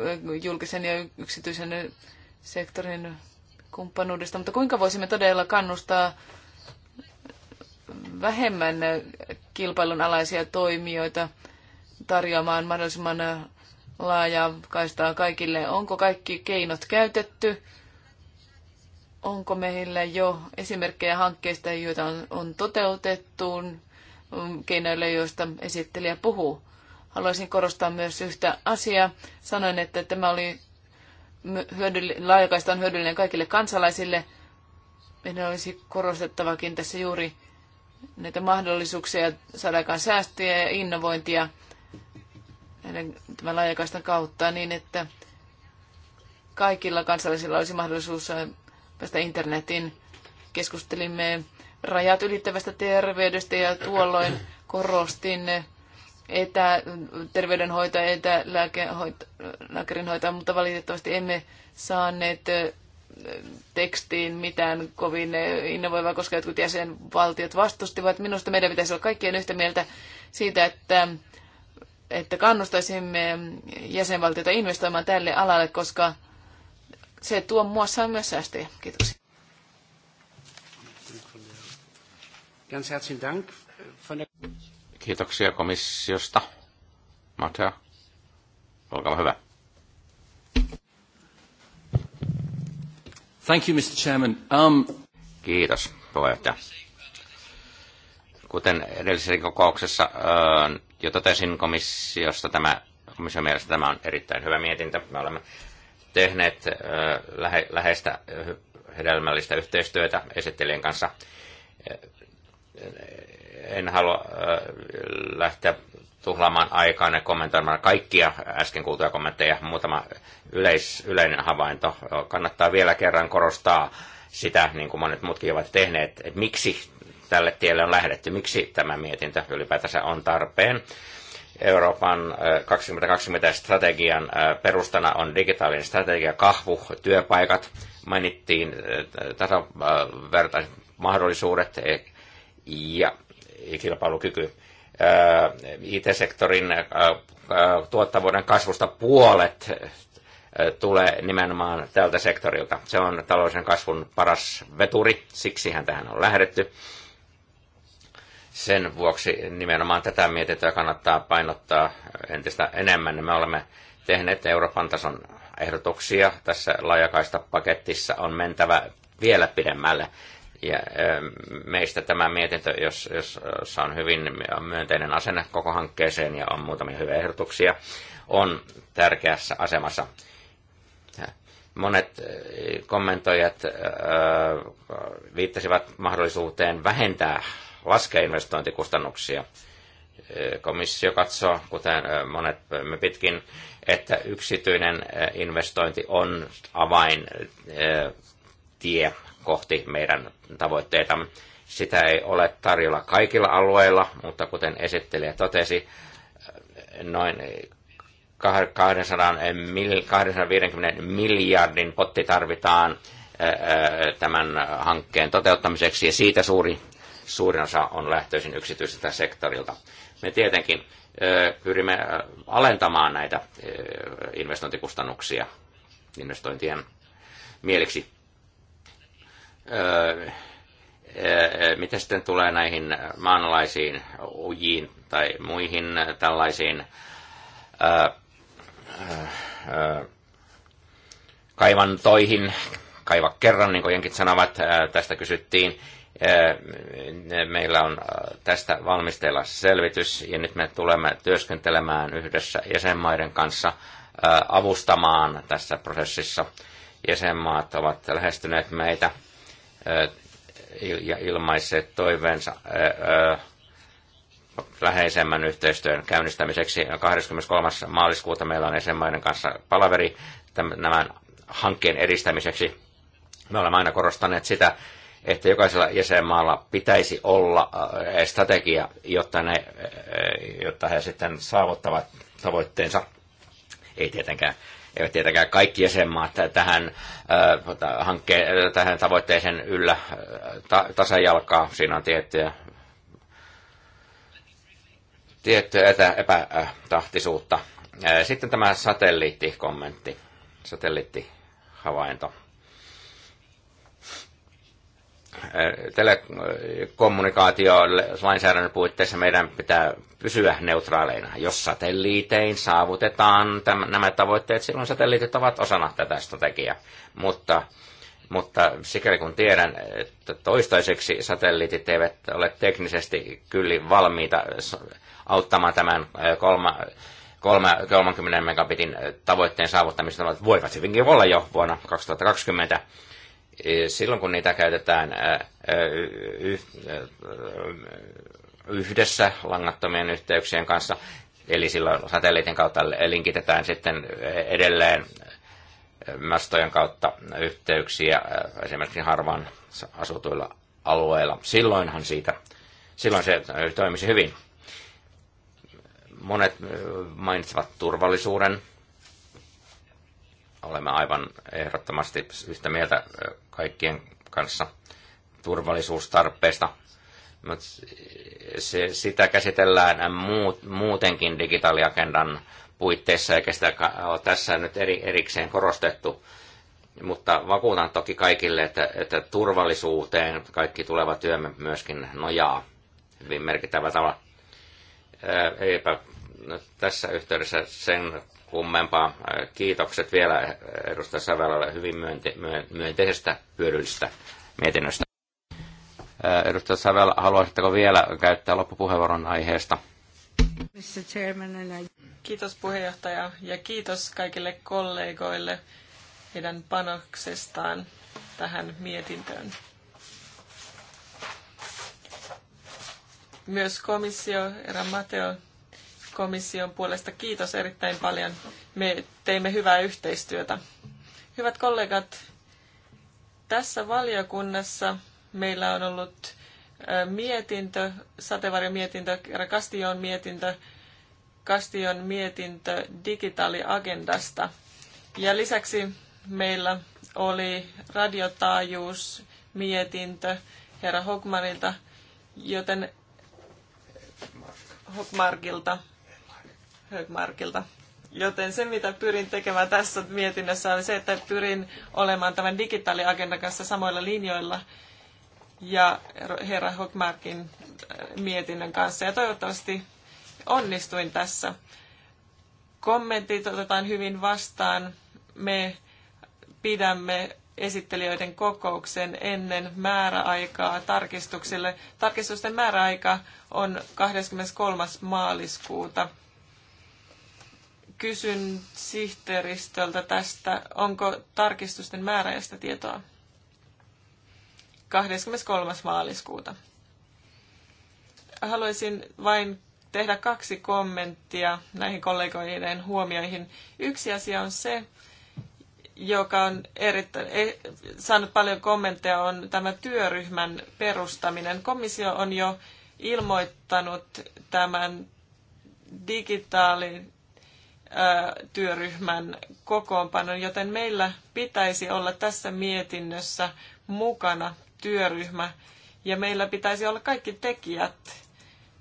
julkisen ja yksityisen sektorin kumppanuudesta, mutta kuinka voisimme todella kannustaa vähemmän kilpailun alaisia toimijoita tarjoamaan mahdollisimman laajaa kaistaa kaikille? Onko kaikki keinot käytetty? Onko meillä jo esimerkkejä hankkeista, joita on, on toteutettu, mm, keinoille, joista esittelijä puhuu? Haluaisin korostaa myös yhtä asiaa. Sanoin, että tämä oli laajakaista on hyödyllinen kaikille kansalaisille. Meidän olisi korostettavakin tässä juuri näitä mahdollisuuksia saada aikaan säästöjä ja innovointia tämän laajakaistan kautta niin, että kaikilla kansalaisilla olisi mahdollisuus äh, päästä internetin. Keskustelimme rajat ylittävästä terveydestä ja tuolloin korostin äh, etäterveydenhoitoa, etälääkärinhoitoa, mutta valitettavasti emme saaneet tekstiin mitään kovin innovoivaa, koska jotkut jäsenvaltiot vastustivat. Minusta meidän pitäisi olla kaikkien yhtä mieltä siitä, että, että kannustaisimme jäsenvaltioita investoimaan tälle alalle, koska se tuo muassa myös säästöjä. Kiitoksia. Ganz herzlichen Dank. Kiitoksia komissiosta. Matea, olkaa hyvä. Thank you, Mr. Chairman. Um... Kiitos, puheenjohtaja. Kuten edellisessä kokouksessa äh, jo totesin komissiosta, tämä, komission mielestä tämä on erittäin hyvä mietintö. Me olemme tehneet äh, lähe, läheistä äh, hedelmällistä yhteistyötä esittelijän kanssa en halua lähteä tuhlaamaan aikaa ja kommentoimaan kaikkia äsken kuultuja kommentteja. Muutama yleis, yleinen havainto. Kannattaa vielä kerran korostaa sitä, niin kuin monet muutkin ovat tehneet, että miksi tälle tielle on lähdetty, miksi tämä mietintö ylipäätänsä on tarpeen. Euroopan 2020-strategian perustana on digitaalinen strategia, kahvu, työpaikat, mainittiin tasavertaiset mahdollisuudet e, ja kilpailukyky. IT-sektorin tuottavuuden kasvusta puolet tulee nimenomaan tältä sektorilta. Se on taloudellisen kasvun paras veturi, siksihän tähän on lähdetty. Sen vuoksi nimenomaan tätä mietintöä kannattaa painottaa entistä enemmän. Me olemme tehneet Euroopan tason ehdotuksia. Tässä laajakaista paketissa on mentävä vielä pidemmälle ja meistä tämä mietintö, jos, jos, on hyvin myönteinen asenne koko hankkeeseen ja on muutamia hyviä ehdotuksia, on tärkeässä asemassa. Monet kommentoijat viittasivat mahdollisuuteen vähentää, laskea investointikustannuksia. Komissio katsoo, kuten monet me pitkin, että yksityinen investointi on avain tie kohti meidän tavoitteitamme. Sitä ei ole tarjolla kaikilla alueilla, mutta kuten esittelijä totesi, noin 250 miljardin potti tarvitaan tämän hankkeen toteuttamiseksi, ja siitä suuri, suurin osa on lähtöisin yksityiseltä sektorilta. Me tietenkin pyrimme alentamaan näitä investointikustannuksia investointien mieliksi mitä sitten tulee näihin maanalaisiin ujiin tai muihin tällaisiin kaivantoihin, kaiva kerran, niin kuin jenkit sanovat, tästä kysyttiin. Meillä on tästä valmisteilla selvitys, ja nyt me tulemme työskentelemään yhdessä jäsenmaiden kanssa avustamaan tässä prosessissa. Jäsenmaat ovat lähestyneet meitä ja ilmaisseet toiveensa läheisemmän yhteistyön käynnistämiseksi. 23. maaliskuuta meillä on jäsenmaiden kanssa palaveri tämän hankkeen edistämiseksi. Me olemme aina korostaneet sitä, että jokaisella jäsenmaalla pitäisi olla strategia, jotta, ne, jotta he sitten saavuttavat tavoitteensa. Ei tietenkään eivät tietenkään kaikki jäsenmaat tähän, tota, hankkeen, tähän tavoitteeseen yllä ta, tasajalkaa. Siinä on tiettyä, tiettyä etä, epätahtisuutta. Sitten tämä satelliittikommentti, satelliittihavainto. Äh, telekommunikaatio-lainsäädännön puitteissa meidän pitää pysyä neutraaleina. Jos satelliitein saavutetaan tämän, nämä tavoitteet, silloin satelliitit ovat osana tätä strategiaa. Mutta, mutta sikäli kun tiedän, että toistaiseksi satelliitit eivät ole teknisesti kyllä valmiita auttamaan tämän äh, kolma, kolma, 30 megabitin tavoitteen saavuttamista, voivat hyvinkin olla jo vuonna 2020 silloin kun niitä käytetään yhdessä langattomien yhteyksien kanssa, eli silloin satelliitin kautta linkitetään sitten edelleen mastojen kautta yhteyksiä esimerkiksi harvaan asutuilla alueilla. Silloinhan siitä, silloin se toimisi hyvin. Monet mainitsevat turvallisuuden olemme aivan ehdottomasti yhtä mieltä kaikkien kanssa turvallisuustarpeesta. Mut se, sitä käsitellään muut, muutenkin digitaaliagendan puitteissa, eikä sitä ole tässä nyt eri, erikseen korostettu. Mutta vakuutan toki kaikille, että, että turvallisuuteen kaikki tuleva työmme myöskin nojaa hyvin merkittävällä tavalla. Eipä no, tässä yhteydessä sen kummempaa. Kiitokset vielä edustaja Sävelälle hyvin myönte- myönteisestä hyödyllisestä mietinnöstä. Edustaja sävel haluaisitteko vielä käyttää loppupuheenvuoron aiheesta? Kiitos puheenjohtaja ja kiitos kaikille kollegoille heidän panoksestaan tähän mietintöön. Myös komissio Era Mateo komission puolesta kiitos erittäin paljon. Me teimme hyvää yhteistyötä. Hyvät kollegat, tässä valiokunnassa meillä on ollut mietintö, mietintö, Kastion mietintö, Kastion mietintö digitaaliagendasta. Ja lisäksi meillä oli radiotaajuus mietintö herra Hogmanilta, joten Hogmarkilta. Högmarkilta. Joten se, mitä pyrin tekemään tässä mietinnössä, on se, että pyrin olemaan tämän digitaaliagendan kanssa samoilla linjoilla ja herra Hockmarkin äh, mietinnön kanssa. Ja toivottavasti onnistuin tässä. Kommentit otetaan hyvin vastaan. Me pidämme esittelijöiden kokouksen ennen määräaikaa tarkistuksille. Tarkistusten määräaika on 23. maaliskuuta kysyn sihteeristöltä tästä, onko tarkistusten määräistä tietoa? 23. maaliskuuta. Haluaisin vain tehdä kaksi kommenttia näihin kollegoiden huomioihin. Yksi asia on se, joka on erittä e, saanut paljon kommentteja, on tämä työryhmän perustaminen. Komissio on jo ilmoittanut tämän digitaalin työryhmän kokoonpanon, joten meillä pitäisi olla tässä mietinnössä mukana työryhmä ja meillä pitäisi olla kaikki tekijät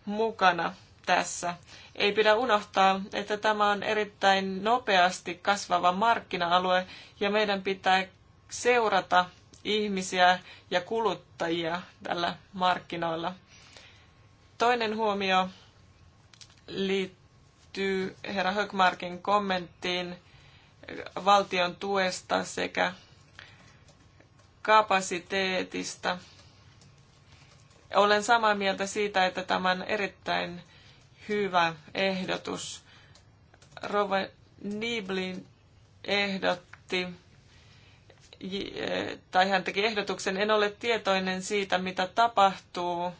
mukana tässä. Ei pidä unohtaa, että tämä on erittäin nopeasti kasvava markkina-alue ja meidän pitää seurata ihmisiä ja kuluttajia tällä markkinoilla. Toinen huomio liittyy liittyy herra Högmarkin kommenttiin valtion tuesta sekä kapasiteetista. Olen samaa mieltä siitä, että tämä on erittäin hyvä ehdotus. Rova Niblin ehdotti, eh, tai hän teki ehdotuksen, en ole tietoinen siitä, mitä tapahtuu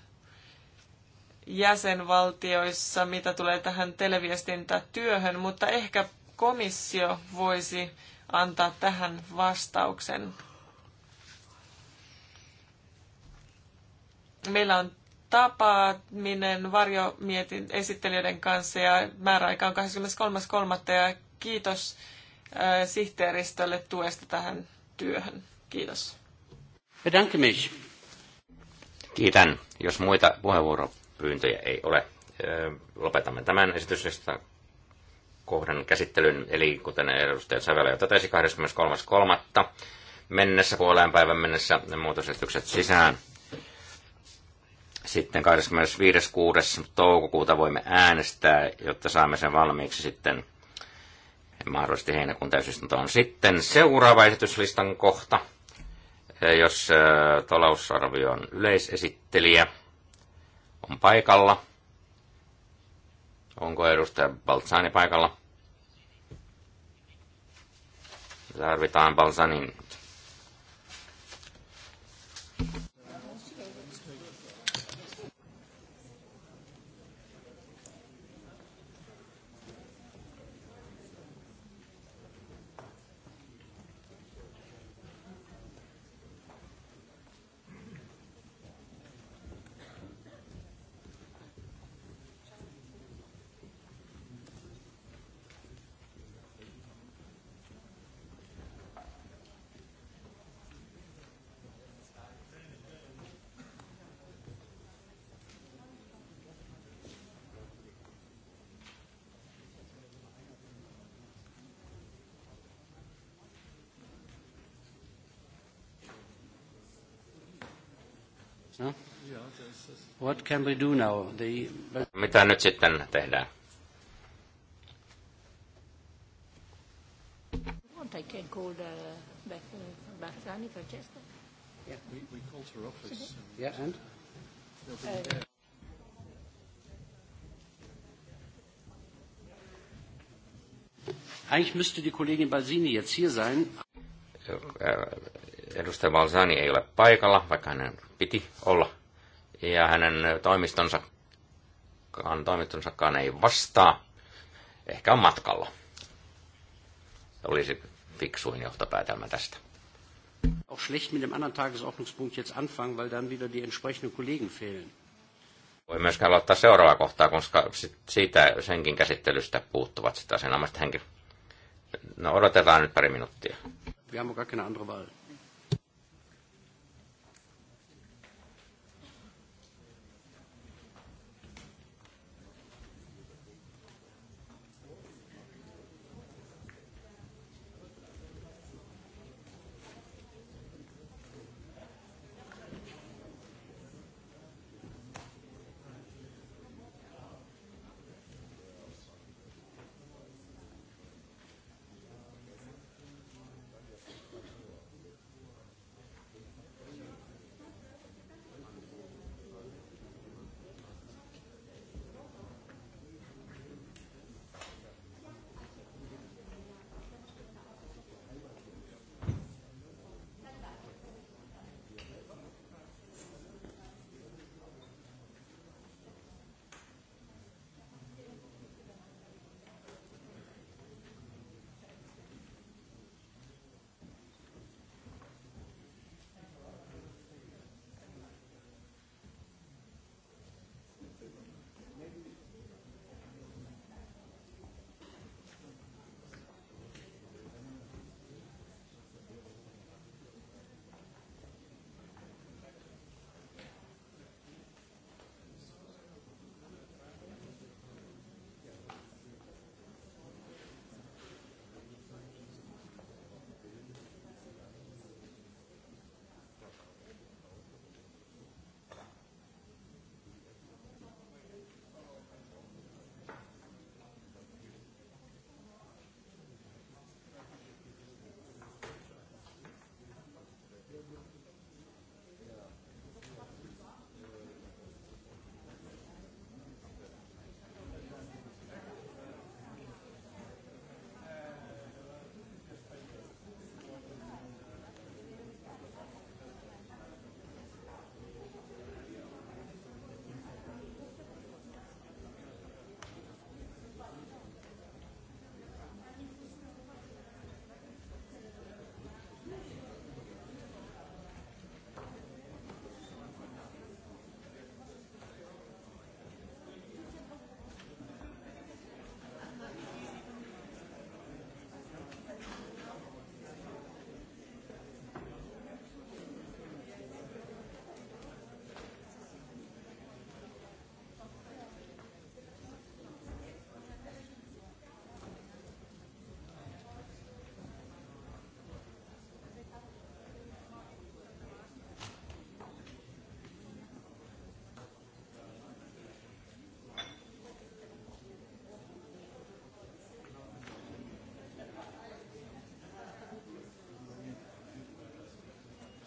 jäsenvaltioissa, mitä tulee tähän televiestintätyöhön, mutta ehkä komissio voisi antaa tähän vastauksen. Meillä on tapaaminen varjomietin esittelijöiden kanssa ja määräaika on 23.3. ja kiitos äh, sihteeristölle tuesta tähän työhön. Kiitos. Bedanke mich. Kiitän. Jos muita puheenvuoroja pyyntöjä ei ole. Lopetamme tämän esityksestä kohdan käsittelyn, eli kuten edustaja Sävelä jo totesi, 23.3. mennessä, puoleen päivän mennessä ne muutosesitykset sisään. Sitten 25.6. toukokuuta voimme äänestää, jotta saamme sen valmiiksi sitten mahdollisesti heinäkuun täysistuntoon. Sitten seuraava esityslistan kohta, jos talousarvion yleisesittelijä – on paikalla. Onko edustaja Baltsani paikalla? Tarvitaan Baltsanin. What can we do now? The... Mitä nyt sitten tehdään? Um, uh, Eigentlich müsste die Kollegin Balsini jetzt hier sein. Äh, äh, edustaja Balsani ei ole paikalla, vaikka hänen piti olla ja hänen toimistonsakaan, toimistonsakaan ei vastaa. Ehkä on matkalla. Olisi fiksuin johtopäätelmä tästä. Auch schlecht mit dem anderen Tagesordnungspunkt jetzt anfangen, weil dann wieder die entsprechenden Kollegen fehlen. Voi myöskään aloittaa seuraava kohtaa, koska siitä senkin käsittelystä puuttuvat sitä sen henkilöä. No odotetaan nyt pari minuuttia. Wir haben gar keine andere Wahl.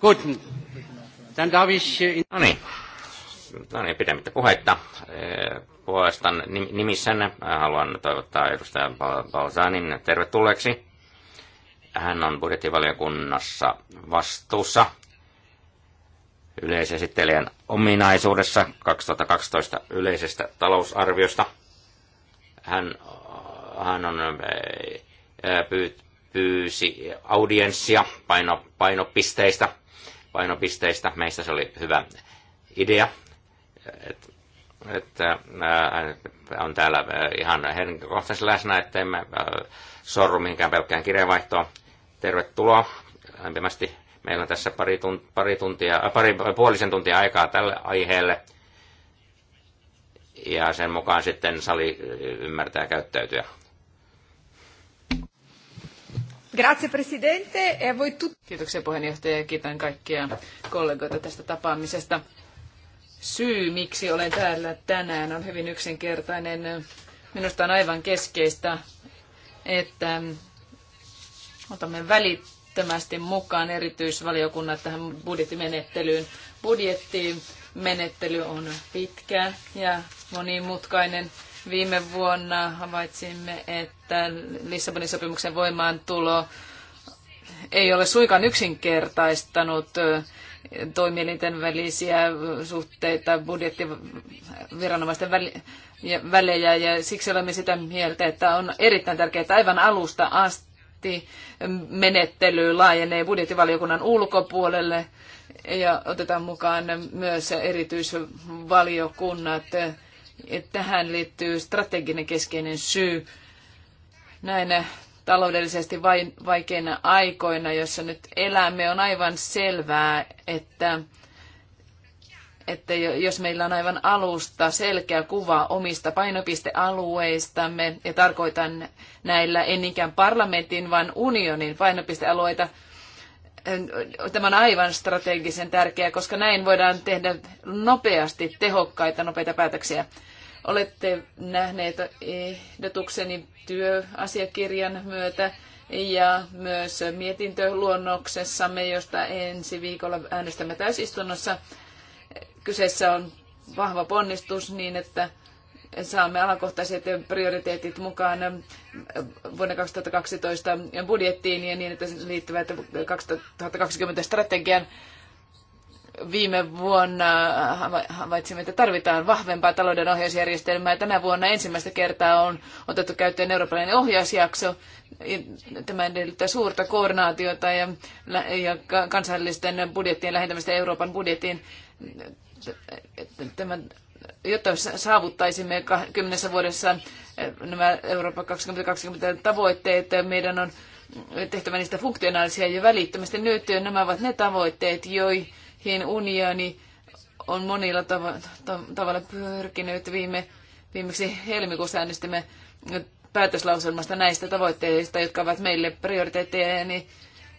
Gut. Dann darf ich... Äh, no niin. No niin, pidemmittä puhetta. Puolestan nimissänne äh, haluan toivottaa edustaja Balzanin tervetulleeksi. Hän on budjettivaliokunnassa vastuussa yleisesittelijän ominaisuudessa 2012 yleisestä talousarviosta. Hän, hän on äh, pyytänyt pyysi audienssia paino, painopisteistä – painopisteistä. Meistä se oli hyvä idea, että et, on täällä ihan henkilökohtaisesti läsnä, ettei me sorru mihinkään pelkkään kirjeenvaihtoon. Tervetuloa lämpimästi. Meillä on tässä pari, tunt, pari, tuntia, pari puolisen tuntia aikaa tälle aiheelle. Ja sen mukaan sitten sali ymmärtää käyttäytyä Grazie Presidente e a voi tutti. Kiitoksia puheenjohtaja ja kiitän kaikkia kollegoita tästä tapaamisesta. Syy, miksi olen täällä tänään, on hyvin yksinkertainen. Minusta on aivan keskeistä, että otamme välittömästi mukaan erityisvaliokunnat tähän budjettimenettelyyn. Budjettimenettely on pitkä ja monimutkainen. Viime vuonna havaitsimme, että että Lissabonin sopimuksen voimaantulo ei ole suinkaan yksinkertaistanut toimielinten välisiä suhteita, budjettiviranomaisten välejä ja siksi olemme sitä mieltä, että on erittäin tärkeää, että aivan alusta asti menettely laajenee budjettivaliokunnan ulkopuolelle ja otetaan mukaan myös erityisvaliokunnat. Tähän liittyy strateginen keskeinen syy näinä taloudellisesti vaikeina aikoina, jossa nyt elämme, on aivan selvää, että, että jos meillä on aivan alusta selkeä kuva omista painopistealueistamme, ja tarkoitan näillä en niinkään parlamentin, vaan unionin painopistealueita, tämä on aivan strategisen tärkeää, koska näin voidaan tehdä nopeasti tehokkaita, nopeita päätöksiä. Olette nähneet ehdotukseni työasiakirjan myötä ja myös mietintöluonnoksessamme, josta ensi viikolla äänestämme täysistunnossa. Kyseessä on vahva ponnistus niin, että saamme alakohtaiset prioriteetit mukaan vuonna 2012 budjettiin ja niin, että ne liittyvät 2020 strategian viime vuonna havaitsimme, että tarvitaan vahvempaa talouden ohjausjärjestelmää. Tänä vuonna ensimmäistä kertaa on otettu käyttöön eurooppalainen ohjausjakso. Tämä edellyttää suurta koordinaatiota ja, ja kansallisten budjettien lähentämistä Euroopan budjettiin. Tämä, jotta saavuttaisimme kymmenessä vuodessa eh, nämä Euroopan 2020 tavoitteet, meidän on tehtävä niistä funktionaalisia ja välittömästi. Nyt nämä ovat ne tavoitteet, joihin unioni on monilla tav- tav- tavalla pyrkinyt viime, viimeksi helmikuussa äänestimme päätöslauselmasta näistä tavoitteista, jotka ovat meille prioriteetteja, niin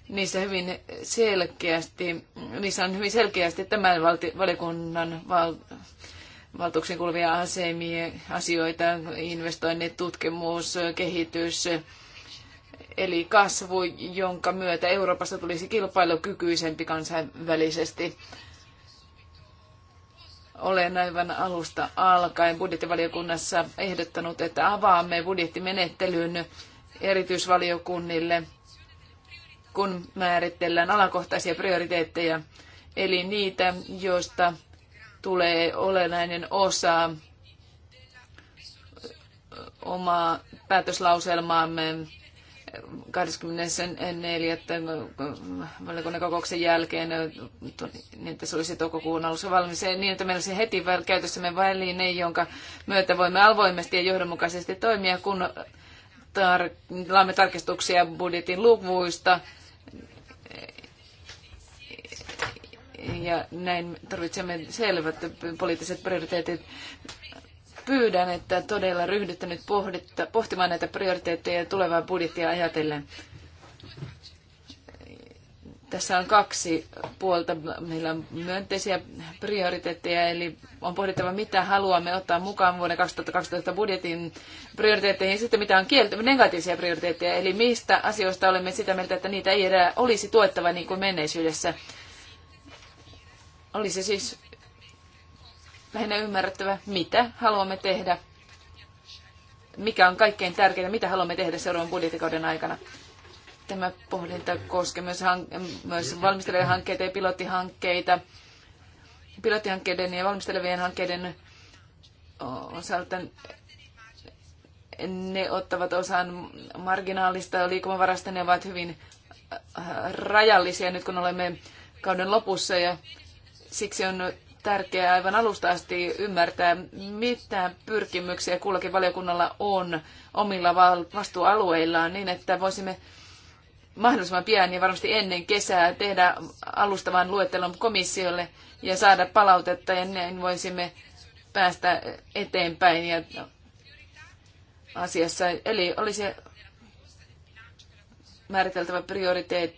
niissä hyvin selkeästi, niissä on hyvin selkeästi tämän valti, valikunnan val, valtuuksiin kuuluvia asemia, asioita, investoinnit, tutkimus, kehitys, eli kasvu, jonka myötä Euroopasta tulisi kilpailukykyisempi kansainvälisesti. Olen aivan alusta alkaen budjettivaliokunnassa ehdottanut, että avaamme budjettimenettelyn erityisvaliokunnille, kun määritellään alakohtaisia prioriteetteja, eli niitä, joista tulee olennainen osa omaa päätöslauselmaamme 24. valiokunnan kokouksen jälkeen, niin että se olisi toukokuun alussa valmis, niin että meillä olisi heti käytössämme väline, jonka myötä voimme avoimesti ja johdonmukaisesti toimia, kun tar- laamme tarkistuksia budjetin luvuista. Ja näin tarvitsemme selvät poliittiset prioriteetit pyydän, että todella ryhdytte nyt pohtimaan näitä prioriteetteja tulevaa budjettia ajatellen. Tässä on kaksi puolta. Meillä on myönteisiä prioriteetteja, eli on pohdittava, mitä haluamme ottaa mukaan vuoden 2012 budjetin prioriteetteihin, sitten mitä on kielty, negatiivisia prioriteetteja, eli mistä asioista olemme sitä mieltä, että niitä ei enää olisi tuettava niin kuin menneisyydessä. Olisi siis lähinnä ymmärrettävä, mitä haluamme tehdä, mikä on kaikkein tärkeintä, mitä haluamme tehdä seuraavan budjettikauden aikana. Tämä pohdinta koskee myös, hank- myös valmistelevia hankkeita ja pilottihankkeita. Pilottihankkeiden ja valmistelevien hankkeiden osalta ne ottavat osan marginaalista liikumavarasta, ne ovat hyvin äh, rajallisia nyt kun olemme kauden lopussa ja siksi on tärkeää aivan alusta asti ymmärtää, mitä pyrkimyksiä kullakin valiokunnalla on omilla vastuualueillaan niin, että voisimme mahdollisimman pian ja varmasti ennen kesää tehdä alustavan luettelon komissiolle ja saada palautetta ja näin voisimme päästä eteenpäin ja asiassa. Eli olisi määriteltävä prioriteetit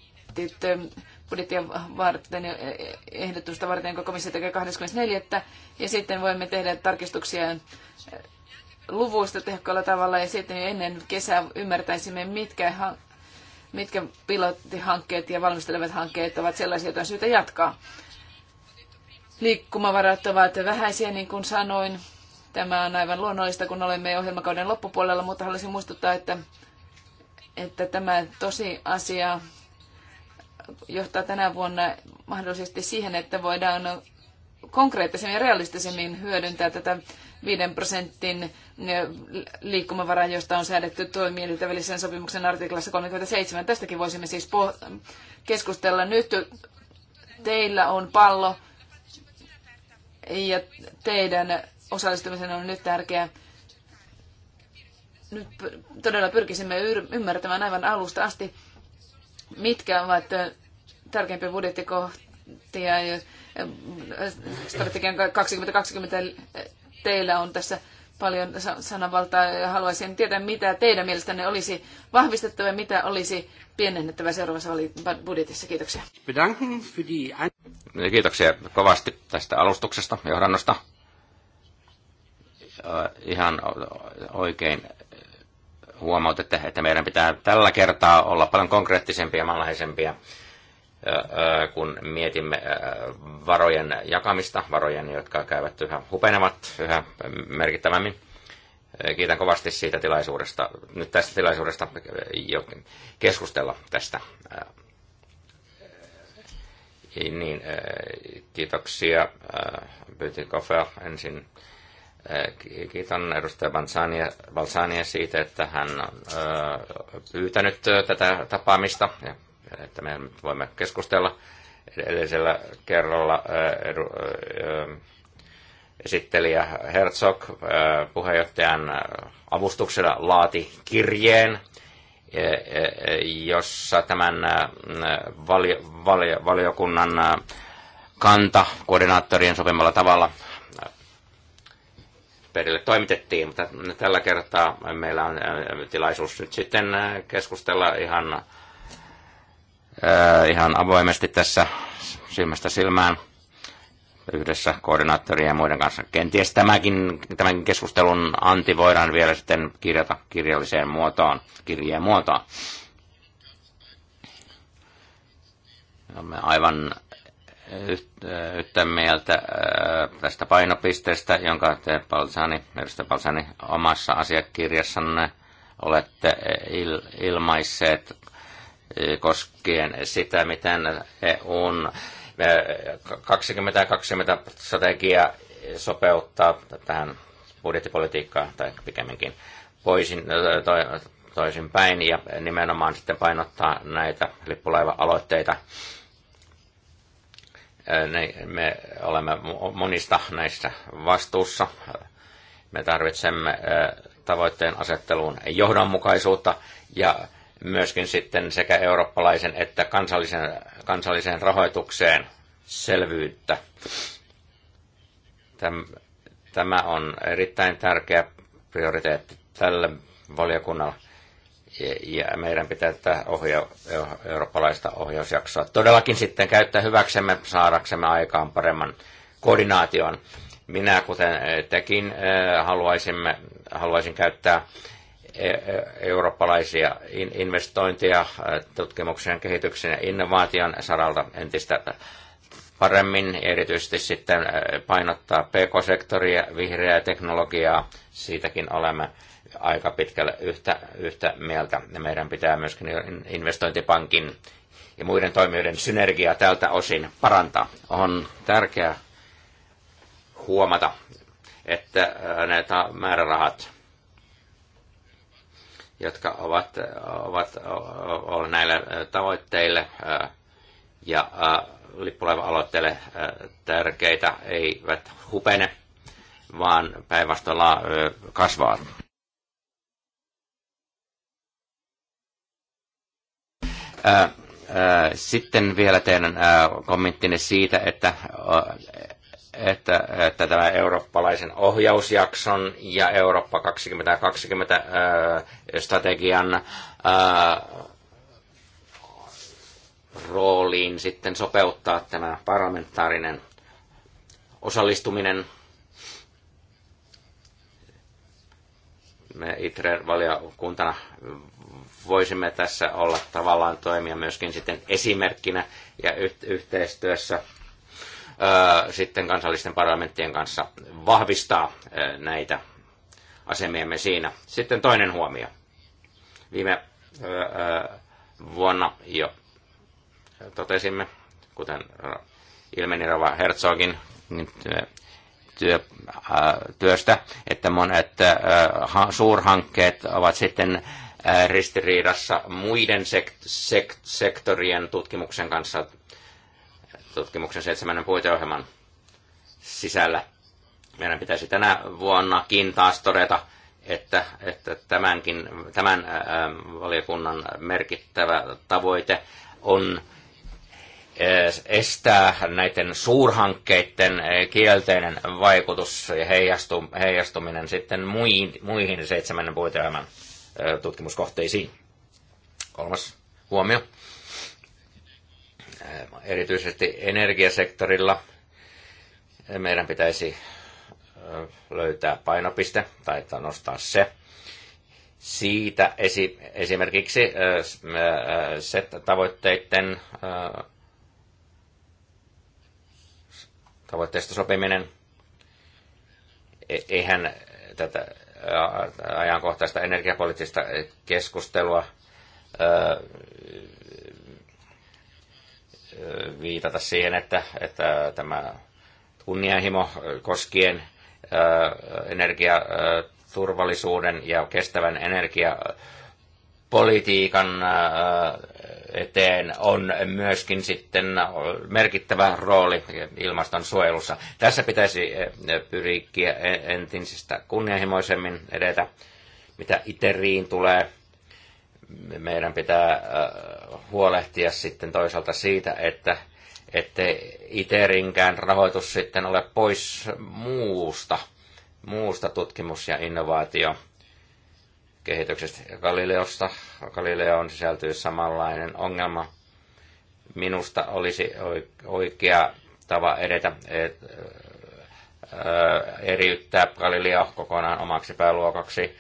budjettia varten, eh, eh, ehdotusta varten, jonka komissio tekee 24. Ja sitten voimme tehdä tarkistuksia eh, luvuista tehokkaalla tavalla ja sitten ennen kesää ymmärtäisimme, mitkä, mitkä pilottihankkeet ja valmistelevat hankkeet ovat sellaisia, joita on syytä jatkaa. Liikkumavarat ovat vähäisiä, niin kuin sanoin. Tämä on aivan luonnollista, kun olemme ohjelmakauden loppupuolella, mutta haluaisin muistuttaa, että, että tämä tosi asia johtaa tänä vuonna mahdollisesti siihen, että voidaan konkreettisemmin ja realistisemmin hyödyntää tätä 5 prosentin eh, liikkumavaraa, josta on säädetty toimielinten sopimuksen artiklassa 37. Tästäkin voisimme siis keskustella. Nyt teillä on pallo ja teidän osallistumisen on nyt tärkeää. Nyt todella pyrkisimme ymmärtämään aivan alusta asti, mitkä ovat tärkeimpiä budjettikohtia ja strategian 2020 teillä on tässä paljon sananvaltaa ja haluaisin tietää, mitä teidän mielestänne olisi vahvistettava ja mitä olisi pienennettävä seuraavassa budjetissa. Kiitoksia. Kiitoksia kovasti tästä alustuksesta, johdannosta. Ihan oikein huomautitte, että meidän pitää tällä kertaa olla paljon konkreettisempia ja mallaisempia, kun mietimme varojen jakamista, varojen, jotka käyvät yhä hupenevat yhä merkittävämmin. Kiitän kovasti siitä tilaisuudesta, nyt tästä tilaisuudesta keskustella tästä. Niin, kiitoksia kofea ensin Kiitän edustaja Balsania siitä, että hän on pyytänyt tätä tapaamista ja että me voimme keskustella. Edellisellä kerralla esittelijä Herzog puheenjohtajan avustuksella laati kirjeen, jossa tämän valiokunnan kanta koordinaattorien sopimalla tavalla perille toimitettiin, mutta tällä kertaa meillä on äh, tilaisuus nyt sitten äh, keskustella ihan, äh, ihan avoimesti tässä silmästä silmään yhdessä koordinaattorien ja muiden kanssa. Kenties tämäkin, tämänkin keskustelun anti voidaan vielä sitten kirjata kirjalliseen muotoon, kirjeen muotoon. me aivan Äh, yhtä mieltä äh, tästä painopisteestä, jonka te Palsani, edustaja Balsani omassa asiakirjassanne olette äh, ilmaisseet koskien sitä, miten EUn 2020 strategia sopeuttaa tähän budjettipolitiikkaan, tai pikemminkin voisin, toisinpäin, ja nimenomaan sitten painottaa näitä lippulaiva-aloitteita me olemme monista näistä vastuussa. Me tarvitsemme tavoitteen asetteluun johdonmukaisuutta ja myöskin sitten sekä eurooppalaisen että kansallisen, kansalliseen rahoitukseen selvyyttä. Tämä on erittäin tärkeä prioriteetti tälle valiokunnalle ja meidän pitää tätä ohja, eurooppalaista ohjausjaksoa todellakin sitten käyttää hyväksemme saadaksemme aikaan paremman koordinaation. Minä, kuten eh, tekin, eh, haluaisimme, haluaisin käyttää eh, eurooppalaisia investointeja tutkimuksen, kehityksen ja innovaation saralta entistä paremmin, erityisesti sitten painottaa pk-sektoria, vihreää teknologiaa, siitäkin olemme aika pitkälle yhtä, yhtä mieltä. Ja meidän pitää myöskin investointipankin ja muiden toimijoiden synergiaa tältä osin parantaa. On tärkeää huomata, että äh, näitä määrärahat, jotka ovat, äh, ovat, äh, ovat näille tavoitteille ja lippulaiva-aloitteille tärkeitä, eivät hupene, vaan päinvastoin kasvaa. Sitten vielä teidän kommenttinne siitä, että, että, että tämä eurooppalaisen ohjausjakson ja Eurooppa 2020 strategian rooliin sitten sopeuttaa tämä parlamentaarinen osallistuminen. Me itse valiokuntana voisimme tässä olla tavallaan toimia myöskin sitten esimerkkinä ja yhteistyössä sitten kansallisten parlamenttien kanssa vahvistaa näitä asemiamme siinä. Sitten toinen huomio. Viime vuonna jo totesimme, kuten ilmeni Rova Herzogin niin työ, työstä, että monet suurhankkeet ovat sitten ristiriidassa muiden sekt- sekt- sektorien tutkimuksen kanssa, tutkimuksen seitsemännen puiteohjelman sisällä. Meidän pitäisi tänä vuonnakin taas todeta, että, että tämänkin, tämän ää, valiokunnan merkittävä tavoite on estää näiden suurhankkeiden kielteinen vaikutus ja heijastuminen sitten muihin, muihin seitsemännen puiteohjelman tutkimuskohteisiin. Kolmas huomio. Erityisesti energiasektorilla meidän pitäisi löytää painopiste tai nostaa se. Siitä esimerkiksi se tavoitteiden tavoitteista sopiminen, e-, eihän tätä ajankohtaista energiapoliittista keskustelua viitata siihen, että, että tämä kunnianhimo koskien energiaturvallisuuden ja kestävän energiapolitiikan eteen on myöskin sitten merkittävä rooli ilmastonsuojelussa. Tässä pitäisi eh, eh, pyrkiä e, entisistä kunnianhimoisemmin edetä. Mitä iteriin tulee, meidän pitää eh, huolehtia sitten toisaalta siitä, että ettei ITERinkään rahoitus sitten ole pois muusta, muusta tutkimus- ja innovaatio kehityksestä Galileosta. Galileoon sisältyy samanlainen ongelma. Minusta olisi oikea tava edetä, et, eriyttää Galileo kokonaan omaksi pääluokaksi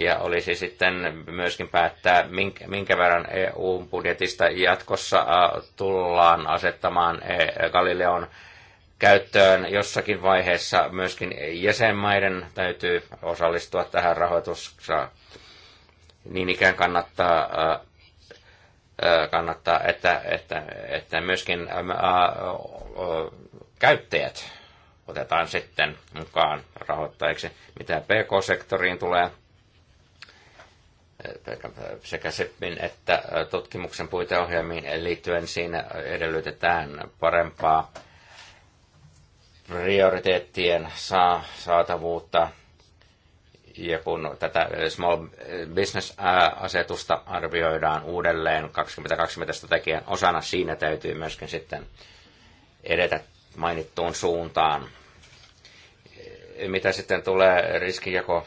ja olisi sitten myöskin päättää, minkä verran EU-budjetista jatkossa tullaan asettamaan e, Galileon käyttöön jossakin vaiheessa myöskin jäsenmaiden täytyy osallistua tähän rahoitukseen niin ikään kannattaa, kannattaa että, että, että myöskin käyttäjät otetaan sitten mukaan rahoittajiksi. Mitä PK-sektoriin tulee, sekä SEPin että tutkimuksen puiteohjelmiin liittyen siinä edellytetään parempaa prioriteettien saatavuutta ja kun tätä Small Business-asetusta arvioidaan uudelleen 2020 strategian osana, siinä täytyy myöskin sitten edetä mainittuun suuntaan. Mitä sitten tulee riskijako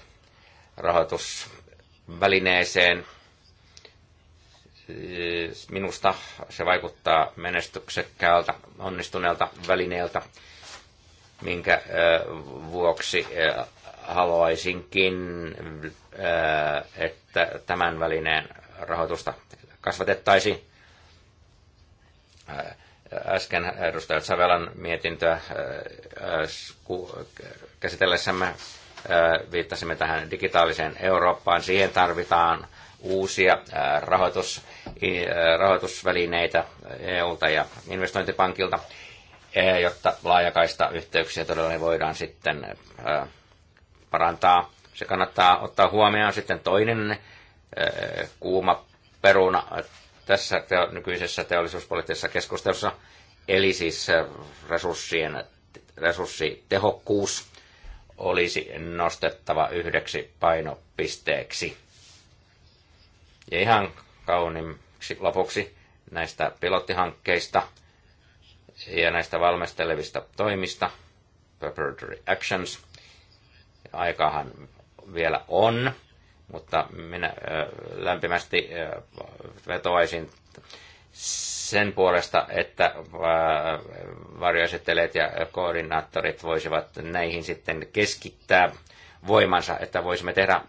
rahoitusvälineeseen, minusta se vaikuttaa menestyksekkäältä, onnistuneelta välineeltä, minkä vuoksi haluaisinkin, äh, että tämän välineen rahoitusta kasvatettaisiin. Äh, äsken edustajat Savelan mietintöä äh, käsitellessämme viittasimme tähän digitaaliseen Eurooppaan. Siihen tarvitaan uusia rahoitus, rahoitusvälineitä EUlta ja investointipankilta, jotta laajakaista yhteyksiä todella voidaan sitten parantaa. Se kannattaa ottaa huomioon sitten toinen äh, kuuma peruna äh, tässä teo, nykyisessä teollisuuspoliittisessa keskustelussa, eli siis äh, resurssien, resurssitehokkuus olisi nostettava yhdeksi painopisteeksi. Ja ihan kauniimmaksi lopuksi näistä pilottihankkeista ja näistä valmistelevista toimista, preparatory actions, Aikaahan vielä on, mutta minä lämpimästi vetoaisin sen puolesta, että varjoesittelijät ja koordinaattorit voisivat näihin sitten keskittää voimansa, että voisimme tehdä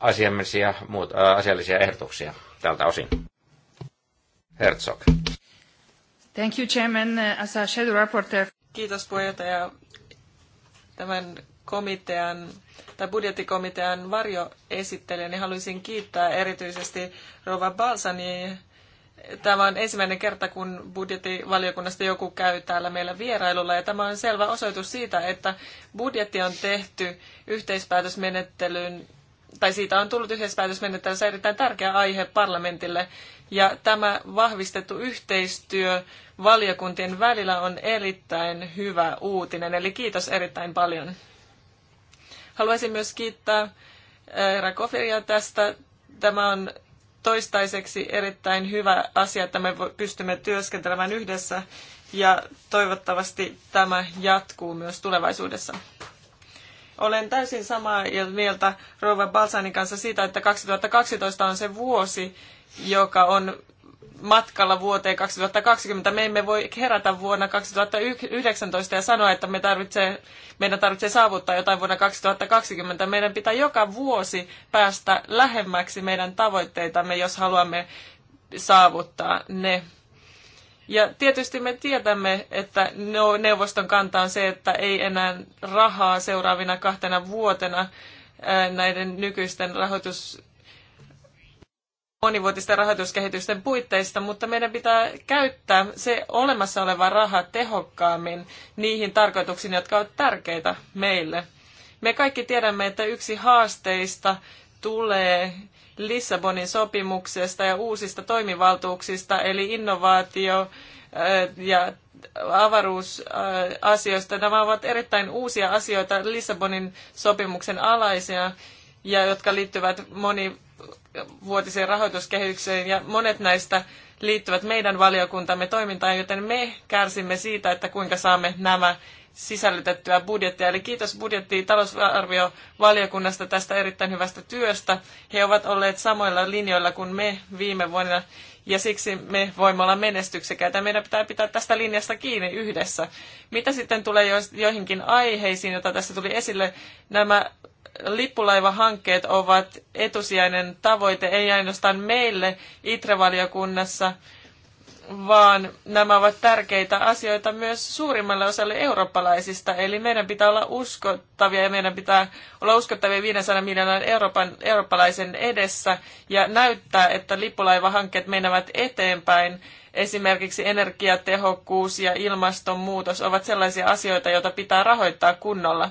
asiallisia, muut, asiallisia ehdotuksia tältä osin. Herzog. Thank you, Chairman, as a shadow Kiitos puheenjohtaja. Tämän komitean tai budjettikomitean varjoesittelijä, niin haluaisin kiittää erityisesti Rova Balsani. Tämä on ensimmäinen kerta, kun budjettivaliokunnasta joku käy täällä meillä vierailulla, ja tämä on selvä osoitus siitä, että budjetti on tehty yhteispäätösmenettelyn, tai siitä on tullut yhteispäätösmenettelyssä erittäin tärkeä aihe parlamentille, ja tämä vahvistettu yhteistyö valiokuntien välillä on erittäin hyvä uutinen, eli kiitos erittäin paljon. Haluaisin myös kiittää eh, Rakoferia tästä. Tämä on toistaiseksi erittäin hyvä asia, että me pystymme työskentelemään yhdessä ja toivottavasti tämä jatkuu myös tulevaisuudessa. Olen täysin samaa mieltä Rova Balsanin kanssa siitä, että 2012 on se vuosi, joka on matkalla vuoteen 2020. Me emme voi herätä vuonna 2019 ja sanoa, että me tarvitsee, meidän tarvitsee saavuttaa jotain vuonna 2020. Meidän pitää joka vuosi päästä lähemmäksi meidän tavoitteitamme, jos haluamme saavuttaa ne. Ja tietysti me tietämme, että no, neuvoston kanta on se, että ei enää rahaa seuraavina kahtena vuotena näiden nykyisten rahoitus monivuotisten rahoituskehitysten puitteista, mutta meidän pitää käyttää se olemassa oleva raha tehokkaammin niihin tarkoituksiin, jotka ovat tärkeitä meille. Me kaikki tiedämme, että yksi haasteista tulee Lissabonin sopimuksesta ja uusista toimivaltuuksista, eli innovaatio äh, ja avaruusasioista. Nämä ovat erittäin uusia asioita Lissabonin sopimuksen alaisia ja jotka liittyvät moni vuotiseen rahoituskehykseen ja monet näistä liittyvät meidän valiokuntamme toimintaan, joten me kärsimme siitä, että kuinka saamme nämä sisällytettyä budjettia. Eli kiitos budjetti talousarviovaliokunnasta tästä erittäin hyvästä työstä. He ovat olleet samoilla linjoilla kuin me viime vuonna ja siksi me voimme olla menestyksekäitä. Meidän pitää pitää tästä linjasta kiinni yhdessä. Mitä sitten tulee joihinkin aiheisiin, joita tässä tuli esille, nämä lippulaivahankkeet ovat etusijainen tavoite, ei ainoastaan meille itre vaan nämä ovat tärkeitä asioita myös suurimmalle osalle eurooppalaisista. Eli meidän pitää olla uskottavia ja meidän pitää olla uskottavia 500 miljoonan Euroopan, eurooppalaisen edessä ja näyttää, että lippulaivahankkeet menevät eteenpäin. Esimerkiksi energiatehokkuus ja ilmastonmuutos ovat sellaisia asioita, joita pitää rahoittaa kunnolla.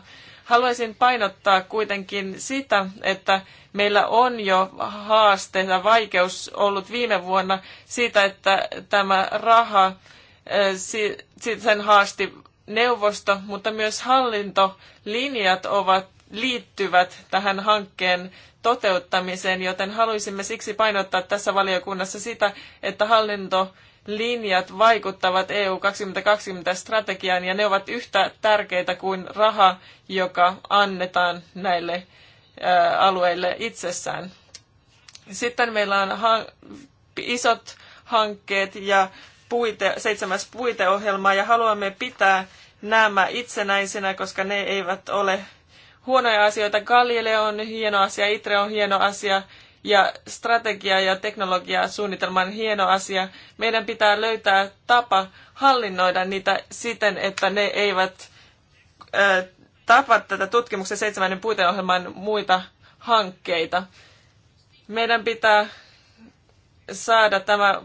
Haluaisin painottaa kuitenkin sitä, että meillä on jo haaste ja vaikeus ollut viime vuonna siitä, että tämä raha, äh, sen haasti neuvosto, mutta myös hallintolinjat ovat liittyvät tähän hankkeen toteuttamiseen, joten haluaisimme siksi painottaa tässä valiokunnassa sitä, että hallinto linjat vaikuttavat EU 2020 strategiaan ja ne ovat yhtä tärkeitä kuin raha, joka annetaan näille alueille itsessään. Sitten meillä on isot hankkeet ja puite, seitsemäs puiteohjelma ja haluamme pitää nämä itsenäisinä, koska ne eivät ole huonoja asioita. Galileo on hieno asia, Itre on hieno asia ja strategia ja teknologia suunnitelma on hieno asia. Meidän pitää löytää tapa hallinnoida niitä siten, että ne eivät ää, tapa tätä tutkimuksen seitsemännen puiteohjelman muita hankkeita. Meidän pitää saada tämä,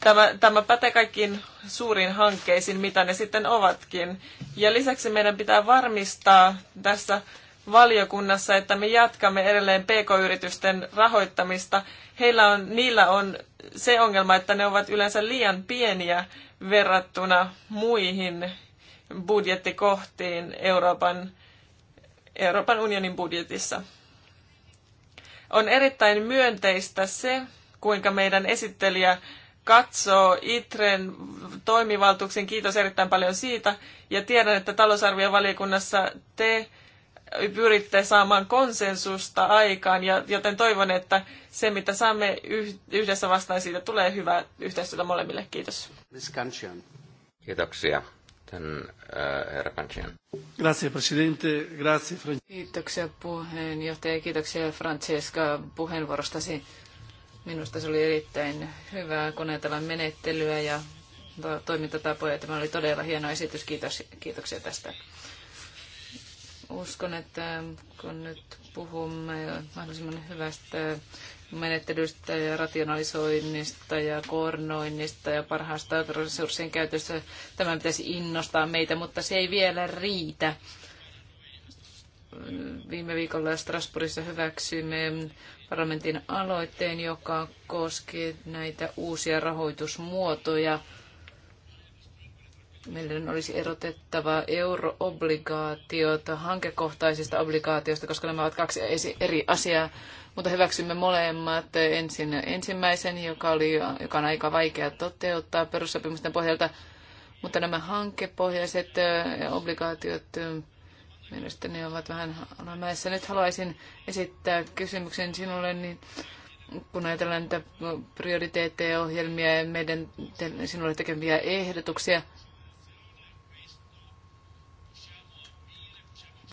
tämä, tämä pätee kaikkiin suuriin hankkeisiin, mitä ne sitten ovatkin. Ja lisäksi meidän pitää varmistaa tässä valiokunnassa, että me jatkamme edelleen pk-yritysten rahoittamista. Heillä on, niillä on se ongelma, että ne ovat yleensä liian pieniä verrattuna muihin budjettikohtiin Euroopan, Euroopan unionin budjetissa. On erittäin myönteistä se, kuinka meidän esittelijä katsoo ITREn toimivaltuuksiin. Kiitos erittäin paljon siitä. Ja tiedän, että talousarviovaliokunnassa te pyritte saamaan konsensusta aikaan, ja, joten toivon, että se mitä saamme yhdessä vastaan, siitä tulee hyvää yhteistyötä molemmille. Kiitos. Kiitoksia. Tän, äh, herra Kancian. Grazie, presidente. Grazie, Fran- Kiitoksia puheenjohtaja. Kiitoksia Francesca puheenvuorostasi. Minusta se oli erittäin hyvää, koneetalan menettelyä ja toimintatapoja. Tämä oli todella hieno esitys. Kiitos, kiitoksia tästä. Uskon, että äh, kun nyt puhumme mahdollisimman hyvästä menettelystä ja rationalisoinnista ja koordinoinnista ja parhaasta resurssien käytössä, Tämä pitäisi innostaa meitä, mutta se ei vielä riitä. Viime viikolla Strasbourgissa hyväksyimme parlamentin aloitteen, joka koski näitä uusia rahoitusmuotoja – meidän olisi erotettava euroobligaatiota hankekohtaisista obligaatioista, koska nämä ovat kaksi eri asiaa. Mutta hyväksymme molemmat. Ensin ensimmäisen, joka, oli, joka on aika vaikea toteuttaa perussopimusten pohjalta, mutta nämä hankepohjaiset obligaatiot mielestäni ovat vähän alamäessä. Nyt haluaisin esittää kysymyksen sinulle, niin kun ajatellaan näitä prioriteetteja, ohjelmia ja meidän sinulle tekemiä ehdotuksia –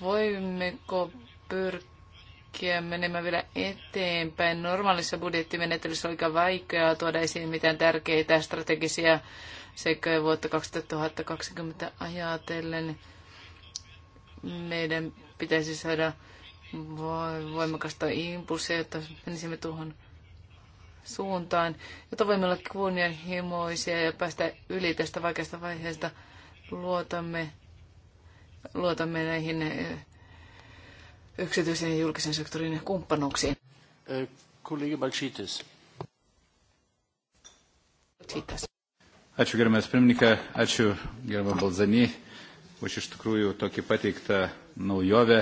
Voimmeko pyrkiä menemään vielä eteenpäin? Normaalissa budjettimenettelyssä on aika vaikeaa tuoda esiin mitään tärkeitä strategisia sekä vuotta 2020 ajatellen. Meidän pitäisi saada voimakasta impulssia, jotta menisimme tuohon suuntaan, jotta voimme olla kunnianhimoisia ja päästä yli tästä vaikeasta vaiheesta. Luotamme luotamme näihin eh, yksityisen ja julkisen sektorin kumppanuuksiin. Eh, kollega Balčytis. Balčytis. Ačiū gerbiamas pirmininkė, ačiū gerbiamą Balzanį už iš tikrųjų tokį pateiktą naujovę,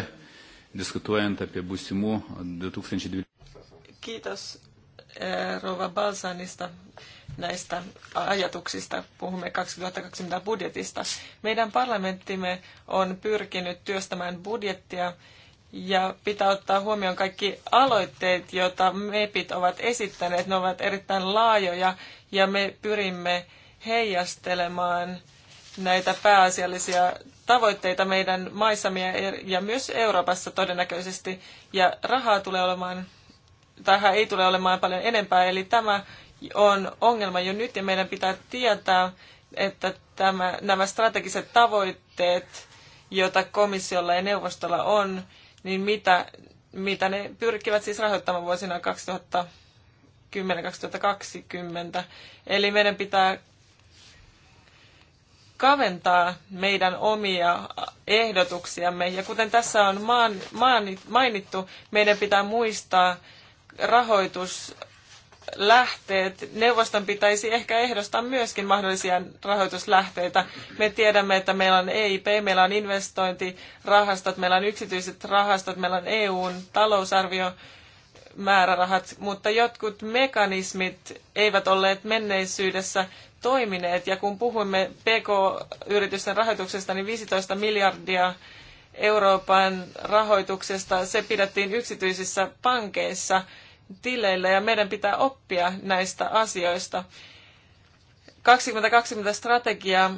diskutuojant apie būsimų 2020. Kiitos eh, Rova Balzanista näistä ajatuksista. Puhumme 2020 budjetista. Meidän parlamenttimme on pyrkinyt työstämään budjettia ja pitää ottaa huomioon kaikki aloitteet, joita MEPit ovat esittäneet. Ne ovat erittäin laajoja ja me pyrimme heijastelemaan näitä pääasiallisia tavoitteita meidän maissamme ja myös Euroopassa todennäköisesti. Ja rahaa tulee olemaan, tai ei tule olemaan paljon enempää, eli tämä on ongelma jo nyt ja meidän pitää tietää, että tämä, nämä strategiset tavoitteet, joita komissiolla ja neuvostolla on, niin mitä, mitä ne pyrkivät siis rahoittamaan vuosina 2010-2020. Eli meidän pitää kaventaa meidän omia ehdotuksiamme. Ja kuten tässä on maan, mainittu, meidän pitää muistaa rahoitus lähteet. Neuvoston pitäisi ehkä ehdostaa myöskin mahdollisia rahoituslähteitä. Me tiedämme, että meillä on EIP, meillä on investointirahastot, meillä on yksityiset rahastot, meillä on EUn talousarvio, määrärahat, mutta jotkut mekanismit eivät olleet menneisyydessä toimineet. Ja kun puhuimme PK-yritysten rahoituksesta, niin 15 miljardia Euroopan rahoituksesta, se pidettiin yksityisissä pankeissa – tileillä ja meidän pitää oppia näistä asioista. 2020 strategia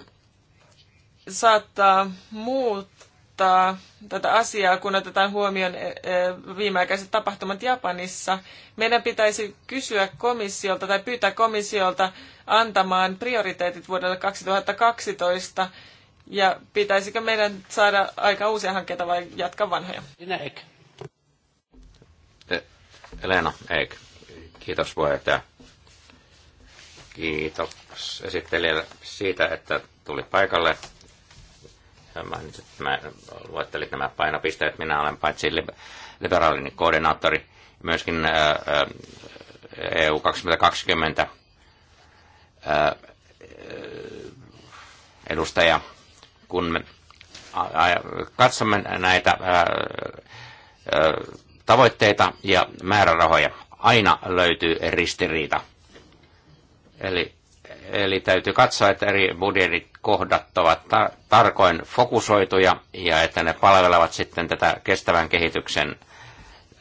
saattaa muuttaa tätä asiaa, kun otetaan huomioon eh, eh, viimeaikaiset tapahtumat Japanissa. Meidän pitäisi kysyä komissiolta tai pyytää komissiolta antamaan prioriteetit vuodelle 2012 ja pitäisikö meidän saada aika uusia hankkeita vai jatkaa vanhoja? Minä Elena Eik. Kiitos puheenjohtaja. Kiitos esittelijälle siitä, että tuli paikalle. Mä, nyt, mä luettelit nämä painopisteet. Minä olen paitsi liberaalin koordinaattori, myöskin äh, äh, EU 2020 äh, edustaja. Kun me katsomme näitä tavoitteita ja määrärahoja. Aina löytyy ristiriita. Eli, eli täytyy katsoa, että eri budjetit kohdat ovat ta- tarkoin fokusoituja ja että ne palvelevat sitten tätä kestävän kehityksen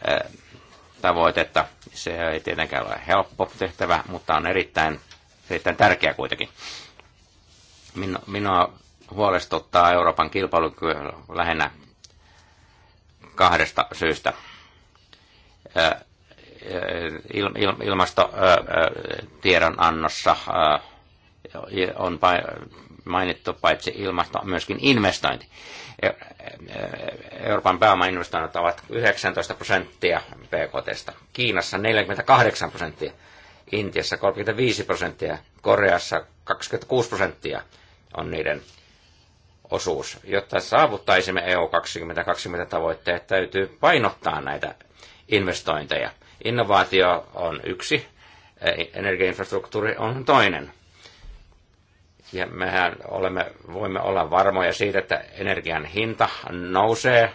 ää, tavoitetta. Se ei tietenkään ole helppo tehtävä, mutta on erittäin, erittäin tärkeä kuitenkin. Minua, minua huolestuttaa Euroopan kilpailukyky lähinnä kahdesta syystä annossa on mainittu paitsi ilmasto, myöskin investointi. E, Euroopan pääomainvestoinnit ovat 19 prosenttia PKTstä, Kiinassa 48 prosenttia, Intiassa 35 prosenttia, Koreassa 26 prosenttia on niiden osuus. Jotta saavuttaisimme EU 2020 tavoitteet, täytyy painottaa näitä investointeja. Innovaatio on yksi, eh, energiainfrastruktuuri on toinen. Ja mehän olemme, voimme olla varmoja siitä, että energian hinta nousee eh,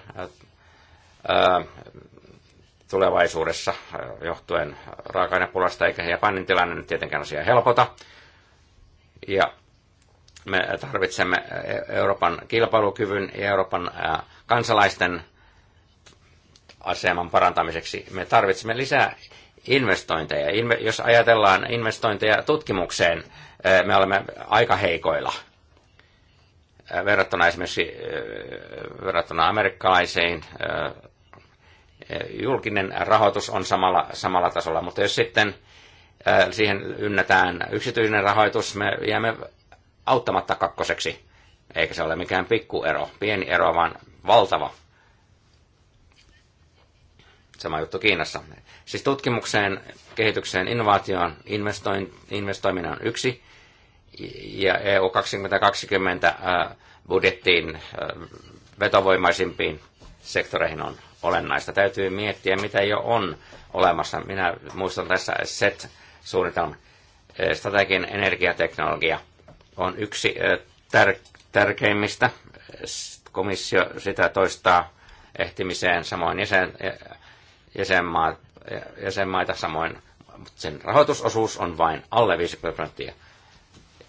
tulevaisuudessa eh, johtuen raaka-ainepulasta, eikä Japanin tilanne nyt tietenkään asia helpota. Ja me tarvitsemme Euroopan kilpailukyvyn ja Euroopan kansalaisten aseman parantamiseksi. Me tarvitsemme lisää investointeja. Jos ajatellaan investointeja tutkimukseen, me olemme aika heikoilla verrattuna esimerkiksi verrattuna amerikkalaisiin. Julkinen rahoitus on samalla, samalla tasolla, mutta jos sitten siihen ynnätään yksityinen rahoitus, me jäämme auttamatta kakkoseksi. Eikä se ole mikään pikkuero, pieni ero, vaan valtava Sama juttu Kiinassa. Siis tutkimukseen, kehitykseen, innovaatioon investoin, investoiminen on yksi, ja EU 2020 budjettiin vetovoimaisimpiin sektoreihin on olennaista. Täytyy miettiä, mitä jo on olemassa. Minä muistan tässä SET-suunnitelman. Strateginen energiateknologia on yksi tär- tärkeimmistä. Komissio sitä toistaa ehtimiseen samoin jäsen, jäsenmaat, jäsenmaita samoin, mutta sen rahoitusosuus on vain alle 50 prosenttia.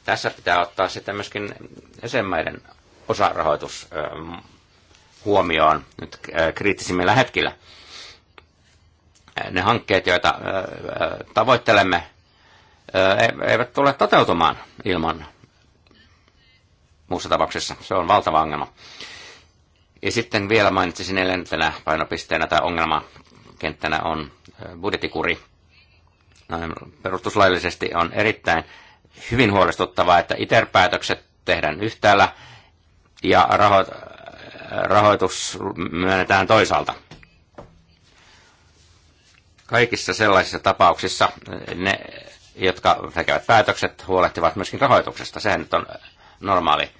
Tässä pitää ottaa sitten myöskin jäsenmaiden osarahoitus huomioon nyt kriittisimmillä hetkillä. Ne hankkeet, joita tavoittelemme, e-, eivät tule toteutumaan ilman muussa tapauksessa. Se on valtava ongelma. Ja sitten vielä mainitsisin neljäntenä painopisteenä tai ongelma kenttänä on budjettikuri. Perustuslaillisesti on erittäin hyvin huolestuttavaa, että ITER-päätökset tehdään yhtäällä ja raho- rahoitus myönnetään toisaalta. Kaikissa sellaisissa tapauksissa ne, jotka tekevät päätökset, huolehtivat myöskin rahoituksesta. Sehän nyt on normaali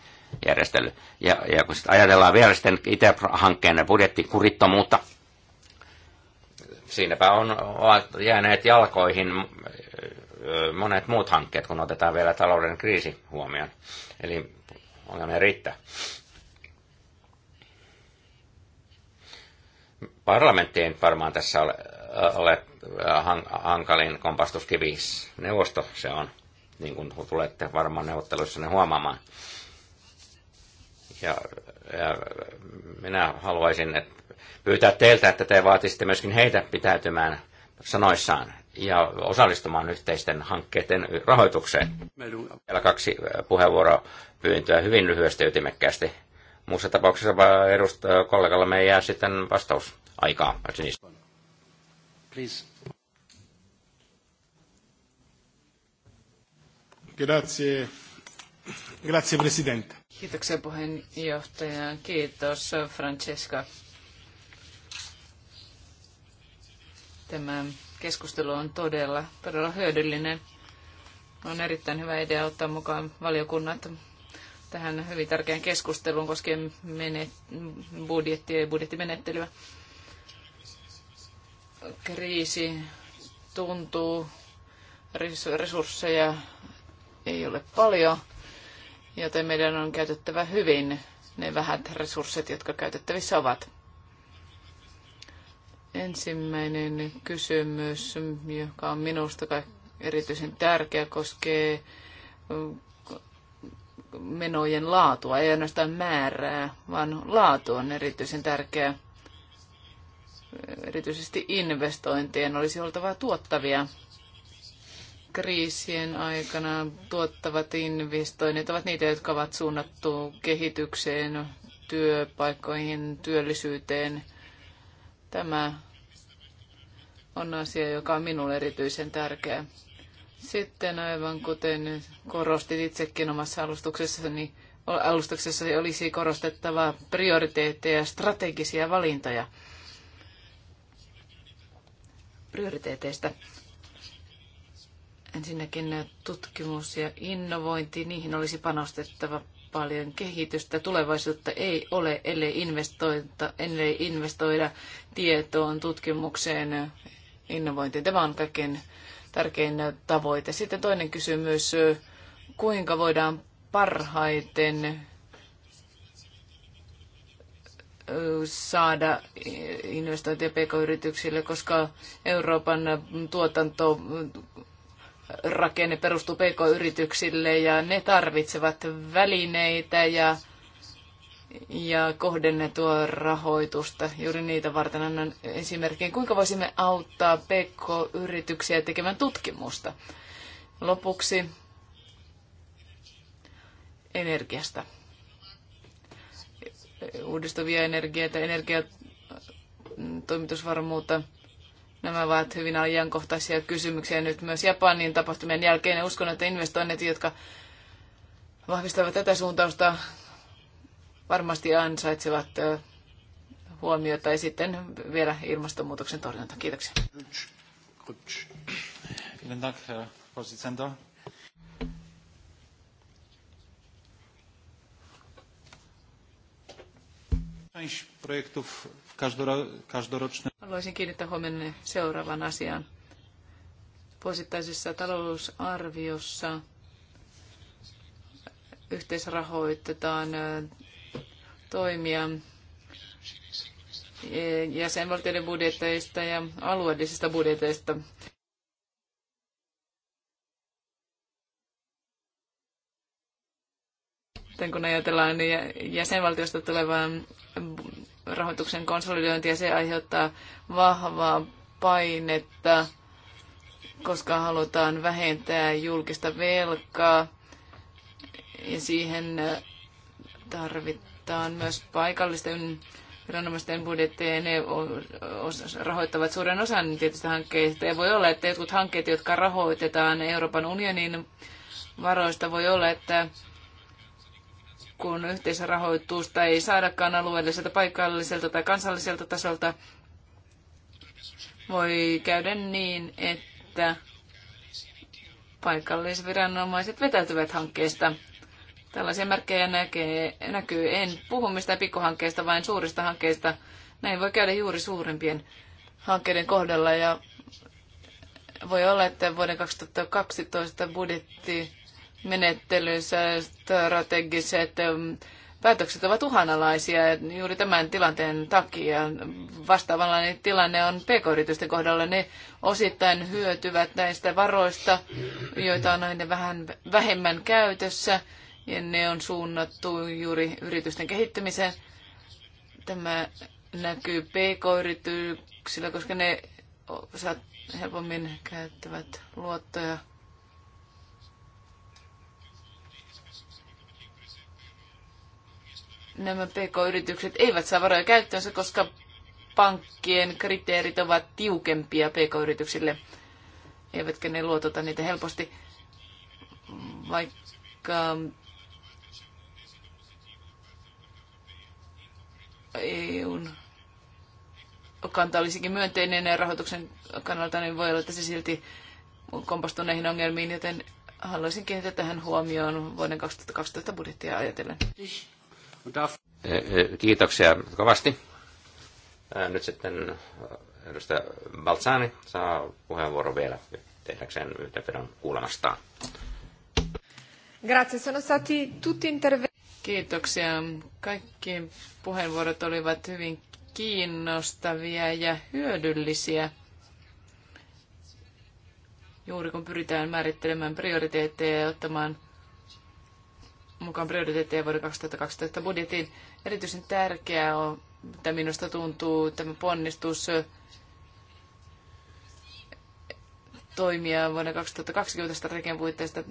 järjestely. Ja, ja kun sit ajatellaan vielä sitten iter hankkeen budjettikurittomuutta, siinäpä on, ovat jääneet jalkoihin monet muut hankkeet, kun otetaan vielä talouden kriisi huomioon. Eli ongelmia riittää. Parlamentti ei varmaan tässä ole, ole hankalin kompastuskivi. Neuvosto se on, niin kuin tulette varmaan ne huomaamaan. Ja, ja minä haluaisin, että pyytää teiltä, että te vaatisitte myöskin heitä pitäytymään sanoissaan ja osallistumaan yhteisten hankkeiden rahoitukseen. Vielä kaksi puheenvuoropyyntöä hyvin lyhyesti ja ytimekkäästi. Muussa tapauksessa edustaja kollegalla me jää sitten vastaus Please. Grazie. Grazie Presidente. Kiitoksia puheenjohtaja. Kiitos Francesca Tämä keskustelu on todella, todella hyödyllinen. On erittäin hyvä idea ottaa mukaan valiokunnat tähän hyvin tärkeään keskusteluun koskien menet- budjettia ja budjettimenettelyä. Kriisi tuntuu, resursseja ei ole paljon, joten meidän on käytettävä hyvin ne vähät resurssit, jotka käytettävissä ovat. Ensimmäinen kysymys, joka on minusta erityisen tärkeä, koskee äh, menojen laatua, ei ainoastaan määrää, vaan laatu on erityisen tärkeä. Erityisesti investointien olisi oltava tuottavia. Kriisien aikana tuottavat investoinnit ovat niitä, jotka ovat suunnattu kehitykseen, työpaikkoihin, työllisyyteen. Tämä on asia, joka on minulle erityisen tärkeä. Sitten aivan kuten korostit itsekin omassa alustuksessasi, alustuksessasi olisi korostettava prioriteetteja ja strategisia valintoja prioriteeteista. Ensinnäkin tutkimus ja innovointi, niihin olisi panostettava paljon kehitystä. Tulevaisuutta ei ole, ellei ellei investoida tietoon, tutkimukseen, innovointiin. Tämä on kaikkein tärkein tavoite. Sitten toinen kysymys, kuinka voidaan parhaiten saada investointeja pk-yrityksille, koska Euroopan tuotanto rakenne perustuu pk-yrityksille ja ne tarvitsevat välineitä ja ja kohdennettua rahoitusta juuri niitä varten. Annan esimerkkejä. kuinka voisimme auttaa PK-yrityksiä tekemään tutkimusta. Lopuksi energiasta. Uudistuvia energioita, energiatoimitusvarmuutta. Nämä ovat hyvin ajankohtaisia kysymyksiä nyt myös Japanin tapahtumien jälkeen. uskon, että investoinnit, jotka vahvistavat tätä suuntausta, varmasti ansaitsevat huomiota ja sitten vielä ilmastonmuutoksen torjunta. Kiitoksia. Haluaisin kiinnittää huomenna seuraavan asian. Vuosittaisessa talousarviossa yhteisrahoitetaan toimia jäsenvaltioiden budjeteista ja alueellisista budjeteista. Sitten kun ajatellaan niin jäsenvaltiosta tulevan rahoituksen konsolidointia, se aiheuttaa vahvaa painetta, koska halutaan vähentää julkista velkaa ja siihen tarvitaan on myös paikallisten viranomaisten budjetteja, ne rahoittavat suuren osan tietystä hankkeista. Ja voi olla, että jotkut hankkeet, jotka rahoitetaan Euroopan unionin varoista, voi olla, että kun yhteisrahoitusta ei saadakaan alueelliselta, paikalliselta tai kansalliselta tasolta, voi käydä niin, että paikallisviranomaiset vetäytyvät hankkeesta. Tällaisia merkkejä näkee, näkyy. En puhu mistään pikkuhankkeista, vaan suurista hankkeista. Näin voi käydä juuri suurimpien hankkeiden kohdalla. Ja voi olla, että vuoden 2012 budjettimenettelyssä strategiset ähm, päätökset ovat uhanalaisia juuri tämän tilanteen takia. Vastaavanlainen tilanne on pk-yritysten kohdalla. Ne osittain hyötyvät näistä varoista, joita on aina vähän vähemmän käytössä ja ne on suunnattu juuri yritysten kehittämiseen. Tämä näkyy pk-yrityksillä, koska ne saat helpommin käyttävät luottoja. Nämä pk-yritykset eivät saa varoja käyttöönsä, koska pankkien kriteerit ovat tiukempia pk-yrityksille, eivätkä ne luotota niitä helposti, vaikka EUn kanta olisikin myönteinen rahoituksen kannalta, niin voi olla, että se silti kompastuu näihin ongelmiin, joten haluaisin kiinnittää tähän huomioon vuoden 2012 budjettia ajatellen. Eh, eh, kiitoksia kovasti. Nyt sitten edustaja Balzani saa puheenvuoron vielä tehdäkseen yhteenvedon kuulemastaan. Grazie, sono stati tutti interventi. Kiitoksia. Kaikki puheenvuorot olivat hyvin kiinnostavia ja hyödyllisiä. Juuri kun pyritään määrittelemään prioriteetteja ja ottamaan mukaan prioriteetteja vuoden 2012 budjettiin, erityisen tärkeää on, mitä minusta tuntuu, tämä ponnistus toimia vuoden 2020 strategian puitteista.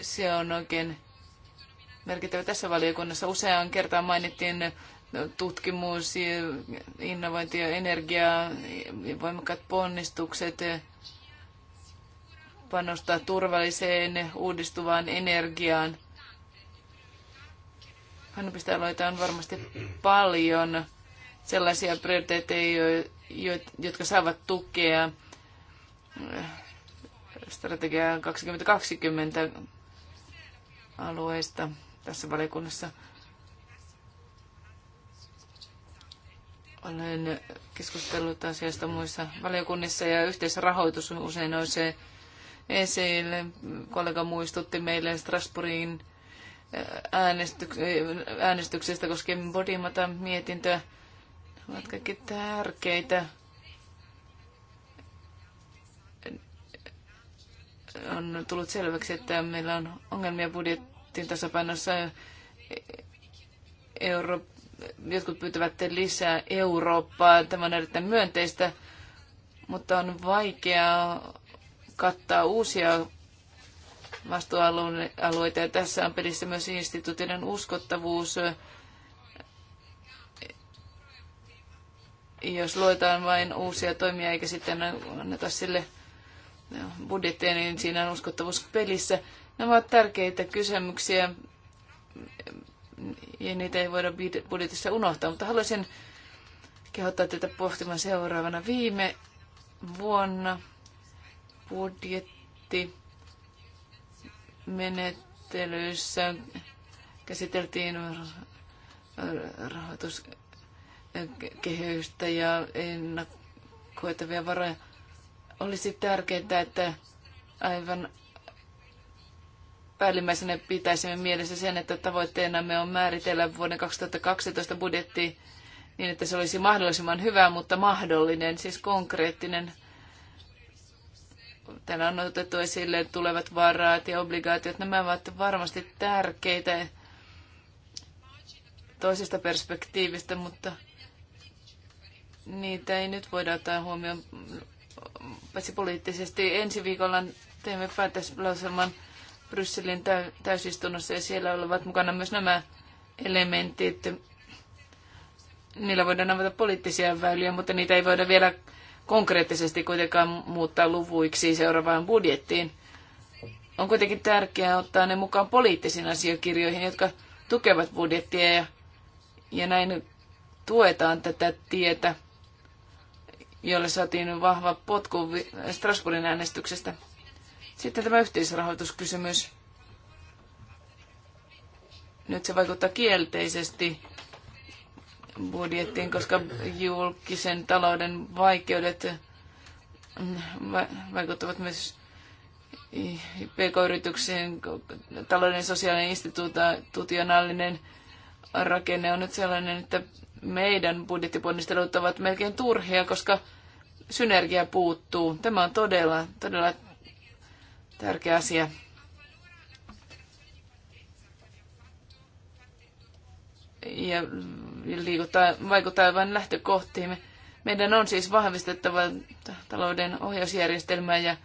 Se on oikein merkittävä tässä valiokunnassa. Useaan kertaan mainittiin tutkimus, innovointi energia, voimakkaat ponnistukset, panostaa turvalliseen uudistuvaan energiaan. Painopistealoita on varmasti paljon sellaisia prioriteetteja, jotka saavat tukea strategiaa 2020 alueista tässä valiokunnassa. Olen keskustellut asiasta muissa valiokunnissa ja yhteisrahoitus usein nousee esille. Kollega muistutti meille Strasbourgin äh, äänestyksestä koskien Bodimata mietintöä. ovat kaikki tärkeitä. On tullut selväksi, että meillä on ongelmia budjetti budjetin tasapainossa euro, jotkut pyytävät lisää Eurooppaa. Tämä on erittäin myönteistä, mutta on vaikea kattaa uusia vastuualueita. Ja tässä on pelissä myös instituutioiden uskottavuus. Jos luetaan vain uusia toimia eikä sitten anneta sille budjettia, niin siinä on uskottavuus pelissä. Ne ovat tärkeitä kysymyksiä ja niitä ei voida budjetissa unohtaa, mutta haluaisin kehottaa tätä pohtimaan seuraavana. Viime vuonna budjetti menettelyissä käsiteltiin rahoituskehystä ja ennakoitavia varoja. Olisi tärkeää, että aivan päällimmäisenä pitäisimme mielessä sen, että tavoitteenamme on määritellä vuoden 2012 budjetti niin, että se olisi mahdollisimman hyvä, mutta mahdollinen, siis konkreettinen. Täällä on otettu esille tulevat varat ja obligaatiot. Nämä ovat varmasti tärkeitä toisesta perspektiivistä, mutta niitä ei nyt voida ottaa huomioon paitsi poliittisesti. Ensi viikolla teemme päätöslauselman Brysselin täysistunnossa ja siellä olivat mukana myös nämä elementit. Niillä voidaan avata poliittisia väyliä, mutta niitä ei voida vielä konkreettisesti kuitenkaan muuttaa luvuiksi seuraavaan budjettiin. On kuitenkin tärkeää ottaa ne mukaan poliittisiin asiakirjoihin, jotka tukevat budjettia ja, ja näin tuetaan tätä tietä, jolle saatiin vahva potku Strasbourgin äänestyksestä. Sitten tämä yhteisrahoituskysymys. Nyt se vaikuttaa kielteisesti budjettiin, koska julkisen talouden vaikeudet vaikuttavat myös pk yrityksiin talouden sosiaalinen institutionaalinen rakenne on nyt sellainen, että meidän budjettiponnistelut ovat melkein turhia, koska synergia puuttuu. Tämä on todella, todella Tärkeä asia. Ja liikuttaa, vaikuttaa aivan lähtökohtiimme. Meidän on siis vahvistettava talouden ohjausjärjestelmää ja,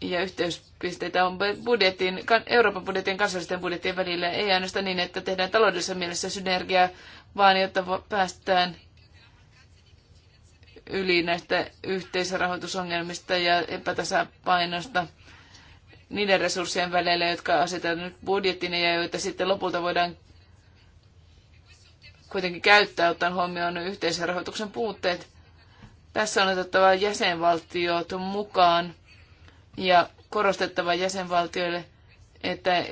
ja yhteyspisteitä on budjetin, Euroopan budjetin ja kansallisten budjettien välillä. Ei ainoastaan niin, että tehdään taloudellisessa mielessä synergiaa, vaan jotta päästään yli näistä yhteisrahoitusongelmista ja epätasapainosta niiden resurssien välillä, jotka asetetaan nyt budjettiin ja joita sitten lopulta voidaan kuitenkin käyttää, ottaen huomioon rahoituksen puutteet. Tässä on otettava jäsenvaltiot mukaan ja korostettava jäsenvaltioille, että,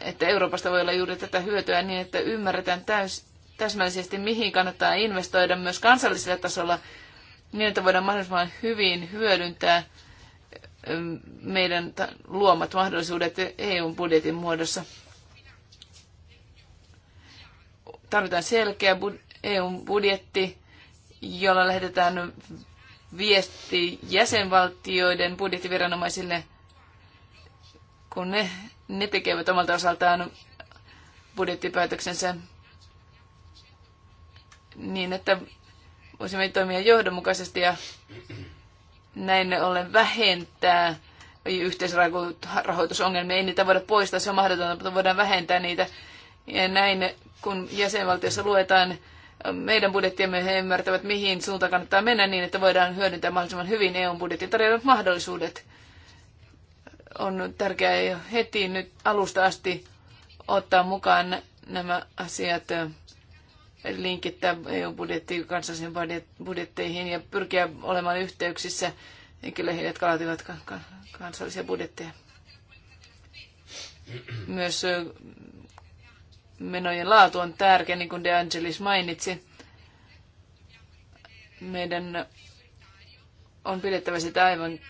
että Euroopasta voi olla juuri tätä hyötyä niin, että ymmärretään täys, täsmällisesti, mihin kannattaa investoida myös kansallisella tasolla, niin että voidaan mahdollisimman hyvin hyödyntää – meidän luomat mahdollisuudet eu budjetin muodossa. Tarvitaan selkeä eu budjetti, jolla lähetetään viesti jäsenvaltioiden budjettiviranomaisille, kun ne, ne tekevät omalta osaltaan budjettipäätöksensä niin, että voisimme toimia johdonmukaisesti ja näin ollen vähentää yhteisrahoitusongelmia. Ei niitä voida poistaa, se on mahdotonta, mutta voidaan vähentää niitä. Ja näin, kun jäsenvaltiossa luetaan meidän budjettiamme, he ymmärtävät, mihin suuntaan kannattaa mennä niin, että voidaan hyödyntää mahdollisimman hyvin eu budjetin tarjoamat mahdollisuudet. On tärkeää jo heti nyt alusta asti ottaa mukaan nämä asiat linkittää EU-budjettiin kansallisiin budjetteihin ja pyrkiä olemaan yhteyksissä henkilöihin, jotka laativat kansallisia budjetteja. Myös menojen laatu on tärkeä, niin kuin De Angelis mainitsi. Meidän on pidettävä sitä aivan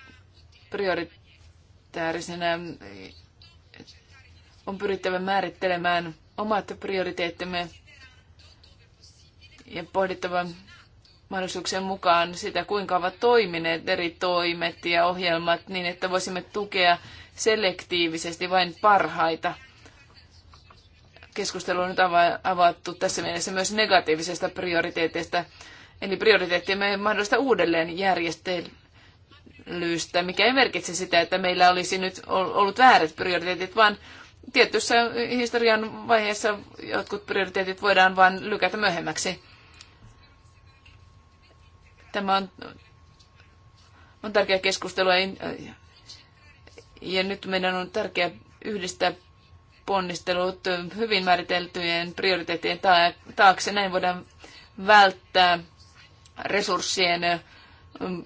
prioritäärisenä. On pyrittävä määrittelemään omat prioriteettimme ja pohdittava mahdollisuuksien mukaan sitä, kuinka ovat toimineet eri toimet ja ohjelmat niin, että voisimme tukea selektiivisesti vain parhaita. Keskustelu on nyt avattu tässä mielessä myös negatiivisesta prioriteeteista, eli me mahdollista uudelleen järjestelystä, mikä ei merkitse sitä, että meillä olisi nyt ollut väärät prioriteetit, vaan tietyssä historian vaiheessa jotkut prioriteetit voidaan vain lykätä myöhemmäksi Tämä on, on tärkeä keskustelu ja nyt meidän on tärkeää yhdistää ponnistelut hyvin määriteltyjen prioriteettien taakse. Näin voidaan välttää resurssien mm,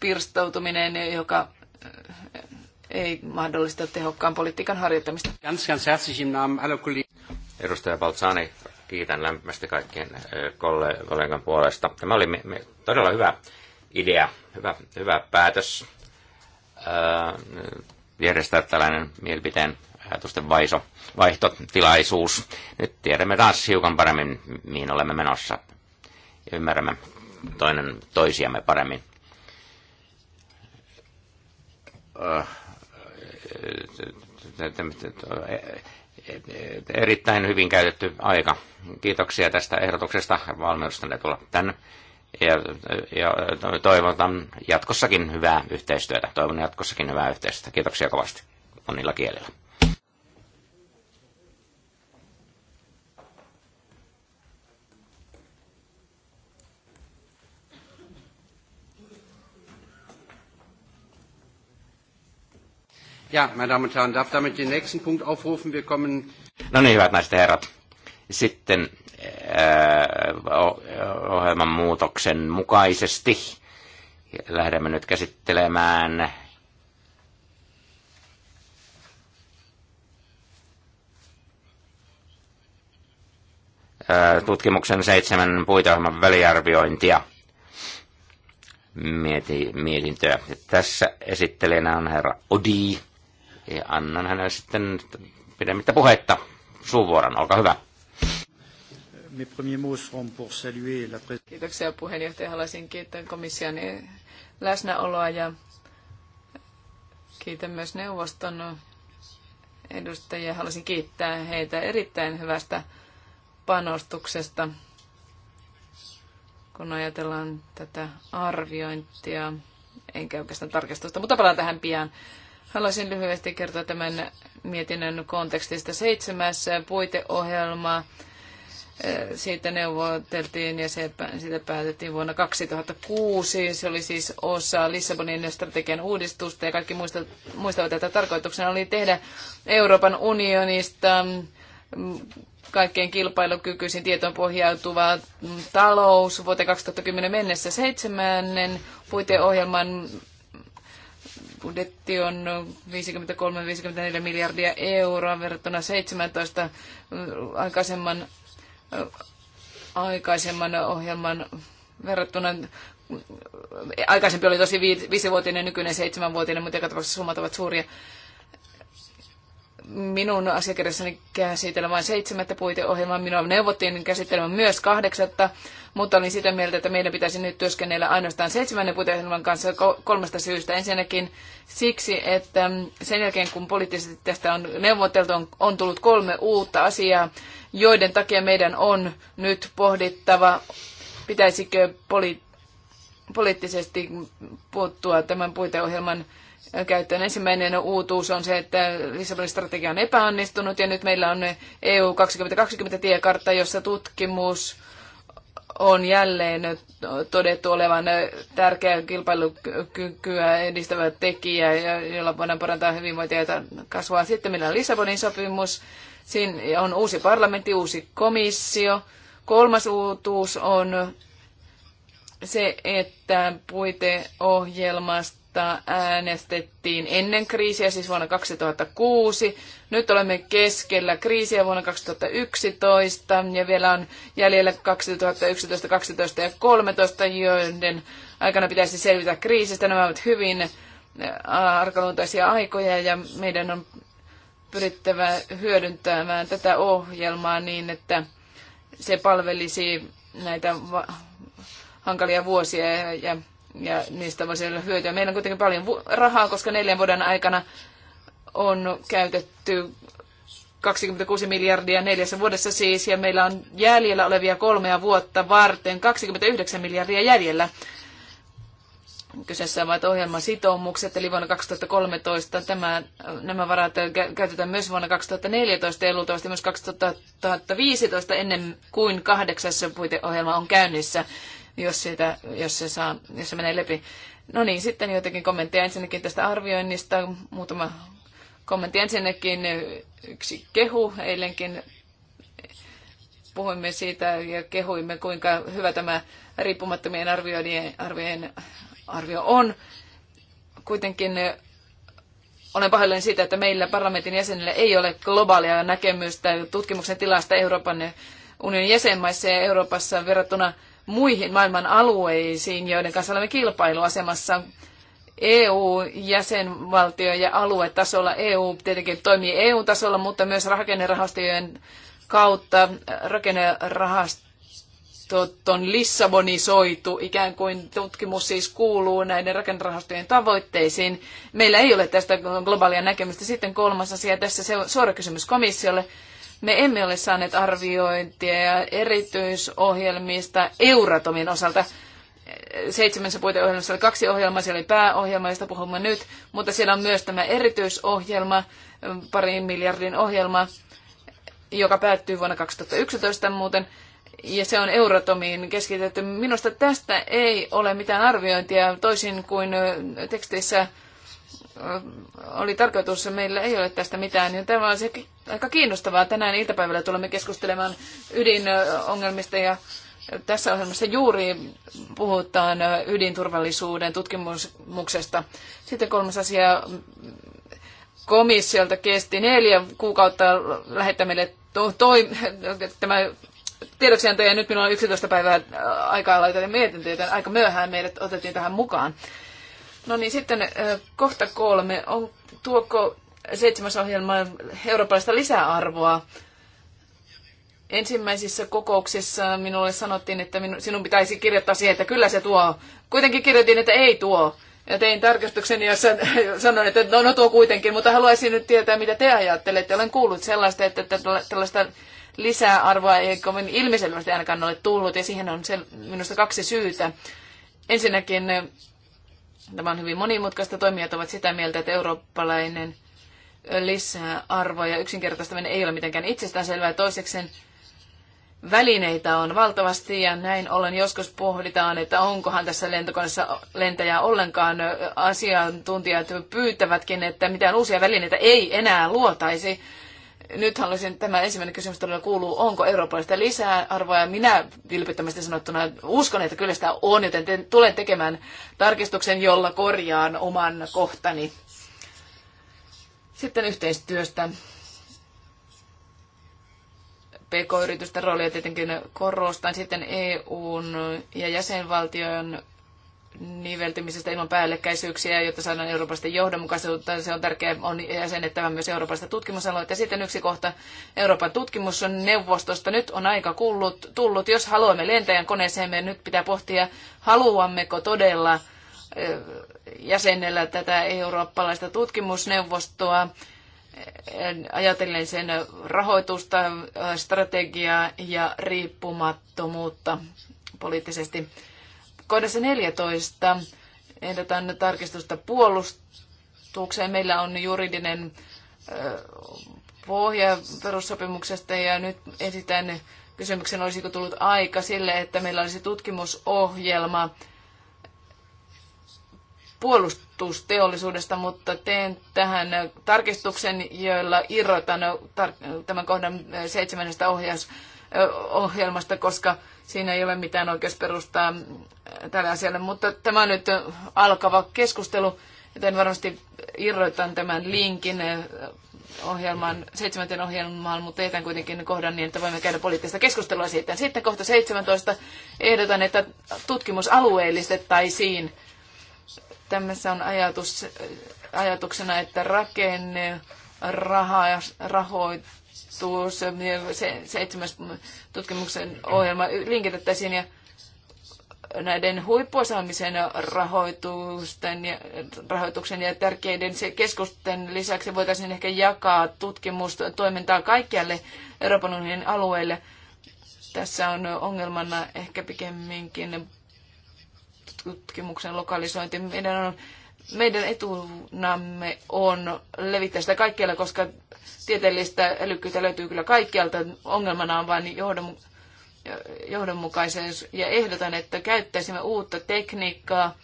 pirstoutuminen, joka eh, ei mahdollista tehokkaan politiikan harjoittamista. Ganz, ganz herzlich im Namen aller Edustaja Balzani kiitän lämpimästi kaikkien kollegan puolesta. Tämä oli todella hyvä idea, hyvä, hyvä päätös järjestää tällainen mielipiteen ajatusten vaiso, vaihtotilaisuus. Nyt tiedämme taas hiukan paremmin, mihin olemme menossa. ja Ymmärrämme toinen toisiamme paremmin erittäin hyvin käytetty aika. Kiitoksia tästä ehdotuksesta valmiustanne tulla tänne. Ja, ja toivotan jatkossakin hyvää yhteistyötä. Toivon jatkossakin hyvää yhteistyötä. Kiitoksia kovasti monilla kielillä. Ja, meine Damen und Herren, darf damit den nächsten Punkt aufrufen. Wir kommen... No niin, hyvät naiset ja herrat. Sitten äh, ohjelman muutoksen mukaisesti lähdemme nyt käsittelemään äh, tutkimuksen seitsemän puiteohjelman väliarviointia mietintöä. Ja tässä esittelijänä on herra Odi. Ja annan hänelle sitten pidemmittä puhetta suun Olkaa hyvä. Kiitoksia puheenjohtaja. Haluaisin kiittää komission läsnäoloa ja kiitän myös neuvoston edustajia. Haluaisin kiittää heitä erittäin hyvästä panostuksesta, kun ajatellaan tätä arviointia, enkä oikeastaan tarkistusta, mutta palaan tähän pian. Haluaisin lyhyesti kertoa tämän mietinnön kontekstista. Seitsemäs puiteohjelma, eh, siitä neuvoteltiin ja se, siitä päätettiin vuonna 2006. Se oli siis osa Lissabonin strategian uudistusta ja kaikki muistavat, että tarkoituksena oli tehdä Euroopan unionista mm, kaikkein kilpailukykyisin tietoon pohjautuva talous vuoteen 2010 mennessä. Seitsemännen puiteohjelman budjetti on 53-54 miljardia euroa verrattuna 17 äh, aikaisemman, äh, aikaisemman ohjelman verrattuna äh, aikaisempi oli tosi viisivuotinen, nykyinen seitsemänvuotinen, mutta joka tapauksessa summat ovat suuria minun asiakirjassani käsitellä seitsemättä puiteohjelmaa. Minua neuvottiin käsittelemään myös kahdeksatta, mutta olin sitä mieltä, että meidän pitäisi nyt työskennellä ainoastaan seitsemännen puiteohjelman kanssa kolmesta syystä. Ensinnäkin siksi, että sen jälkeen kun poliittisesti tästä on neuvoteltu, on, on tullut kolme uutta asiaa, joiden takia meidän on nyt pohdittava, pitäisikö poli, poliittisesti puuttua tämän puiteohjelman käyttöön. Ensimmäinen uutuus on se, että Lissabonin strategia on epäonnistunut ja nyt meillä on EU 2020-tiekartta, jossa tutkimus on jälleen todettu olevan tärkeä kilpailukykyä edistävä tekijä, jolla voidaan parantaa hyvinvointia ja kasvaa. Sitten meillä on Lissabonin sopimus, siinä on uusi parlamentti, uusi komissio. Kolmas uutuus on se, että puiteohjelmasta äänestettiin ennen kriisiä, siis vuonna 2006. Nyt olemme keskellä kriisiä vuonna 2011 ja vielä on jäljellä 2011, 12 ja 13, joiden aikana pitäisi selvitä kriisistä. Nämä ovat hyvin äh, arkaluontoisia aikoja ja meidän on pyrittävä hyödyntämään tätä ohjelmaa niin, että se palvelisi näitä hankalia vuosia ja, ja, ja niistä voisi olla hyötyä. Meillä on kuitenkin paljon rahaa, koska neljän vuoden aikana on käytetty 26 miljardia neljässä vuodessa siis, ja meillä on jäljellä olevia kolmea vuotta varten 29 miljardia jäljellä. Kyseessä ovat sitoumukset, eli vuonna 2013 tämä, nämä varat käytetään myös vuonna 2014 ja luultavasti myös 2015 ennen kuin kahdeksassa puiteohjelma on käynnissä jos, siitä, jos, se, saa, jos se menee läpi. No niin, sitten jotenkin kommentteja ensinnäkin tästä arvioinnista. Muutama kommentti ensinnäkin. Yksi kehu eilenkin puhuimme siitä ja kehuimme, kuinka hyvä tämä riippumattomien arvioiden, arvioiden arvio on. Kuitenkin olen pahoillani siitä, että meillä parlamentin jäsenillä ei ole globaalia näkemystä tutkimuksen tilasta Euroopan unionin jäsenmaissa ja Euroopassa verrattuna muihin maailman alueisiin, joiden kanssa olemme kilpailuasemassa. EU-jäsenvaltio ja aluetasolla EU tietenkin toimii EU-tasolla, mutta myös rakennerahastojen kautta rakennerahastot on lissabonisoitu, ikään kuin tutkimus siis kuuluu näiden rakennerahastojen tavoitteisiin. Meillä ei ole tästä globaalia näkemystä. Sitten kolmas asia tässä se on suora kysymys komissiolle. Me emme ole saaneet arviointia ja erityisohjelmista Euratomin osalta. Seitsemässä ohjelmassa oli kaksi ohjelmaa, siellä oli pääohjelma, josta puhumme nyt, mutta siellä on myös tämä erityisohjelma, parin miljardin ohjelma, joka päättyy vuonna 2011 muuten ja se on Euratomiin keskitetty. Minusta tästä ei ole mitään arviointia, toisin kuin tekstissä oli tarkoitus, meillä ei ole tästä mitään, niin tämä on aika kiinnostavaa. Tänään iltapäivällä tulemme keskustelemaan ydinongelmista ja tässä ohjelmassa juuri puhutaan ydinturvallisuuden tutkimuksesta. Sitten kolmas asia komissiolta kesti neljä kuukautta lähettämille to, toi, tämä tiedoksianto ja nyt minulla on 11 päivää aikaa laitettu mietintöä, joten aika myöhään meidät otettiin tähän mukaan. No niin, sitten kohta kolme. On, tuoko seitsemäs ohjelma eurooppalaista lisäarvoa? Ensimmäisissä kokouksissa minulle sanottiin, että minu, sinun pitäisi kirjoittaa siihen, että kyllä se tuo. Kuitenkin kirjoitin, että ei tuo. Ja tein tarkastuksen jossa sanoin, että no, no tuo kuitenkin, mutta haluaisin nyt tietää, mitä te ajattelette. Olen kuullut sellaista, että tällaista lisäarvoa ei kovin ilmiselvästi ainakaan ole tullut, ja siihen on se, minusta kaksi syytä. Ensinnäkin Tämä on hyvin monimutkaista. Toimijat ovat sitä mieltä, että eurooppalainen lisäarvo ja yksinkertaistaminen ei ole mitenkään itsestäänselvää. Toisekseen välineitä on valtavasti ja näin ollen joskus pohditaan, että onkohan tässä lentokoneessa lentäjää ollenkaan. Asiantuntijat pyytävätkin, että mitään uusia välineitä ei enää luotaisi nyt haluaisin, tämä ensimmäinen kysymys todella kuuluu, onko eurooppalaista lisää arvoa? Minä vilpittömästi sanottuna uskon, että kyllä sitä on, joten te, tulen tekemään tarkistuksen, jolla korjaan oman kohtani. Sitten yhteistyöstä. PK-yritysten roolia tietenkin korostan. Sitten EUn ja jäsenvaltion niveltymisestä ilman päällekkäisyyksiä, jotta saadaan euroopasta johdonmukaisuutta. Se on tärkeää, on jäsennettävä myös eurooppalaista tutkimusalueita. Sitten yksi kohta Euroopan tutkimus on neuvostosta. Nyt on aika kullut, tullut, jos haluamme lentäjän koneeseemme, nyt pitää pohtia, haluammeko todella jäsennellä tätä eurooppalaista tutkimusneuvostoa ajatellen sen rahoitusta, strategiaa ja riippumattomuutta poliittisesti. Kohdassa 14 ehdotan tarkistusta puolustukseen. Meillä on juridinen pohja perussopimuksesta ja nyt esitän kysymyksen, olisiko tullut aika sille, että meillä olisi tutkimusohjelma puolustusteollisuudesta, mutta teen tähän tarkistuksen, joilla irrotan tämän kohdan seitsemännestä ohjelmasta, koska Siinä ei ole mitään oikeusperustaa äh, tällä asialle, mutta tämä on nyt alkava keskustelu, joten varmasti irroitan tämän linkin äh, ohjelman, seitsemänten ohjelmaan, mutta jätän kuitenkin kohdan niin, että voimme käydä poliittista keskustelua siitä. Sitten kohta 17 ehdotan, että tutkimus alueellistettaisiin. Tämässä on ajatus, äh, ajatuksena, että rakenne, raha, rahoit, ulottuvuus, niin se, seitsemäs tutkimuksen ohjelma linkitettäisiin ja näiden huippuosaamisen rahoitusten ja, rahoituksen ja tärkeiden keskusten lisäksi voitaisiin ehkä jakaa tutkimustoimintaa kaikkialle Euroopan unionin alueelle. Tässä on ongelmana ehkä pikemminkin tutkimuksen lokalisointi. Meidän on meidän etunamme on levittää sitä kaikkialla, koska tieteellistä älykkyyttä löytyy kyllä kaikkialta. Ongelmana on vain johdonmukaisen johdonmukaisuus. Ja ehdotan, että käyttäisimme uutta tekniikkaa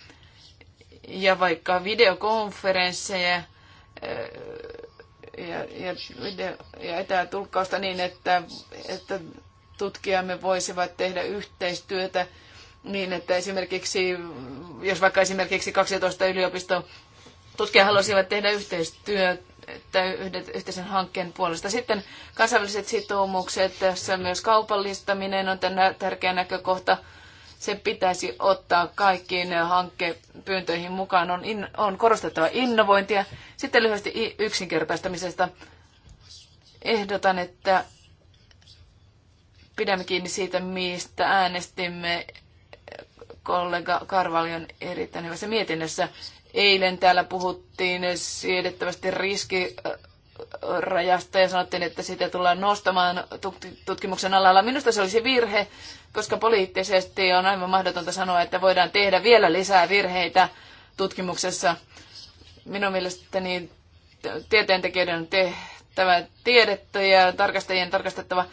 ja vaikka videokonferensseja ja, ja, video, ja etätulkkausta niin, että, että tutkijamme voisivat tehdä yhteistyötä niin, että esimerkiksi, jos vaikka esimerkiksi 12 yliopisto tutkijaa haluaisivat tehdä yhteistyötä yhteisen hankkeen puolesta. Sitten kansainväliset sitoumukset, tässä myös kaupallistaminen on tänä tärkeä näkökohta. Se pitäisi ottaa kaikkiin hankkepyyntöihin mukaan. On, in, on korostettava innovointia. Sitten lyhyesti yksinkertaistamisesta ehdotan, että pidämme kiinni siitä, mistä äänestimme kollega Karvaljon erittäin hyvässä mietinnössä. Eilen täällä puhuttiin siedettävästi riski rajasta ja sanottiin, että sitä tullaan nostamaan tutkimuksen alalla. Minusta se olisi virhe, koska poliittisesti on aivan mahdotonta sanoa, että voidaan tehdä vielä lisää virheitä tutkimuksessa. Minun mielestäni tieteentekijöiden on tehtävä tiedettä ja tarkastajien tarkastettava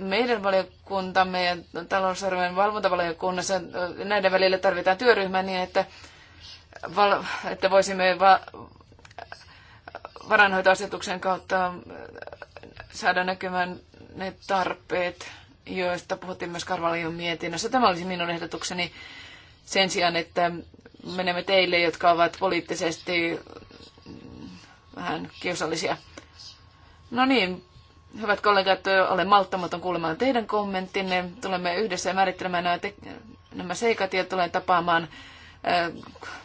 meidän valiokuntamme ja talousarvojen valvontavaliokunnassa näiden välillä tarvitaan työryhmä niin, että, val, että voisimme va, varanhoitoasetuksen kautta saada näkymään ne tarpeet, joista puhuttiin myös Karvalion mietinnössä. Tämä olisi minun ehdotukseni sen sijaan, että menemme teille, jotka ovat poliittisesti vähän kiusallisia. No niin, Hyvät kollegat, olen malttamaton kuulemaan teidän kommenttinne. Tulemme yhdessä määrittelemään nämä, te- nämä seikat ja tulen tapaamaan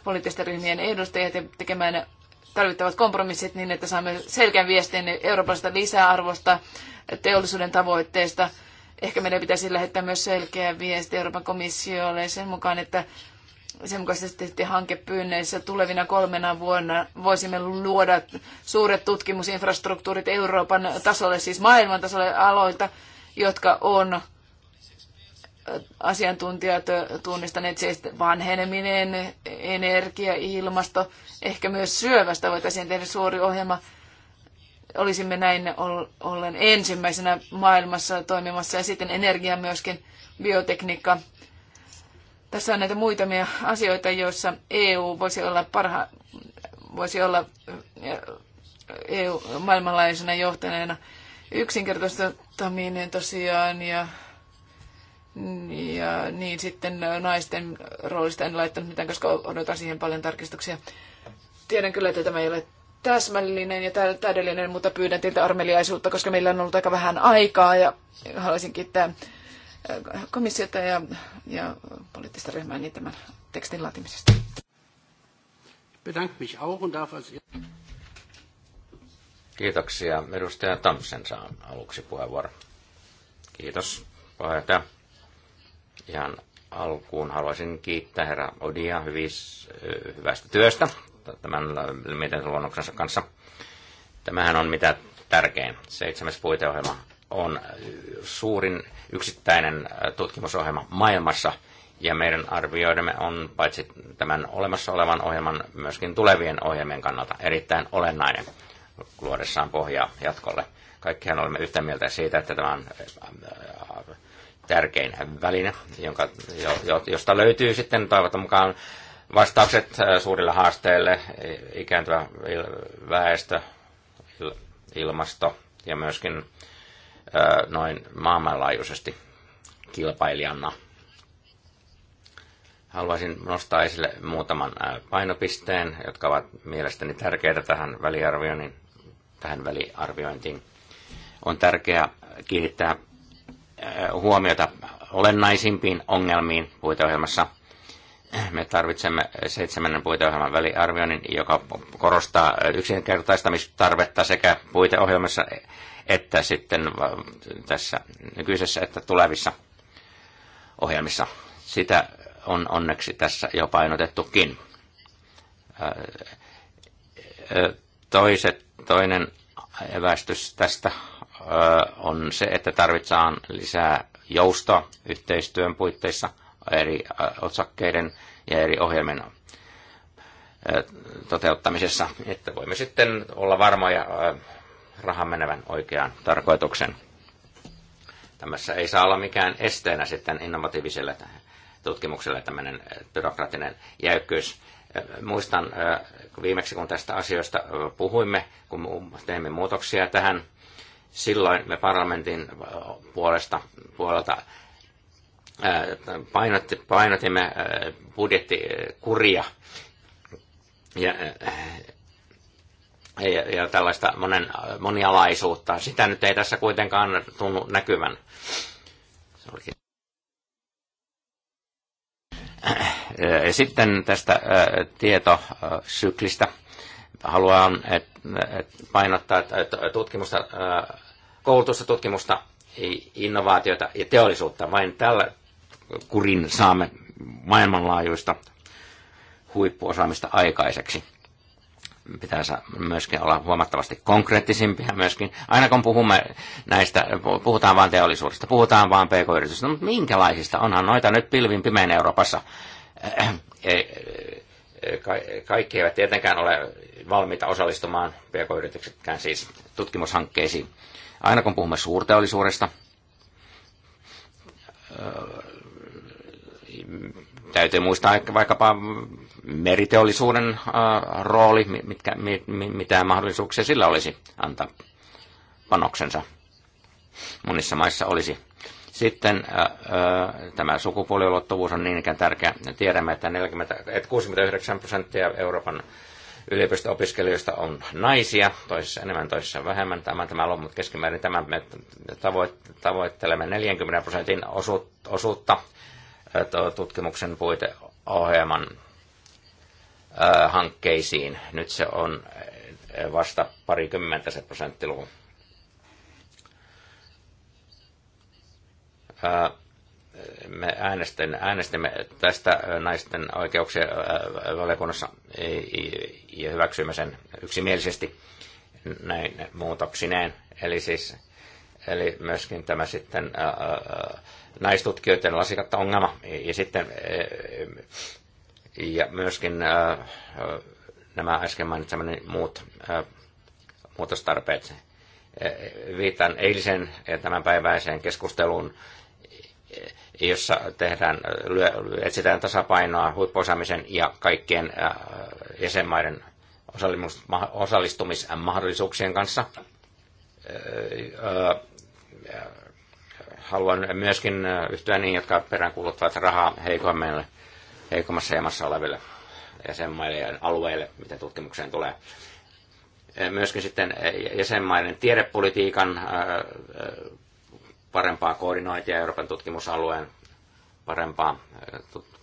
poliittisten ryhmien edustajat ja tekemään tarvittavat kompromissit niin, että saamme selkeän viestin Euroopasta lisäarvosta, teollisuuden tavoitteista. Ehkä meidän pitäisi lähettää myös selkeä viesti Euroopan komissiolle sen mukaan, että sen mukaisesti sitten hankepyynneissä tulevina kolmena vuonna voisimme luoda suuret tutkimusinfrastruktuurit Euroopan tasolle, siis maailman tasolle aloilta, jotka on asiantuntijat tunnistaneet siis vanheneminen, energia, ilmasto, ehkä myös syövästä voitaisiin tehdä suuri ohjelma. Olisimme näin ollen ensimmäisenä maailmassa toimimassa ja sitten energia myöskin, biotekniikka, tässä on näitä muutamia asioita, joissa EU voisi olla parha, voisi olla EU maailmanlaajuisena johtaneena yksinkertaistaminen tosiaan ja, ja niin sitten naisten roolista en laittanut mitään, koska odotan siihen paljon tarkistuksia. Tiedän kyllä, että tämä ei ole täsmällinen ja täydellinen, mutta pyydän teiltä armeliaisuutta, koska meillä on ollut aika vähän aikaa ja haluaisin kiittää komissiota ja, ja poliittista ryhmää niin tämän tekstin laatimisesta. Kiitoksia. Edustaja Tamsen saa aluksi puheenvuoro. Kiitos puheenjohtaja. Ihan alkuun haluaisin kiittää herra Odia hyvis, hyvästä työstä tämän mietintöluonnoksensa kanssa. Tämähän on mitä tärkein. Seitsemäs puiteohjelma on suurin yksittäinen äh, tutkimusohjelma maailmassa, ja meidän arvioidemme on paitsi tämän olemassa olevan ohjelman, myöskin tulevien ohjelmien kannalta erittäin olennainen luodessaan pohjaa jatkolle. Kaikkihan olemme yhtä mieltä siitä, että tämä on äh, tärkein väline, jonka, josta löytyy sitten toivottavasti mukaan vastaukset äh, suurille haasteille, ikääntyvä väestö, ilmasto ja myöskin noin maailmanlaajuisesti kilpailijana. Haluaisin nostaa esille muutaman painopisteen, jotka ovat mielestäni tärkeitä tähän väliarvioinnin, tähän väliarviointiin. On tärkeää kiinnittää huomiota olennaisimpiin ongelmiin puiteohjelmassa. Me tarvitsemme seitsemännen puiteohjelman väliarvioinnin, joka korostaa yksinkertaistamistarvetta sekä puiteohjelmassa että sitten äh, tässä nykyisessä että tulevissa ohjelmissa. Sitä on onneksi tässä jo painotettukin. Äh, äh, toiset, toinen evästys tästä on se, että tarvitaan lisää joustoa yhteistyön puitteissa eri otsakkeiden ja eri ohjelmien toteuttamisessa, että voimme sitten olla varmoja rahan menevän oikeaan tarkoituksen. Tämässä ei saa olla mikään esteenä sitten innovatiiviselle tutkimukselle tämmöinen eh, byrokraattinen jäykkyys. Eh, muistan eh, viimeksi, kun tästä asioista puhuimme, kun teimme muutoksia tähän, silloin me parlamentin puolesta, puolelta painotimme budjettikuria ja ja, ja tällaista monen, monialaisuutta. Sitä nyt ei tässä kuitenkaan tunnu näkyvän. Se olikin. Äh, sitten tästä äh, tietosyklistä äh, haluan painottaa tutkimusta, koulutusta, tutkimusta, innovaatiota ja teollisuutta. Vain tällä kurin saamme maailmanlaajuista huippuosaamista aikaiseksi pitäisi myöskin olla huomattavasti konkreettisimpia myöskin. Aina kun puhumme näistä, puhutaan vain teollisuudesta, puhutaan vain pk-yrityksistä, mutta no, minkälaisista? Onhan noita nyt pilvin pimeän Euroopassa. Äh, äh, äh, kaikki eivät tietenkään ole valmiita osallistumaan, pk-yrityksetkään siis, tutkimushankkeisiin. Aina kun puhumme suurteollisuudesta, Täytyy muistaa vaikkapa meriteollisuuden äh, rooli, mitkä, mitä mahdollisuuksia sillä olisi antaa panoksensa. Monissa maissa olisi. Sitten äh, äh, tämä sukupuoliulottuvuus on niin ikään tärkeä. Tiedämme, että, 40, että 69 prosenttia Euroopan yliopisto-opiskelijoista on naisia, toisessa enemmän, toisessa vähemmän. Tämä, tämä on, mutta keskimäärin tämän me tavoittelemme 40 prosentin osuutta tutkimuksen puiteohjelman hankkeisiin. Nyt se on vasta parikymmentä se prosenttiluku. Me äänestin, äänestimme tästä naisten oikeuksien valiokunnassa ja hyväksymme sen yksimielisesti näin muutoksineen. Eli siis Eli myöskin tämä sitten naistutkijoiden lasikatta ongelma. Ja sitten ja myöskin nämä äsken mainitsemani muut muutostarpeet. Viitan eilisen ja tämänpäiväiseen keskusteluun, jossa tehdään, etsitään tasapainoa huippuosaamisen ja kaikkien jäsenmaiden osallistumismahdollisuuksien kanssa haluan myöskin äh, yhtyä niin, jotka peräänkuuluttavat rahaa heikommille, heikommassa jamassa oleville jäsenmaille ja alueille, mitä tutkimukseen tulee. Äh, myöskin sitten äh, jäsenmaiden tiedepolitiikan parempaa koordinointia, Euroopan tutkimusalueen parempaa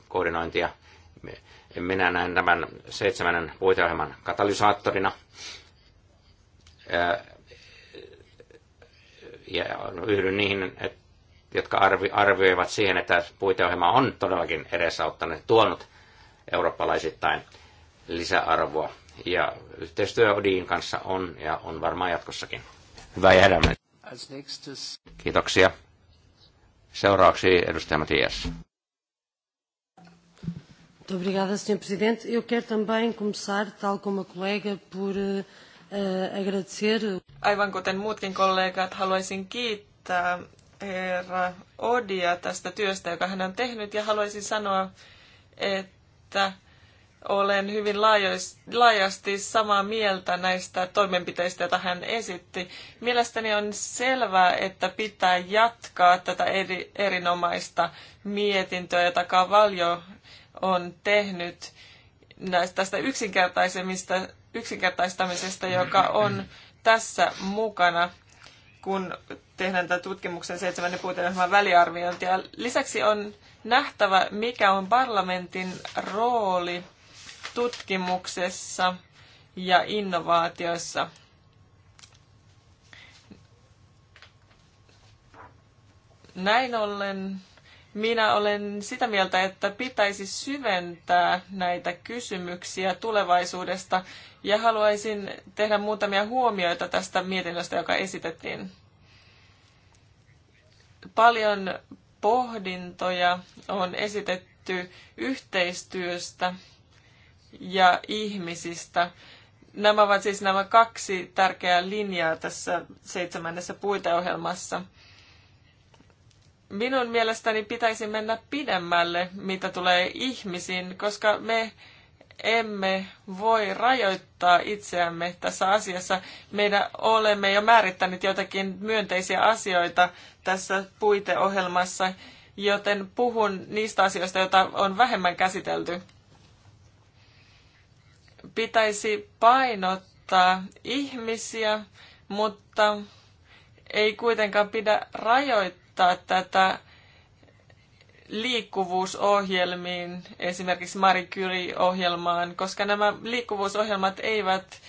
koordinointia. Minä näen tämän seitsemännen puiteohjelman katalysaattorina ja yhdyn niihin, et, jotka arvi, arvioivat siihen, että puiteohjelma on todellakin edesauttanut, ja tuonut eurooppalaisittain lisäarvoa. Ja yhteistyö Odin kanssa on ja on varmaan jatkossakin. Hyvä jäädämme. Kiitoksia. Seuraavaksi edustaja Matias. Muito obrigada, Sr. Presidente. Eu quero também começar, tal como a colega, por uh, Eh, Aivan kuten muutkin kollegat, haluaisin kiittää herra Odia tästä työstä, joka hän on tehnyt, ja haluaisin sanoa, että olen hyvin laajasti samaa mieltä näistä toimenpiteistä, joita hän esitti. Mielestäni on selvää, että pitää jatkaa tätä eri, erinomaista mietintöä, jota Kavaljo on tehnyt näistä, tästä yksinkertaisemmista yksinkertaistamisesta, joka on tässä mukana, kun tehdään tämän tutkimuksen seitsemännen puitelman väliarviointia. Lisäksi on nähtävä, mikä on parlamentin rooli tutkimuksessa ja innovaatioissa. Näin ollen minä olen sitä mieltä, että pitäisi syventää näitä kysymyksiä tulevaisuudesta ja haluaisin tehdä muutamia huomioita tästä mietinnöstä, joka esitettiin. Paljon pohdintoja on esitetty yhteistyöstä ja ihmisistä. Nämä ovat siis nämä kaksi tärkeää linjaa tässä seitsemännessä puiteohjelmassa. Minun mielestäni pitäisi mennä pidemmälle, mitä tulee ihmisiin, koska me emme voi rajoittaa itseämme tässä asiassa. Meidän olemme jo määrittäneet jotakin myönteisiä asioita tässä puiteohjelmassa, joten puhun niistä asioista, joita on vähemmän käsitelty. Pitäisi painottaa ihmisiä, mutta ei kuitenkaan pidä rajoittaa tätä liikkuvuusohjelmiin, esimerkiksi Marie Curie-ohjelmaan, koska nämä liikkuvuusohjelmat eivät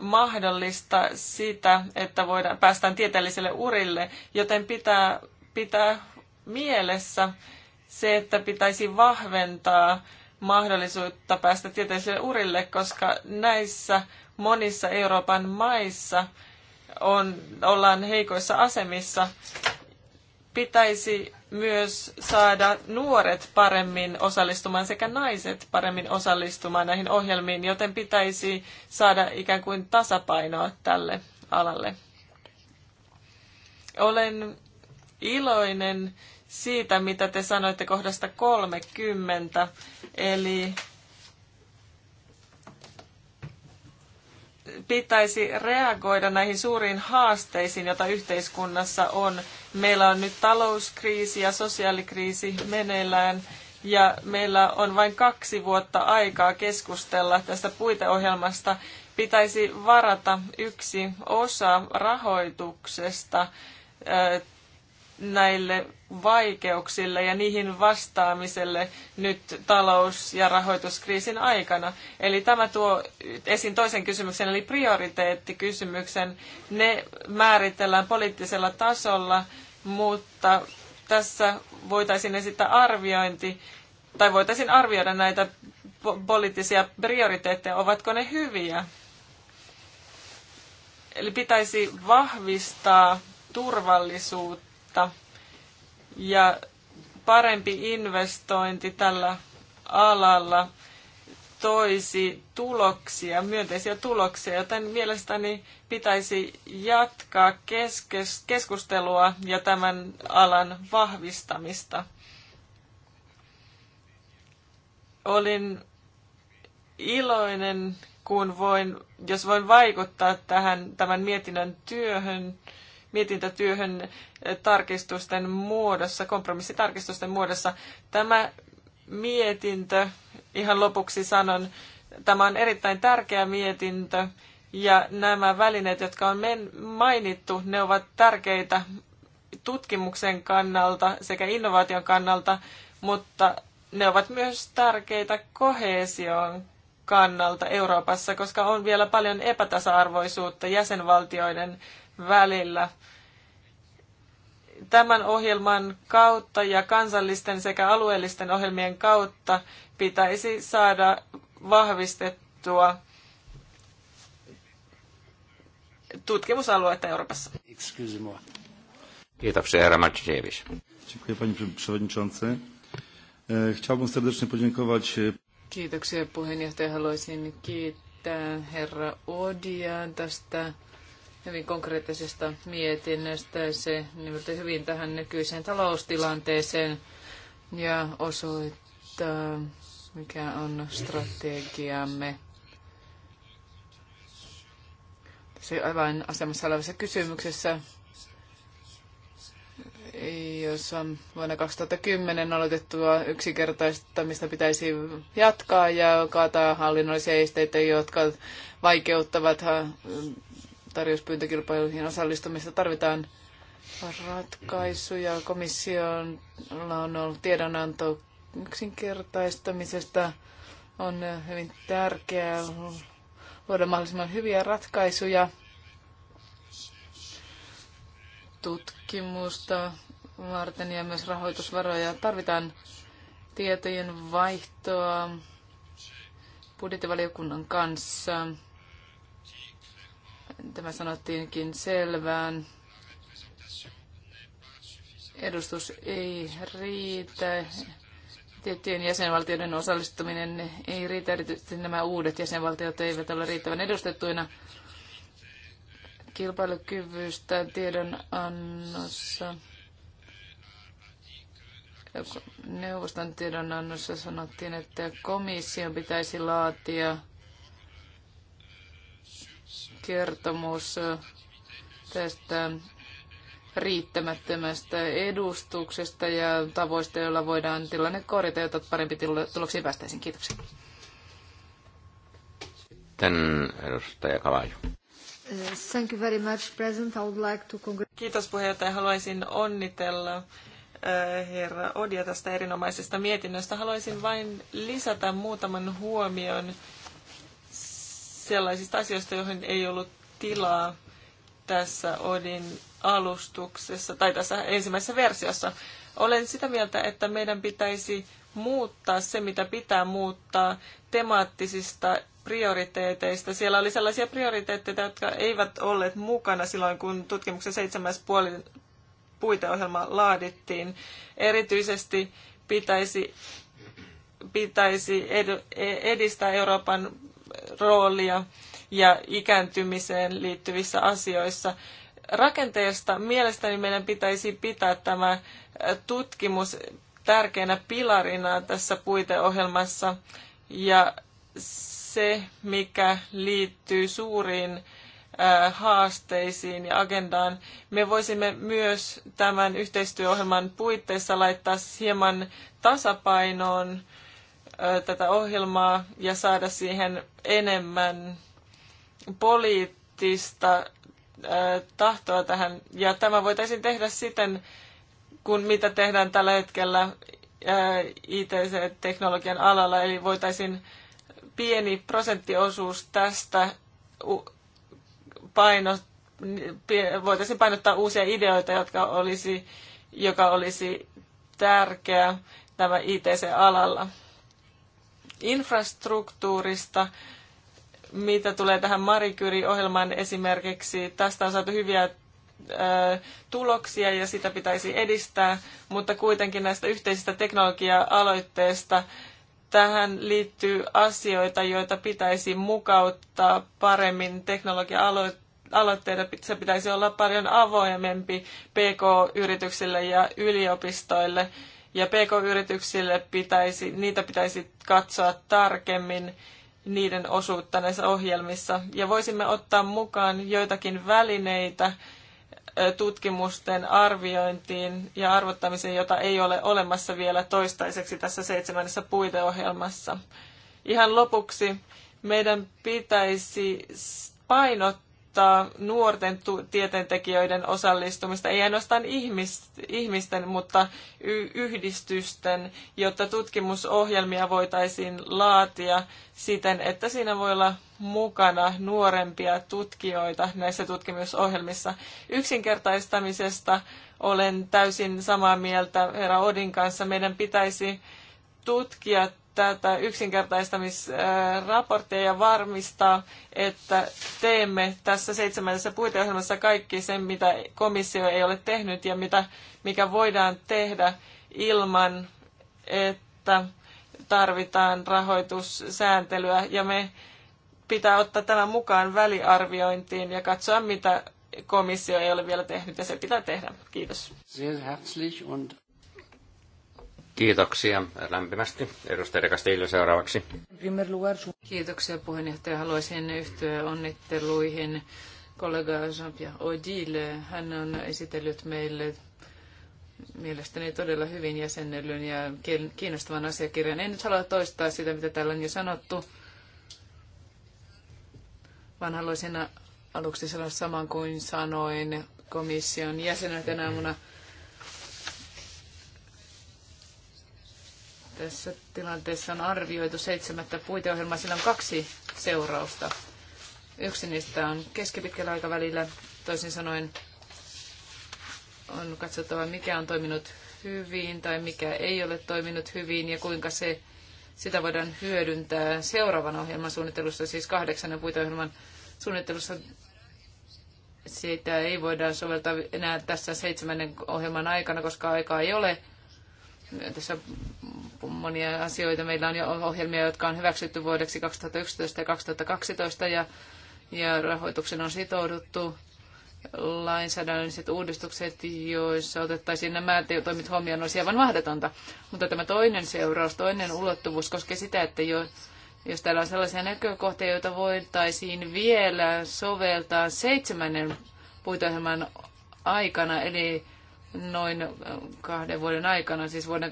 mahdollista sitä, että voidaan, päästään tieteelliselle urille, joten pitää pitää mielessä se, että pitäisi vahventaa mahdollisuutta päästä tieteelliselle urille, koska näissä monissa Euroopan maissa on, ollaan heikoissa asemissa. Pitäisi myös saada nuoret paremmin osallistumaan sekä naiset paremmin osallistumaan näihin ohjelmiin, joten pitäisi saada ikään kuin tasapainoa tälle alalle. Olen iloinen siitä, mitä te sanoitte kohdasta 30, eli pitäisi reagoida näihin suuriin haasteisiin, joita yhteiskunnassa on. Meillä on nyt talouskriisi ja sosiaalikriisi meneillään ja meillä on vain kaksi vuotta aikaa keskustella tästä puiteohjelmasta. Pitäisi varata yksi osa rahoituksesta näille vaikeuksille ja niihin vastaamiselle nyt talous- ja rahoituskriisin aikana. Eli tämä tuo esiin toisen kysymyksen, eli prioriteettikysymyksen. Ne määritellään poliittisella tasolla, mutta tässä voitaisiin esittää arviointi, tai voitaisiin arvioida näitä poliittisia prioriteetteja, ovatko ne hyviä. Eli pitäisi vahvistaa turvallisuutta vuotta. ja parempi investointi tällä alalla toisi tuloksia, myönteisiä tuloksia, joten mielestäni pitäisi jatkaa keskustelua ja tämän alan vahvistamista. Olin iloinen, kun voin, jos voin vaikuttaa tähän tämän mietinnön työhön mietintötyöhön tarkistusten muodossa, kompromissitarkistusten muodossa. Tämä mietintö, ihan lopuksi sanon, tämä on erittäin tärkeä mietintö ja nämä välineet, jotka on mainittu, ne ovat tärkeitä tutkimuksen kannalta sekä innovaation kannalta, mutta ne ovat myös tärkeitä kohesioon kannalta Euroopassa, koska on vielä paljon epätasa-arvoisuutta jäsenvaltioiden välillä. Tämän ohjelman kautta ja kansallisten sekä alueellisten ohjelmien kautta pitäisi saada vahvistettua tutkimusalueita Euroopassa. Kiitoksia, herra Matsjevis. E, e, Kiitoksia, puheenjohtaja. Haluaisin kiittää herra Odia tästä hyvin konkreettisesta mietinnöstä. Se nimittäin hyvin tähän nykyiseen taloustilanteeseen ja osoittaa, mikä on strategiamme. Se aivan asemassa olevassa kysymyksessä, on vuonna 2010 aloitettua yksinkertaistamista pitäisi jatkaa ja kaataa hallinnollisia esteitä, jotka vaikeuttavat tarjouspyyntökilpailuihin osallistumista tarvitaan ratkaisuja. Komission on ollut tiedonanto yksinkertaistamisesta. On hyvin tärkeää luoda mahdollisimman hyviä ratkaisuja tutkimusta varten ja myös rahoitusvaroja. Tarvitaan tietojen vaihtoa budjettivaliokunnan kanssa tämä sanottiinkin selvään. Edustus ei riitä. Tiettyjen jäsenvaltioiden osallistuminen ei riitä, erityisesti nämä uudet jäsenvaltiot eivät ole riittävän edustettuina kilpailukyvystä tiedonannossa. Neuvoston tiedonannossa sanottiin, että komission pitäisi laatia kertomus tästä riittämättömästä edustuksesta ja tavoista, joilla voidaan tilanne korjata, jotta parempi tuloksiin päästäisiin. Kiitoksia. Sitten edustaja Kalaju. Thank you very much, President. I would like to Kiitos puheenjohtaja. Haluaisin onnitella eh, herra Odia tästä erinomaisesta mietinnöstä. Haluaisin vain lisätä muutaman huomion sellaisista asioista, joihin ei ollut tilaa tässä Odin alustuksessa tai tässä ensimmäisessä versiossa. Olen sitä mieltä, että meidän pitäisi muuttaa se, mitä pitää muuttaa temaattisista prioriteeteista. Siellä oli sellaisia prioriteetteja, jotka eivät olleet mukana silloin, kun tutkimuksen seitsemäs puoli puiteohjelma laadittiin. Erityisesti pitäisi, pitäisi e- edistää Euroopan roolia ja ikääntymiseen liittyvissä asioissa. Rakenteesta mielestäni meidän pitäisi pitää tämä tutkimus tärkeänä pilarina tässä puiteohjelmassa ja se, mikä liittyy suuriin haasteisiin ja agendaan. Me voisimme myös tämän yhteistyöohjelman puitteissa laittaa hieman tasapainoon tätä ohjelmaa ja saada siihen enemmän poliittista tahtoa tähän. Ja tämä voitaisiin tehdä siten, kun mitä tehdään tällä hetkellä itc teknologian alalla, eli voitaisiin pieni prosenttiosuus tästä paino, voitaisiin painottaa uusia ideoita, jotka olisi, joka olisi tärkeä tämä ITC-alalla infrastruktuurista, mitä tulee tähän Marikyri-ohjelmaan esimerkiksi. Tästä on saatu hyviä tuloksia ja sitä pitäisi edistää, mutta kuitenkin näistä yhteisistä teknologia-aloitteista tähän liittyy asioita, joita pitäisi mukauttaa paremmin teknologia-aloitteita. Se pitäisi olla paljon avoimempi PK-yrityksille ja yliopistoille ja pk-yrityksille pitäisi, niitä pitäisi katsoa tarkemmin niiden osuutta näissä ohjelmissa. Ja voisimme ottaa mukaan joitakin välineitä tutkimusten arviointiin ja arvottamiseen, jota ei ole olemassa vielä toistaiseksi tässä seitsemännessä puiteohjelmassa. Ihan lopuksi meidän pitäisi painottaa, helpottaa nuorten tieteentekijöiden osallistumista, ei ainoastaan ihmisten, mutta yhdistysten, jotta tutkimusohjelmia voitaisiin laatia siten, että siinä voi olla mukana nuorempia tutkijoita näissä tutkimusohjelmissa. Yksinkertaistamisesta olen täysin samaa mieltä herra Odin kanssa. Meidän pitäisi tutkia tätä yksinkertaistamisraporttia ja varmistaa, että teemme tässä seitsemännessä puiteohjelmassa kaikki sen, mitä komissio ei ole tehnyt ja mitä, mikä voidaan tehdä ilman, että tarvitaan rahoitussääntelyä. Ja me pitää ottaa tämä mukaan väliarviointiin ja katsoa, mitä komissio ei ole vielä tehnyt ja se pitää tehdä. Kiitos. Kiitoksia lämpimästi. Edustaja Castillo seuraavaksi. Kiitoksia puheenjohtaja. Haluaisin yhtyä onnitteluihin kollega Jean-Pierre Odile. Hän on esitellyt meille mielestäni todella hyvin jäsennellyn ja kiinnostavan asiakirjan. En nyt halua toistaa sitä, mitä täällä on jo sanottu, vaan haluaisin aluksi sanoa saman kuin sanoin komission jäsenet tänä aamuna. Mm Tässä tilanteessa on arvioitu seitsemättä puiteohjelmaa. Sillä on kaksi seurausta. Yksi niistä on keskipitkällä aikavälillä. Toisin sanoen on katsottava, mikä on toiminut hyvin tai mikä ei ole toiminut hyvin ja kuinka se, sitä voidaan hyödyntää seuraavan ohjelman suunnittelussa, siis kahdeksan puiteohjelman suunnittelussa sitä ei voida soveltaa enää tässä seitsemännen ohjelman aikana, koska aikaa ei ole. Tässä monia asioita. Meillä on jo ohjelmia, jotka on hyväksytty vuodeksi 2011 ja 2012 ja, ja rahoituksen on sitouduttu lainsäädännölliset uudistukset, joissa otettaisiin nämä toimit huomioon, olisi aivan mahdotonta. Mutta tämä toinen seuraus, toinen ulottuvuus koskee sitä, että jo, jos täällä on sellaisia näkökohtia, joita voitaisiin vielä soveltaa seitsemännen puitoihjelman aikana, eli noin äh, kahden vuoden aikana, siis vuoden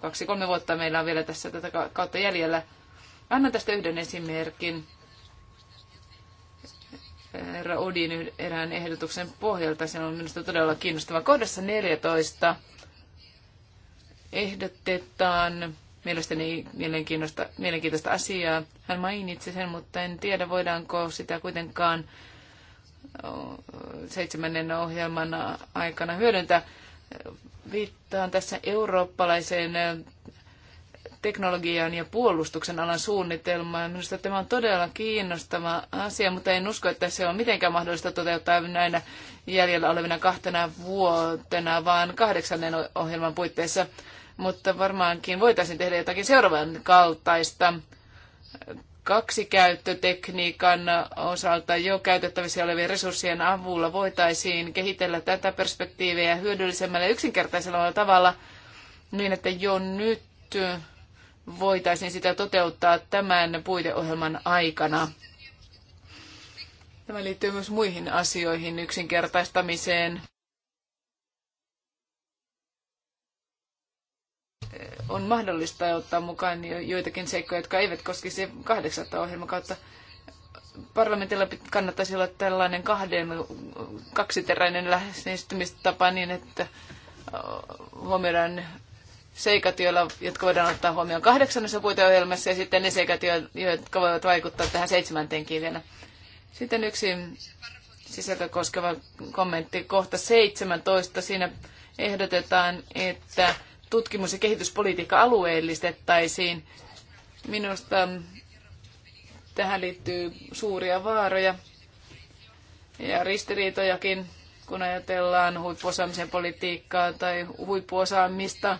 kaksi-kolme vuotta meillä on vielä tässä tätä kautta jäljellä. Annan tästä yhden esimerkin herra Odin erään ehdotuksen pohjalta. Se on minusta todella kiinnostava. Kohdassa 14 ehdotetaan mielestäni mielenkiintoista, mielenkiintoista asiaa. Hän mainitsi sen, mutta en tiedä voidaanko sitä kuitenkaan seitsemännen ohjelman aikana hyödyntää. Viittaan tässä eurooppalaiseen teknologian ja puolustuksen alan suunnitelmaan. Minusta tämä on todella kiinnostava asia, mutta en usko, että se on mitenkään mahdollista toteuttaa näinä jäljellä olevina kahtena vuotena, vaan kahdeksannen ohjelman puitteissa. Mutta varmaankin voitaisiin tehdä jotakin seuraavan kaltaista kaksi käyttötekniikan osalta jo käytettävissä olevien resurssien avulla voitaisiin kehitellä tätä perspektiiviä hyödyllisemmällä ja yksinkertaisella tavalla niin, että jo nyt voitaisiin sitä toteuttaa tämän puiteohjelman aikana. Tämä liittyy myös muihin asioihin, yksinkertaistamiseen, on mahdollista ottaa mukaan joitakin seikkoja, jotka eivät koskisi kahdeksatta ohjelmakautta. Parlamentilla kannattaisi olla tällainen kahden, kaksiteräinen lähestymistapa niin, että huomioidaan seikat, joilla, jotka voidaan ottaa huomioon kahdeksannessa puiteohjelmassa ja sitten ne seikat, jotka voivat vaikuttaa tähän seitsemänteenkin vielä. Sitten yksi sisältö koskeva kommentti kohta 17. Siinä ehdotetaan, että tutkimus- ja kehityspolitiikka alueellistettaisiin. Minusta tähän liittyy suuria vaaroja ja ristiriitojakin, kun ajatellaan huippuosaamisen politiikkaa tai huippuosaamista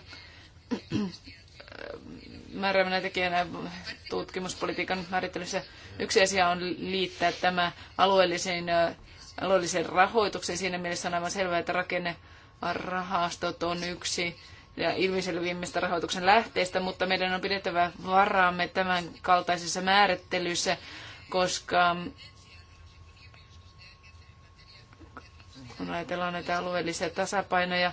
määräävänä tekijänä tutkimuspolitiikan määrittelyssä. Yksi asia on liittää tämä alueelliseen, alueelliseen rahoitukseen. Siinä mielessä on aivan selvää, että rakennerahastot on yksi ja ilmiselvimmistä rahoituksen lähteistä, mutta meidän on pidettävä varaamme tämän kaltaisessa määrittelyssä, koska kun ajatellaan näitä alueellisia tasapainoja,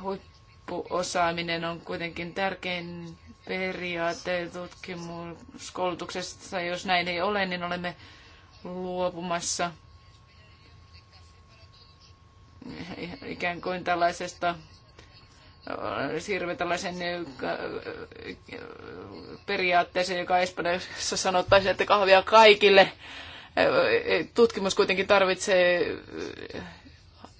huippuosaaminen on kuitenkin tärkein periaate tutkimuskoulutuksessa. Jos näin ei ole, niin olemme luopumassa ikään kuin tällaisesta siirrymme tällaisen äh, periaatteeseen, joka Espanjassa sanottaisiin, että kahvia kaikille. Äh, äh, tutkimus kuitenkin tarvitsee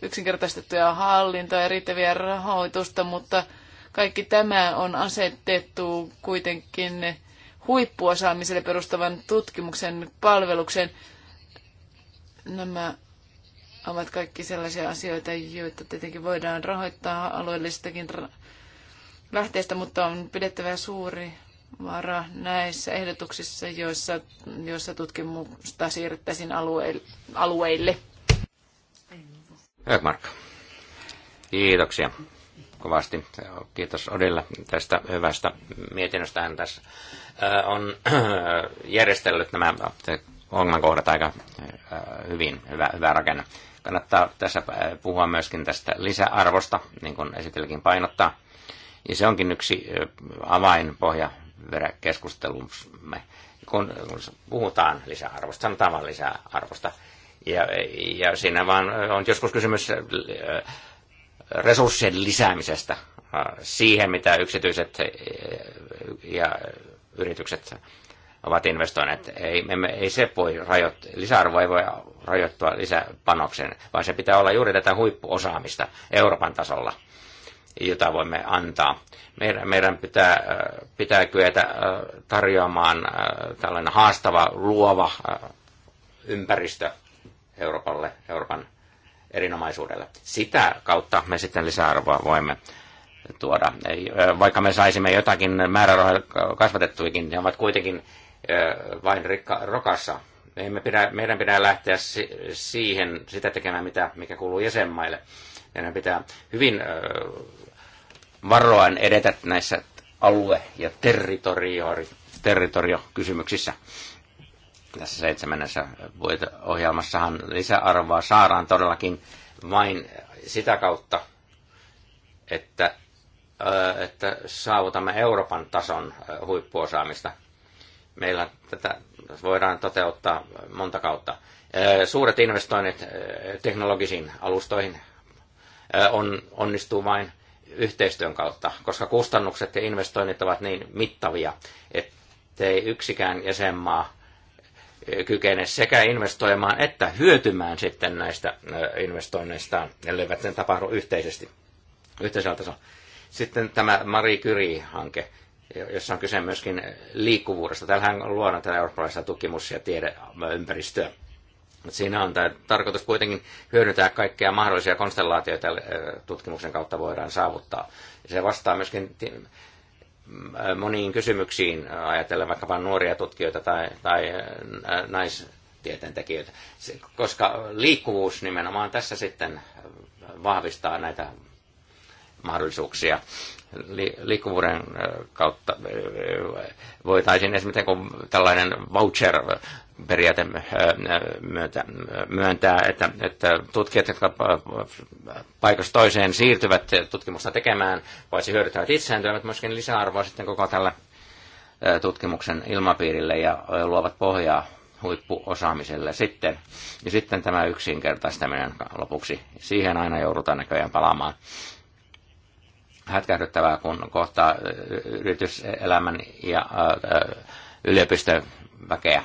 yksinkertaistettuja hallintoja ja riittäviä rahoitusta, mutta kaikki tämä on asetettu kuitenkin huippuosaamiselle perustavan tutkimuksen palveluksen. Nämä ovat kaikki sellaisia asioita, joita tietenkin voidaan rahoittaa alueellistakin lähteistä, mutta on pidettävä suuri vara näissä ehdotuksissa, joissa, joissa tutkimusta siirrettäisiin alueille. alueille. Markka. Kiitoksia kovasti. Kiitos Odilla tästä hyvästä mietinnöstä. Hän tässä on järjestellyt nämä ongelmakohdat aika hyvin. Hyvä, hyvä rakenne. Kannattaa tässä äh, puhua myöskin tästä lisäarvosta, niin kuin esitelläkin painottaa. Ja se onkin yksi avainpohja keskustelumme, kun puhutaan lisäarvosta, sanotaan vain lisäarvosta. Ja, ja siinä vaan on joskus kysymys resurssien lisäämisestä siihen, mitä yksityiset ja yritykset ovat investoineet. Ei, emme, ei se voi rajoittaa, lisäarvo ei voi rajoittua lisäpanoksen, vaan se pitää olla juuri tätä huippuosaamista Euroopan tasolla, jota voimme antaa. Meidän, meidän pitää, äh, pitää kyetä äh, tarjoamaan äh, tällainen haastava, luova ympäristö Euroopalle, Euroopan erinomaisuudelle. Sitä kautta me sitten lisäarvoa voimme tuoda. Vaikka me saisimme jotakin määrärahoja kasvatettuikin, ne ovat kuitenkin vain rikka, rokassa. Emme pidä, meidän pitää lähteä siihen, sitä tekemään, mitä, mikä kuuluu jäsenmaille. Meidän pitää hyvin varoen edetä näissä alue- ja territorio, territoriokysymyksissä. Tässä seitsemännessä ohjelmassahan lisäarvoa saadaan todellakin vain sitä kautta, että, että saavutamme Euroopan tason huippuosaamista meillä tätä voidaan toteuttaa monta kautta. Suuret investoinnit teknologisiin alustoihin on, onnistuu vain yhteistyön kautta, koska kustannukset ja investoinnit ovat niin mittavia, ettei yksikään jäsenmaa kykene sekä investoimaan että hyötymään sitten näistä investoinneista elleivät ne tapahdu yhteisesti, yhteisellä tasolla. Sitten tämä Marie Curie-hanke – jossa on kyse myöskin liikkuvuudesta. Täällähän luodaan tätä eurooppalaista tutkimus- ja tiedeympäristöä. Mutta siinä on tarkoitus kuitenkin hyödyntää kaikkea mahdollisia konstellaatioita tutkimuksen kautta voidaan saavuttaa. Se vastaa myöskin moniin kysymyksiin, ajatellen vain nuoria tutkijoita tai, tai naistieteentekijöitä, koska liikkuvuus nimenomaan tässä sitten vahvistaa näitä mahdollisuuksia liikkuvuuden äh, kautta äh, voitaisiin esimerkiksi kun tällainen voucher-periaate äh, myöntää, myöntää että, että tutkijat, jotka paikasta toiseen siirtyvät tutkimusta tekemään, voisi hyödyttävät itseään, työvät myöskin lisäarvoa sitten koko tällä tutkimuksen ilmapiirille ja luovat pohjaa huippuosaamiselle sitten. Ja sitten tämä yksinkertaistaminen lopuksi. Siihen aina joudutaan näköjään palaamaan hätkähdyttävää, kun kohtaa yrityselämän ja yliopistoväkeä.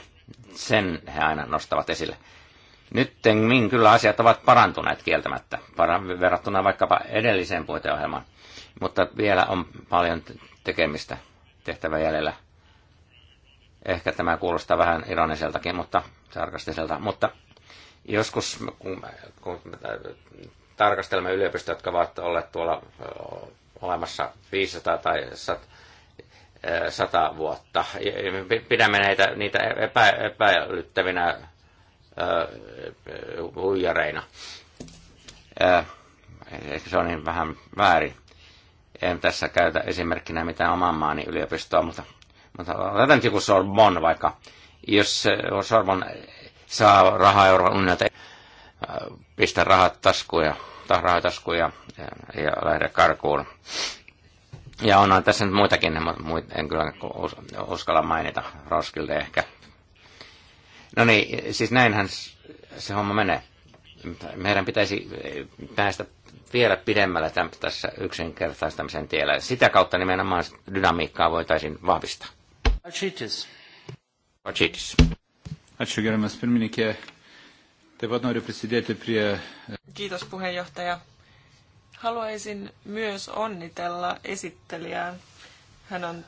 Sen he aina nostavat esille. Nyt niin kyllä asiat ovat parantuneet kieltämättä, verrattuna vaikkapa edelliseen puiteohjelmaan, mutta vielä on paljon tekemistä tehtävä jäljellä. Ehkä tämä kuulostaa vähän ironiseltakin, mutta sarkastiselta, mutta joskus kun, kun tarkastelemme yliopistoja, jotka ovat olleet tuolla olemassa 500 tai 100 eh, vuotta. Pidämme näitä, niitä epä, epäilyttävinä eh, huijareina. Eh, ehkä se on niin vähän väärin. En tässä käytä esimerkkinä mitään oman maani yliopistoa, mutta, mutta otetaan nyt joku Sorbon vaikka. Jos Sorbon saa rahaa Euroopan unionilta, pistä rahat taskuun ja ottaa rahataskuja ja, ja lähde karkuun. Ja onhan tässä nyt muitakin, mutta en kyllä uskalla mainita Roskilde ehkä. No niin, siis näinhän se homma menee. Meidän pitäisi eh, päästä vielä pidemmälle tässä yksinkertaistamisen tiellä. Sitä kautta nimenomaan dynamiikkaa voitaisiin vahvistaa. Ačiū, gerbiamas pirmininkė prie... Kiitos puheenjohtaja. Haluaisin myös onnitella esittelijää. Hän on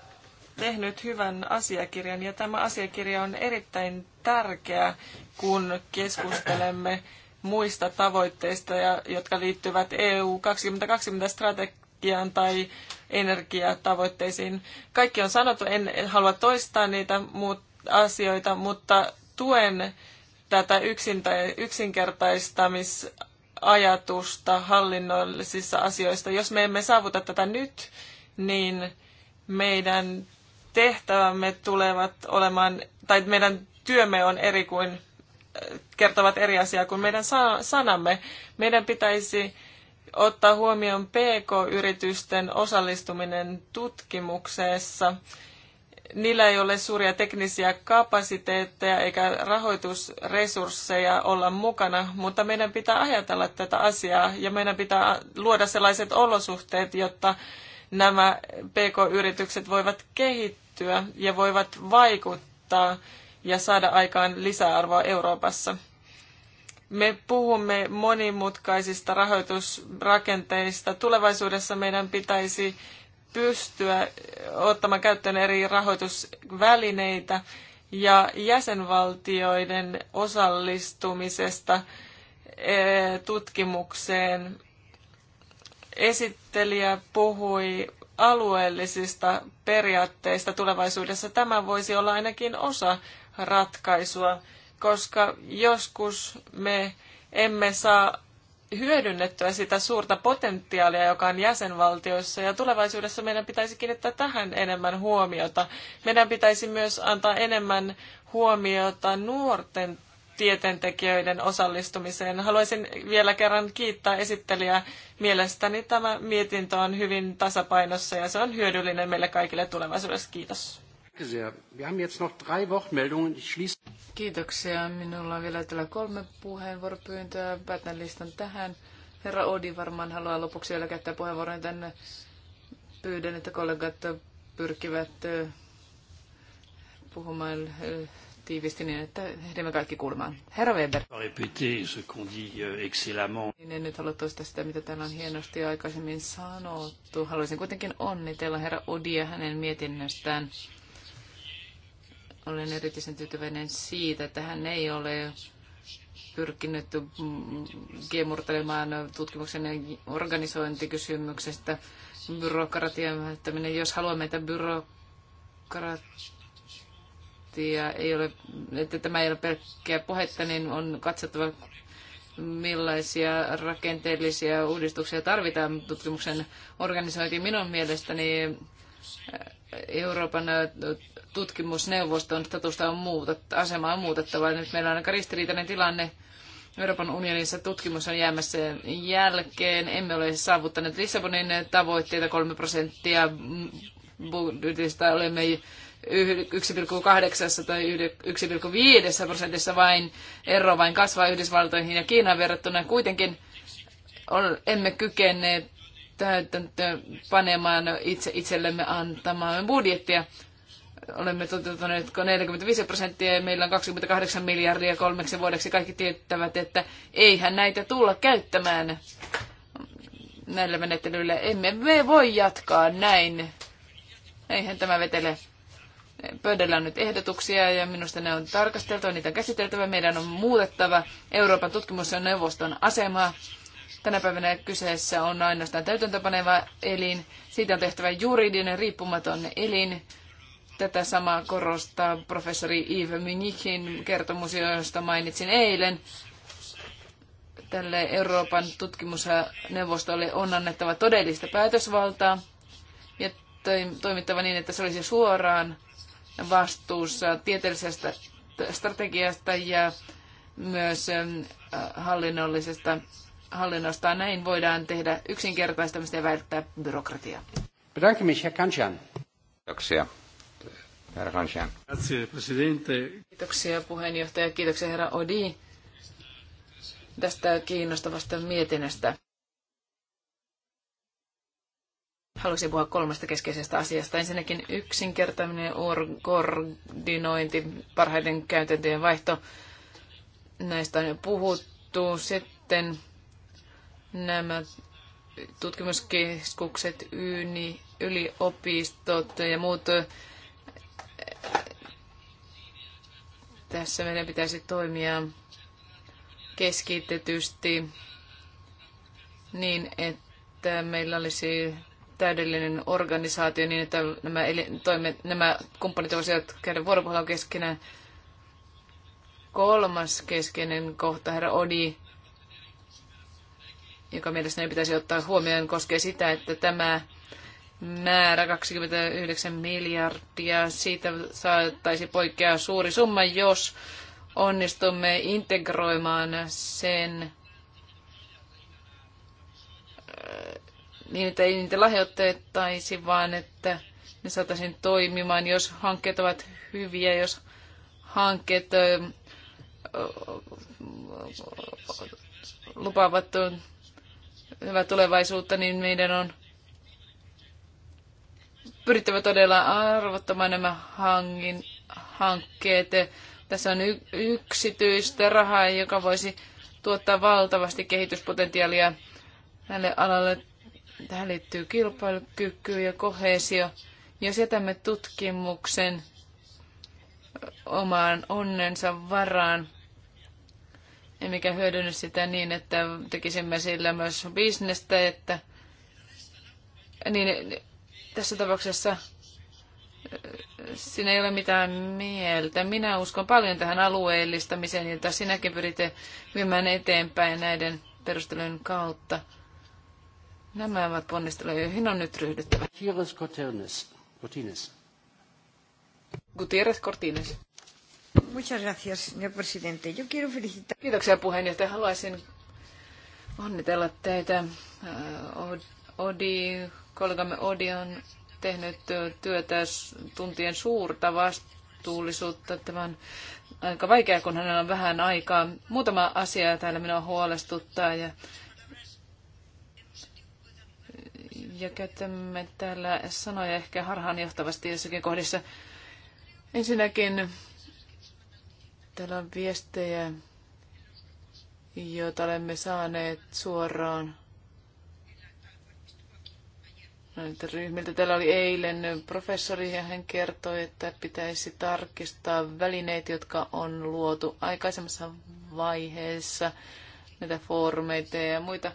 tehnyt hyvän asiakirjan ja tämä asiakirja on erittäin tärkeä, kun keskustelemme muista tavoitteista, ja, jotka liittyvät EU 2020-strategiaan tai energiatavoitteisiin. Kaikki on sanottu, en halua toistaa niitä asioita, mutta tuen tätä yksinkertaistamisajatusta hallinnollisissa asioissa. Jos me emme saavuta tätä nyt, niin meidän tehtävämme tulevat olemaan, tai meidän työmme on eri kuin, kertovat eri asiaa kuin meidän sanamme. Meidän pitäisi ottaa huomioon PK-yritysten osallistuminen tutkimuksessa niillä ei ole suuria teknisiä kapasiteetteja eikä rahoitusresursseja olla mukana, mutta meidän pitää ajatella tätä asiaa ja meidän pitää luoda sellaiset olosuhteet, jotta nämä PK-yritykset voivat kehittyä ja voivat vaikuttaa ja saada aikaan lisäarvoa Euroopassa. Me puhumme monimutkaisista rahoitusrakenteista. Tulevaisuudessa meidän pitäisi pystyä ottamaan käyttöön eri rahoitusvälineitä ja jäsenvaltioiden osallistumisesta eh, tutkimukseen. Esittelijä puhui alueellisista periaatteista tulevaisuudessa. Tämä voisi olla ainakin osa ratkaisua, koska joskus me emme saa hyödynnettyä sitä suurta potentiaalia, joka on jäsenvaltioissa, ja tulevaisuudessa meidän pitäisi kiinnittää tähän enemmän huomiota. Meidän pitäisi myös antaa enemmän huomiota nuorten tieteentekijöiden osallistumiseen. Haluaisin vielä kerran kiittää esittelijää. Mielestäni tämä mietintö on hyvin tasapainossa ja se on hyödyllinen meille kaikille tulevaisuudessa. Kiitos. Kiitoksia. Minulla on vielä tällä kolme puheenvuoropyyntöä. Päätän listan tähän. Herra Odi varmaan haluaa lopuksi vielä käyttää puheenvuoron tänne. Pyydän, että kollegat pyrkivät puhumaan tiivisti niin, että ehdimme kaikki kuulemaan. Herra Weber. Euh, niin en nyt halua toistaa sitä, mitä täällä on hienosti aikaisemmin sanottu. Haluaisin kuitenkin onnitella herra Odia hänen mietinnöstään. Olen erityisen tyytyväinen siitä, että hän ei ole pyrkinyt kiemurtelemaan tutkimuksen organisointikysymyksestä byrokratian välttäminen. Jos haluamme, että byrokratia ei ole, että tämä ei ole pelkkää puhetta, niin on katsottava, millaisia rakenteellisia uudistuksia tarvitaan tutkimuksen organisointiin. Minun mielestäni Euroopan tutkimusneuvoston statusta on muutat, asemaa on muutettava. Nyt meillä on aika ristiriitainen tilanne. Euroopan unionissa tutkimus on jäämässä jälkeen. Emme ole saavuttaneet Lissabonin tavoitteita 3 prosenttia budjetista. Olemme 1,8 tai 1,5 prosentissa vain ero vain kasvaa Yhdysvaltoihin ja Kiinaan verrattuna. Kuitenkin emme kykene täytäntöön panemaan itse itsellemme antamaan budjettia. Olemme toteutuneet 45 prosenttia ja meillä on 28 miljardia kolmeksi vuodeksi. Kaikki tietävät, että eihän näitä tulla käyttämään näillä menettelyillä. Emme me voi jatkaa näin. Eihän tämä vetele. Pöydällä on nyt ehdotuksia ja minusta ne on tarkasteltu niitä on käsiteltävä. Meidän on muutettava Euroopan tutkimus- ja neuvoston asemaa Tänä päivänä kyseessä on ainoastaan täytäntöpaneva elin. Siitä on tehtävä juridinen riippumaton elin. Tätä samaa korostaa professori Yves Münichin kertomus, josta mainitsin eilen. Tälle Euroopan tutkimusneuvostolle on annettava todellista päätösvaltaa ja toimittava niin, että se olisi suoraan vastuussa tieteellisestä strategiasta ja myös hallinnollisesta hallinnosta. Näin voidaan tehdä yksinkertaistamista ja välttää byrokratiaa. Bedanke mich, Herr Kansian. Kiitoksia. Herra Kansian. Kiitoksia puheenjohtaja. Kiitoksia herra Odi tästä kiinnostavasta mietinnöstä. Haluaisin puhua kolmesta keskeisestä asiasta. Ensinnäkin yksinkertainen koordinointi, parhaiden käytäntöjen vaihto. Näistä on jo puhuttu. Sitten nämä tutkimuskeskukset, yni, yliopistot ja muut. Tässä meidän pitäisi toimia keskitetysti niin, että meillä olisi täydellinen organisaatio niin, että nämä, toimet, nämä kumppanit voisivat käydä vuoropuhelua keskenään. Kolmas keskeinen kohta, herra Odi, joka mielestäni pitäisi ottaa huomioon, koskee sitä, että tämä määrä 29 miljardia, siitä saattaisi poikkea suuri summa, jos onnistumme integroimaan sen niin, että ei niitä lahjoitettaisi, vaan että ne saataisiin toimimaan, jos hankkeet ovat hyviä, jos hankkeet lupaavat hyvää tulevaisuutta, niin meidän on pyrittävä todella arvottamaan nämä hangin, hankkeet. Tässä on y- yksityistä rahaa, joka voisi tuottaa valtavasti kehityspotentiaalia näille alalle. Tähän liittyy kilpailukyky ja kohesio. Jos jätämme tutkimuksen omaan onnensa varaan, emmekä hyödynnä sitä niin, että tekisimme sillä myös bisnestä, että niin, tässä tapauksessa äh, sinä ei ole mitään mieltä. Minä uskon paljon tähän alueellistamiseen, jota sinäkin pyritte viemään eteenpäin näiden perustelujen kautta. Nämä ovat ponnisteluja, joihin on nyt ryhdyttävä. Gutierrez Cortines. Gutierrez Cortines. Muchas gracias, señor presidente. Yo quiero felicitar... Kiitoksia puheenjohtaja. Haluaisin onnitella teitä. Odi, kollegamme Odi on tehnyt työtä tuntien suurta vastuullisuutta. Tämä on aika vaikeaa, kun hänellä on vähän aikaa. Muutama asia täällä minua huolestuttaa ja, ja käytämme täällä sanoja ehkä harhaanjohtavasti jossakin kohdissa. Ensinnäkin Täällä on viestejä, joita olemme saaneet suoraan näiltä no, ryhmiltä. Täällä oli eilen professori ja hän kertoi, että pitäisi tarkistaa välineet, jotka on luotu aikaisemmassa vaiheessa, näitä foorumeita ja muita,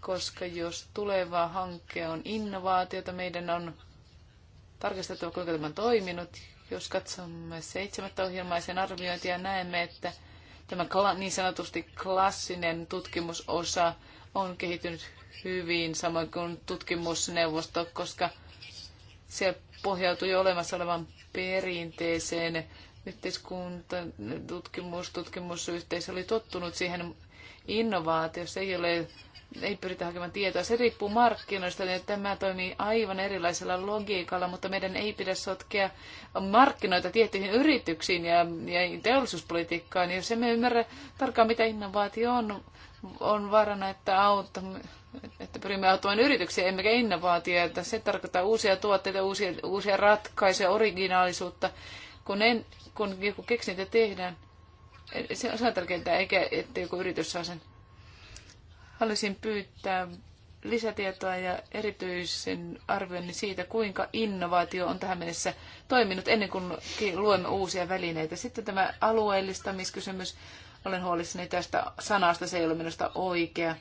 koska jos tuleva hanke on innovaatiota, meidän on tarkistettava, kuinka tämä on toiminut jos katsomme seitsemättä ohjelmaa ja arviointia, näemme, että tämä niin sanotusti klassinen tutkimusosa on kehittynyt hyvin, samoin kuin tutkimusneuvosto, koska se pohjautui jo olemassa olevan perinteeseen. Yhteiskunta, tutkimus, tutkimusyhteisö oli tottunut siihen innovaatiossa, ei ole ei pyritä hakemaan tietoa. Se riippuu markkinoista, niin tämä toimii aivan erilaisella logiikalla, mutta meidän ei pidä sotkea markkinoita tiettyihin yrityksiin ja, ja teollisuuspolitiikkaan. Jos emme ymmärrä tarkkaan, mitä innovaatio on, on varana, että, auttamme, että pyrimme auttamaan yrityksiä, emmekä innovaatioita. Se tarkoittaa uusia tuotteita, uusia, uusia ratkaisuja, originaalisuutta. Kun, en, kun joku keksintö tehdään, se on tärkeintä, eikä että joku yritys saa sen Haluaisin pyytää lisätietoa ja erityisen arvioinnin siitä, kuinka innovaatio on tähän mennessä toiminut ennen kuin luemme uusia välineitä. Sitten tämä alueellistamiskysymys. Olen huolissani tästä sanasta, se ei ole minusta oikea.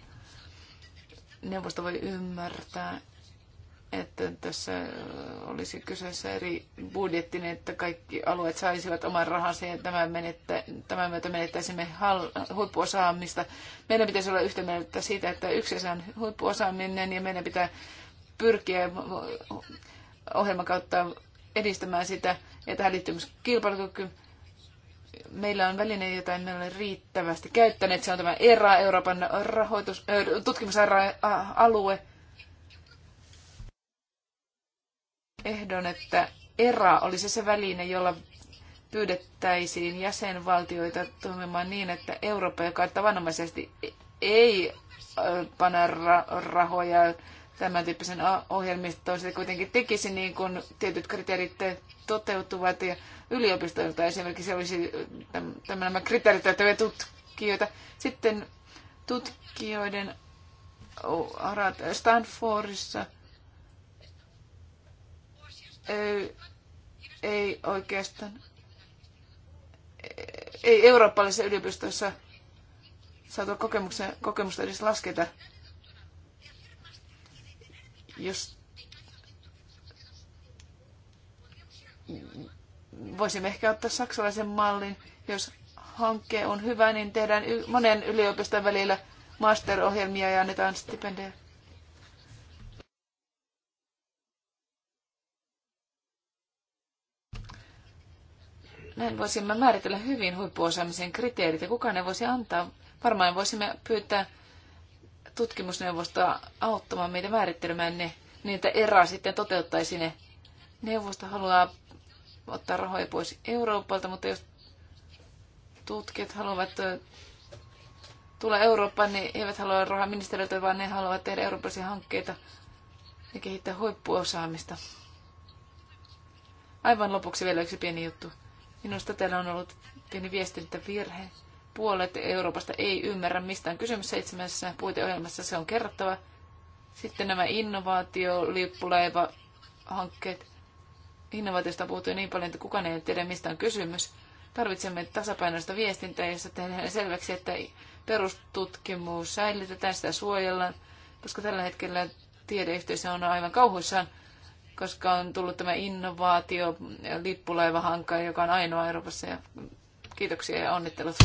Neuvosto voi ymmärtää, että tässä olisi kyseessä eri budjetti, niin että kaikki alueet saisivat oman rahansa ja tämän, menettä, tämän myötä menettäisimme hal, huippuosaamista. Meidän pitäisi olla yhtä mieltä siitä, että yksi on huippuosaaminen ja meidän pitää pyrkiä ohjelman kautta edistämään sitä ja tähän liittyy myös kilpailukyky. Meillä on väline, jota emme ole riittävästi käyttäneet. Se on tämä ERA, Euroopan rahoitus, tutkimusalue ehdon, että ERA olisi se väline, jolla pyydettäisiin jäsenvaltioita toimimaan niin, että Eurooppa, joka tavanomaisesti ei panna rahoja tämän tyyppisen ohjelmistoon, se kuitenkin tekisi niin kuin tietyt kriteerit toteutuvat ja yliopistoilta esimerkiksi olisi nämä kriteerit täyttäviä tutkijoita. Sitten tutkijoiden arat Stanfordissa – ei, ei oikeastaan, ei eurooppalaisissa yliopistoissa saatu kokemuksen, kokemusta edes lasketa. Jos voisimme ehkä ottaa saksalaisen mallin, jos hanke on hyvä, niin tehdään monen yliopiston välillä masterohjelmia ja annetaan stipendejä. näin voisimme määritellä hyvin huippuosaamisen kriteerit ja kuka ne voisi antaa. Varmaan voisimme pyytää tutkimusneuvostoa auttamaan meitä määrittelemään ne, niin että ERA sitten toteuttaisi ne. Neuvosto haluaa ottaa rahoja pois Euroopalta, mutta jos tutkijat haluavat tulla Eurooppaan, niin he eivät halua rahaa ministeriöltä, vaan ne haluavat tehdä eurooppalaisia hankkeita ja kehittää huippuosaamista. Aivan lopuksi vielä yksi pieni juttu. Minusta teillä on ollut pieni viestintävirhe. Puolet Euroopasta ei ymmärrä mistään kysymys seitsemässä puiteohjelmassa, se on kerrottava. Sitten nämä innovaatio hankkeet Innovaatiosta puhuttu niin paljon, että kukaan ei tiedä mistä on kysymys. Tarvitsemme tasapainoista viestintää, jossa tehdään selväksi, että perustutkimus säilytetään, sitä suojellaan, koska tällä hetkellä tiedeyhteisö on aivan kauhuissaan – koska on tullut tämä innovaatio lippulaivahanka, joka on ainoa Euroopassa ja Kiitoksia ja onnittelut.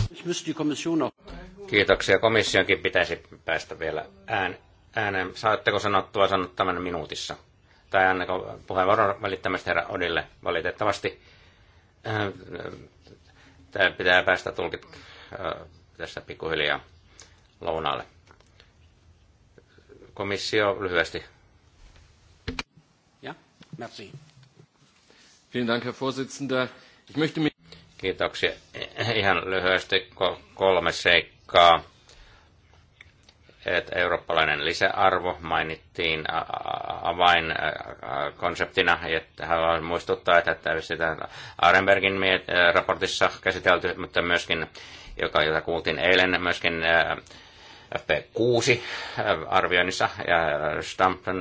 Kiitoksia. Komissionkin pitäisi päästä vielä ään, ääneen. Saatteko sanottua sanottavan minuutissa? Tai annako puheenvuoron välittämästä herra Odille? Valitettavasti äh, Tämä pitää päästä tulkit äh, tässä pikkuhiljaa lounaalle. Komissio lyhyesti Merci. Vielen Dank, Herr Vorsitzender. Ich möchte mich... Kiitoksia. Ihan lyhyesti kolme seikkaa. Että eurooppalainen lisäarvo mainittiin avainkonseptina. Että haluan muistuttaa, että sitä Arenbergin raportissa käsitelty, mutta myöskin, joka, jota kuultiin eilen, myöskin FP6 arvioinnissa ja Stampen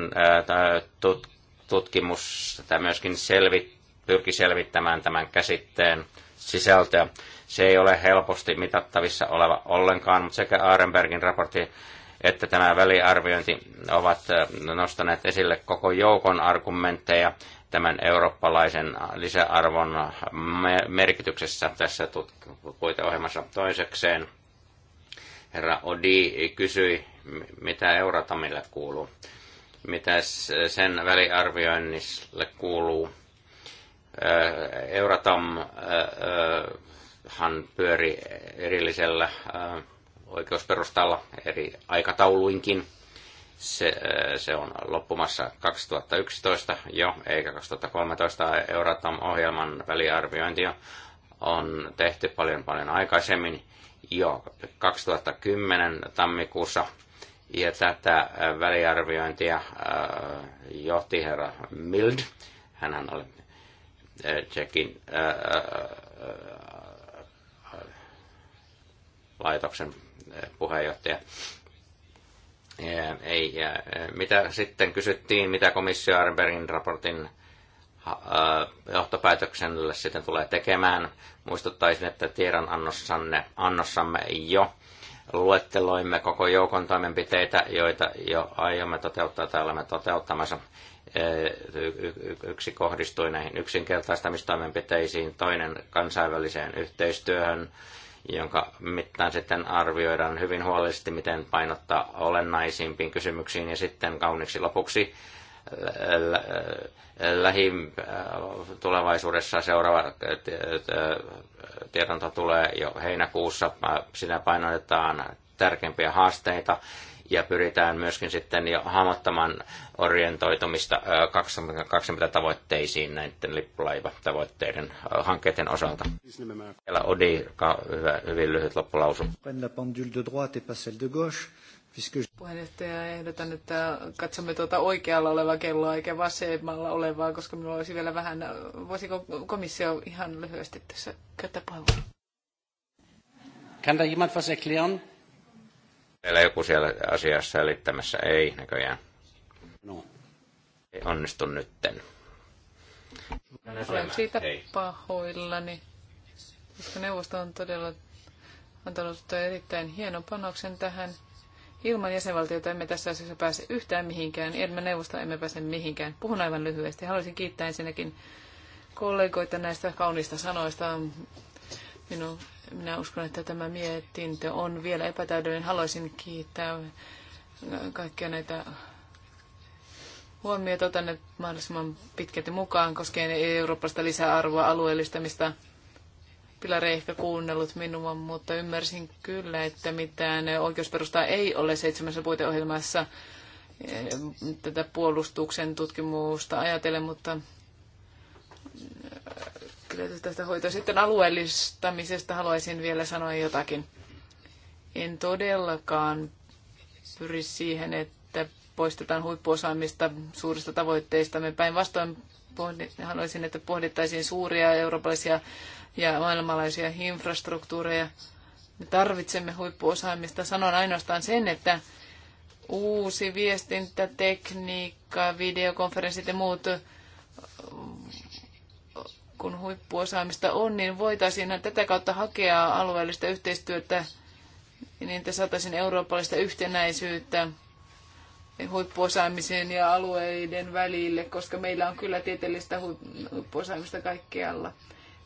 tutkimuksessa tutkimus tätä myöskin selvi, pyrki selvittämään tämän käsitteen sisältöä. Se ei ole helposti mitattavissa oleva ollenkaan, mutta sekä Aarenbergin raportti että tämä väliarviointi ovat nostaneet esille koko joukon argumentteja tämän eurooppalaisen lisäarvon merkityksessä tässä puiteohjelmassa toisekseen. Herra Odi kysyi, mitä Euratamille kuuluu mitä sen väliarvioinnille kuuluu. Euratamhan äh, äh, pyöri erillisellä äh, oikeusperustalla eri aikatauluinkin. Se, se on loppumassa 2011 jo, eikä 2013 Euratom-ohjelman väliarviointia on tehty paljon paljon aikaisemmin jo 2010 tammikuussa ja tätä äh, väliarviointia äh, johti herra Mild. hän oli äh, Tsekin laitoksen puheenjohtaja. Ei, mitä sitten kysyttiin, mitä komissio Arberin raportin johtopäätöksellä sitten tulee tekemään. Muistuttaisin, että tiedonannossanne annossamme jo luetteloimme koko joukon toimenpiteitä, joita jo aiomme toteuttaa tai olemme toteuttamassa. E, yksi kohdistui näihin yksinkertaistamistoimenpiteisiin, toinen kansainväliseen yhteistyöhön, jonka mittaan sitten arvioidaan hyvin huolellisesti, miten painottaa olennaisimpiin kysymyksiin ja sitten kauniksi lopuksi lähitulevaisuudessa seuraava tiedonto tulee jo heinäkuussa. sinä painotetaan tärkeimpiä haasteita ja pyritään myöskin sitten jo hahmottamaan orientoitumista 2020 tavoitteisiin näiden lippulaivatavoitteiden hankkeiden osalta. Odi, hyvin lyhyt loppulausu puisque... Puheenjohtaja, ehdotan, että katsomme tuota oikealla olevaa kelloa eikä vasemmalla olevaa, koska minulla olisi vielä vähän... Voisiko komissio ihan lyhyesti tässä käyttää puheenvuoron? Kann da jemand was erklären? Meillä joku siellä asiassa selittämässä. Ei näköjään. No. Ei onnistu nytten. Olen siitä pahoillani, koska neuvosto on todella antanut erittäin hienon panoksen tähän – Ilman jäsenvaltiota emme tässä asiassa pääse yhtään mihinkään. Ilman neuvostoa emme pääse mihinkään. Puhun aivan lyhyesti. Haluaisin kiittää ensinnäkin kollegoita näistä kauniista sanoista. Minun, minä uskon, että tämä mietintö on vielä epätäydellinen. Haluaisin kiittää kaikkia näitä huomioita. Otan ne mahdollisimman pitkälti mukaan koskien eurooppalaista lisäarvoa, alueellistamista, Pilari ehkä kuunnellut minua, mutta ymmärsin kyllä, että mitään oikeusperustaa ei ole seitsemässä puiteohjelmassa eh, tätä puolustuksen tutkimusta ajatellen, mutta eh, kyllä tästä hoitoa. Sitten alueellistamisesta haluaisin vielä sanoa jotakin. En todellakaan pyri siihen, että poistetaan huippuosaamista suurista tavoitteista, Me Päinvastoin haluaisin, että pohdittaisiin suuria eurooppalaisia ja maailmanlaisia infrastruktuureja. Me tarvitsemme huippuosaamista. Sanon ainoastaan sen, että uusi viestintätekniikka, videokonferenssit ja muut, kun huippuosaamista on, niin voitaisiin tätä kautta hakea alueellista yhteistyötä niin, että saataisiin eurooppalaista yhtenäisyyttä huippuosaamisen ja alueiden välille, koska meillä on kyllä tieteellistä huippuosaamista kaikkialla.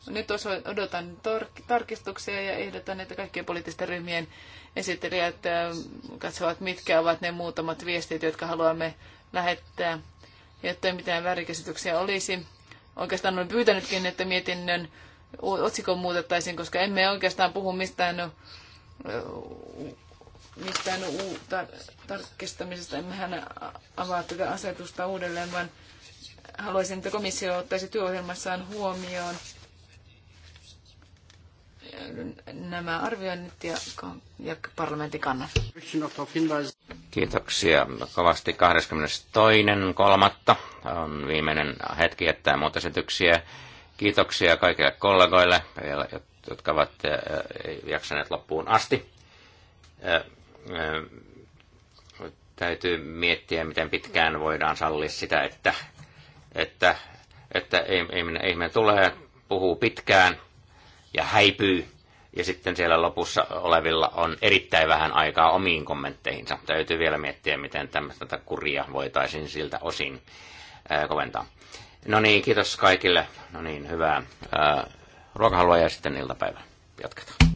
Nyt odotan tarkistuksia ja ehdotan, että kaikkien poliittisten ryhmien esittelijät äh, katsovat, mitkä ovat ne muutamat viestit, jotka haluamme lähettää, jotta mitään väärinkäsityksiä olisi. Oikeastaan olen pyytänytkin, että mietinnön otsikon muutettaisiin, koska emme oikeastaan puhu mistään, äh, mistään u- tar- tarkistamisesta. Emmehän avaa tätä asetusta uudelleen, vaan haluaisin, että komissio ottaisi työohjelmassaan huomioon nämä arvioinnit ja, ja parlamentin kannat. Kiitoksia kovasti. 22.3. on viimeinen hetki jättää muutosesityksiä. Kiitoksia kaikille kollegoille, jotka ovat jaksaneet loppuun asti. Täytyy miettiä, miten pitkään voidaan sallia sitä, että, että, että ihminen, ihminen tulee, puhuu pitkään – ja häipyy. Ja sitten siellä lopussa olevilla on erittäin vähän aikaa omiin kommentteihinsa. Täytyy vielä miettiä, miten tämmöistä kuria voitaisiin siltä osin ää, koventaa. No niin, kiitos kaikille. No niin, hyvää ruokahalua ja sitten iltapäivää. Jatketaan.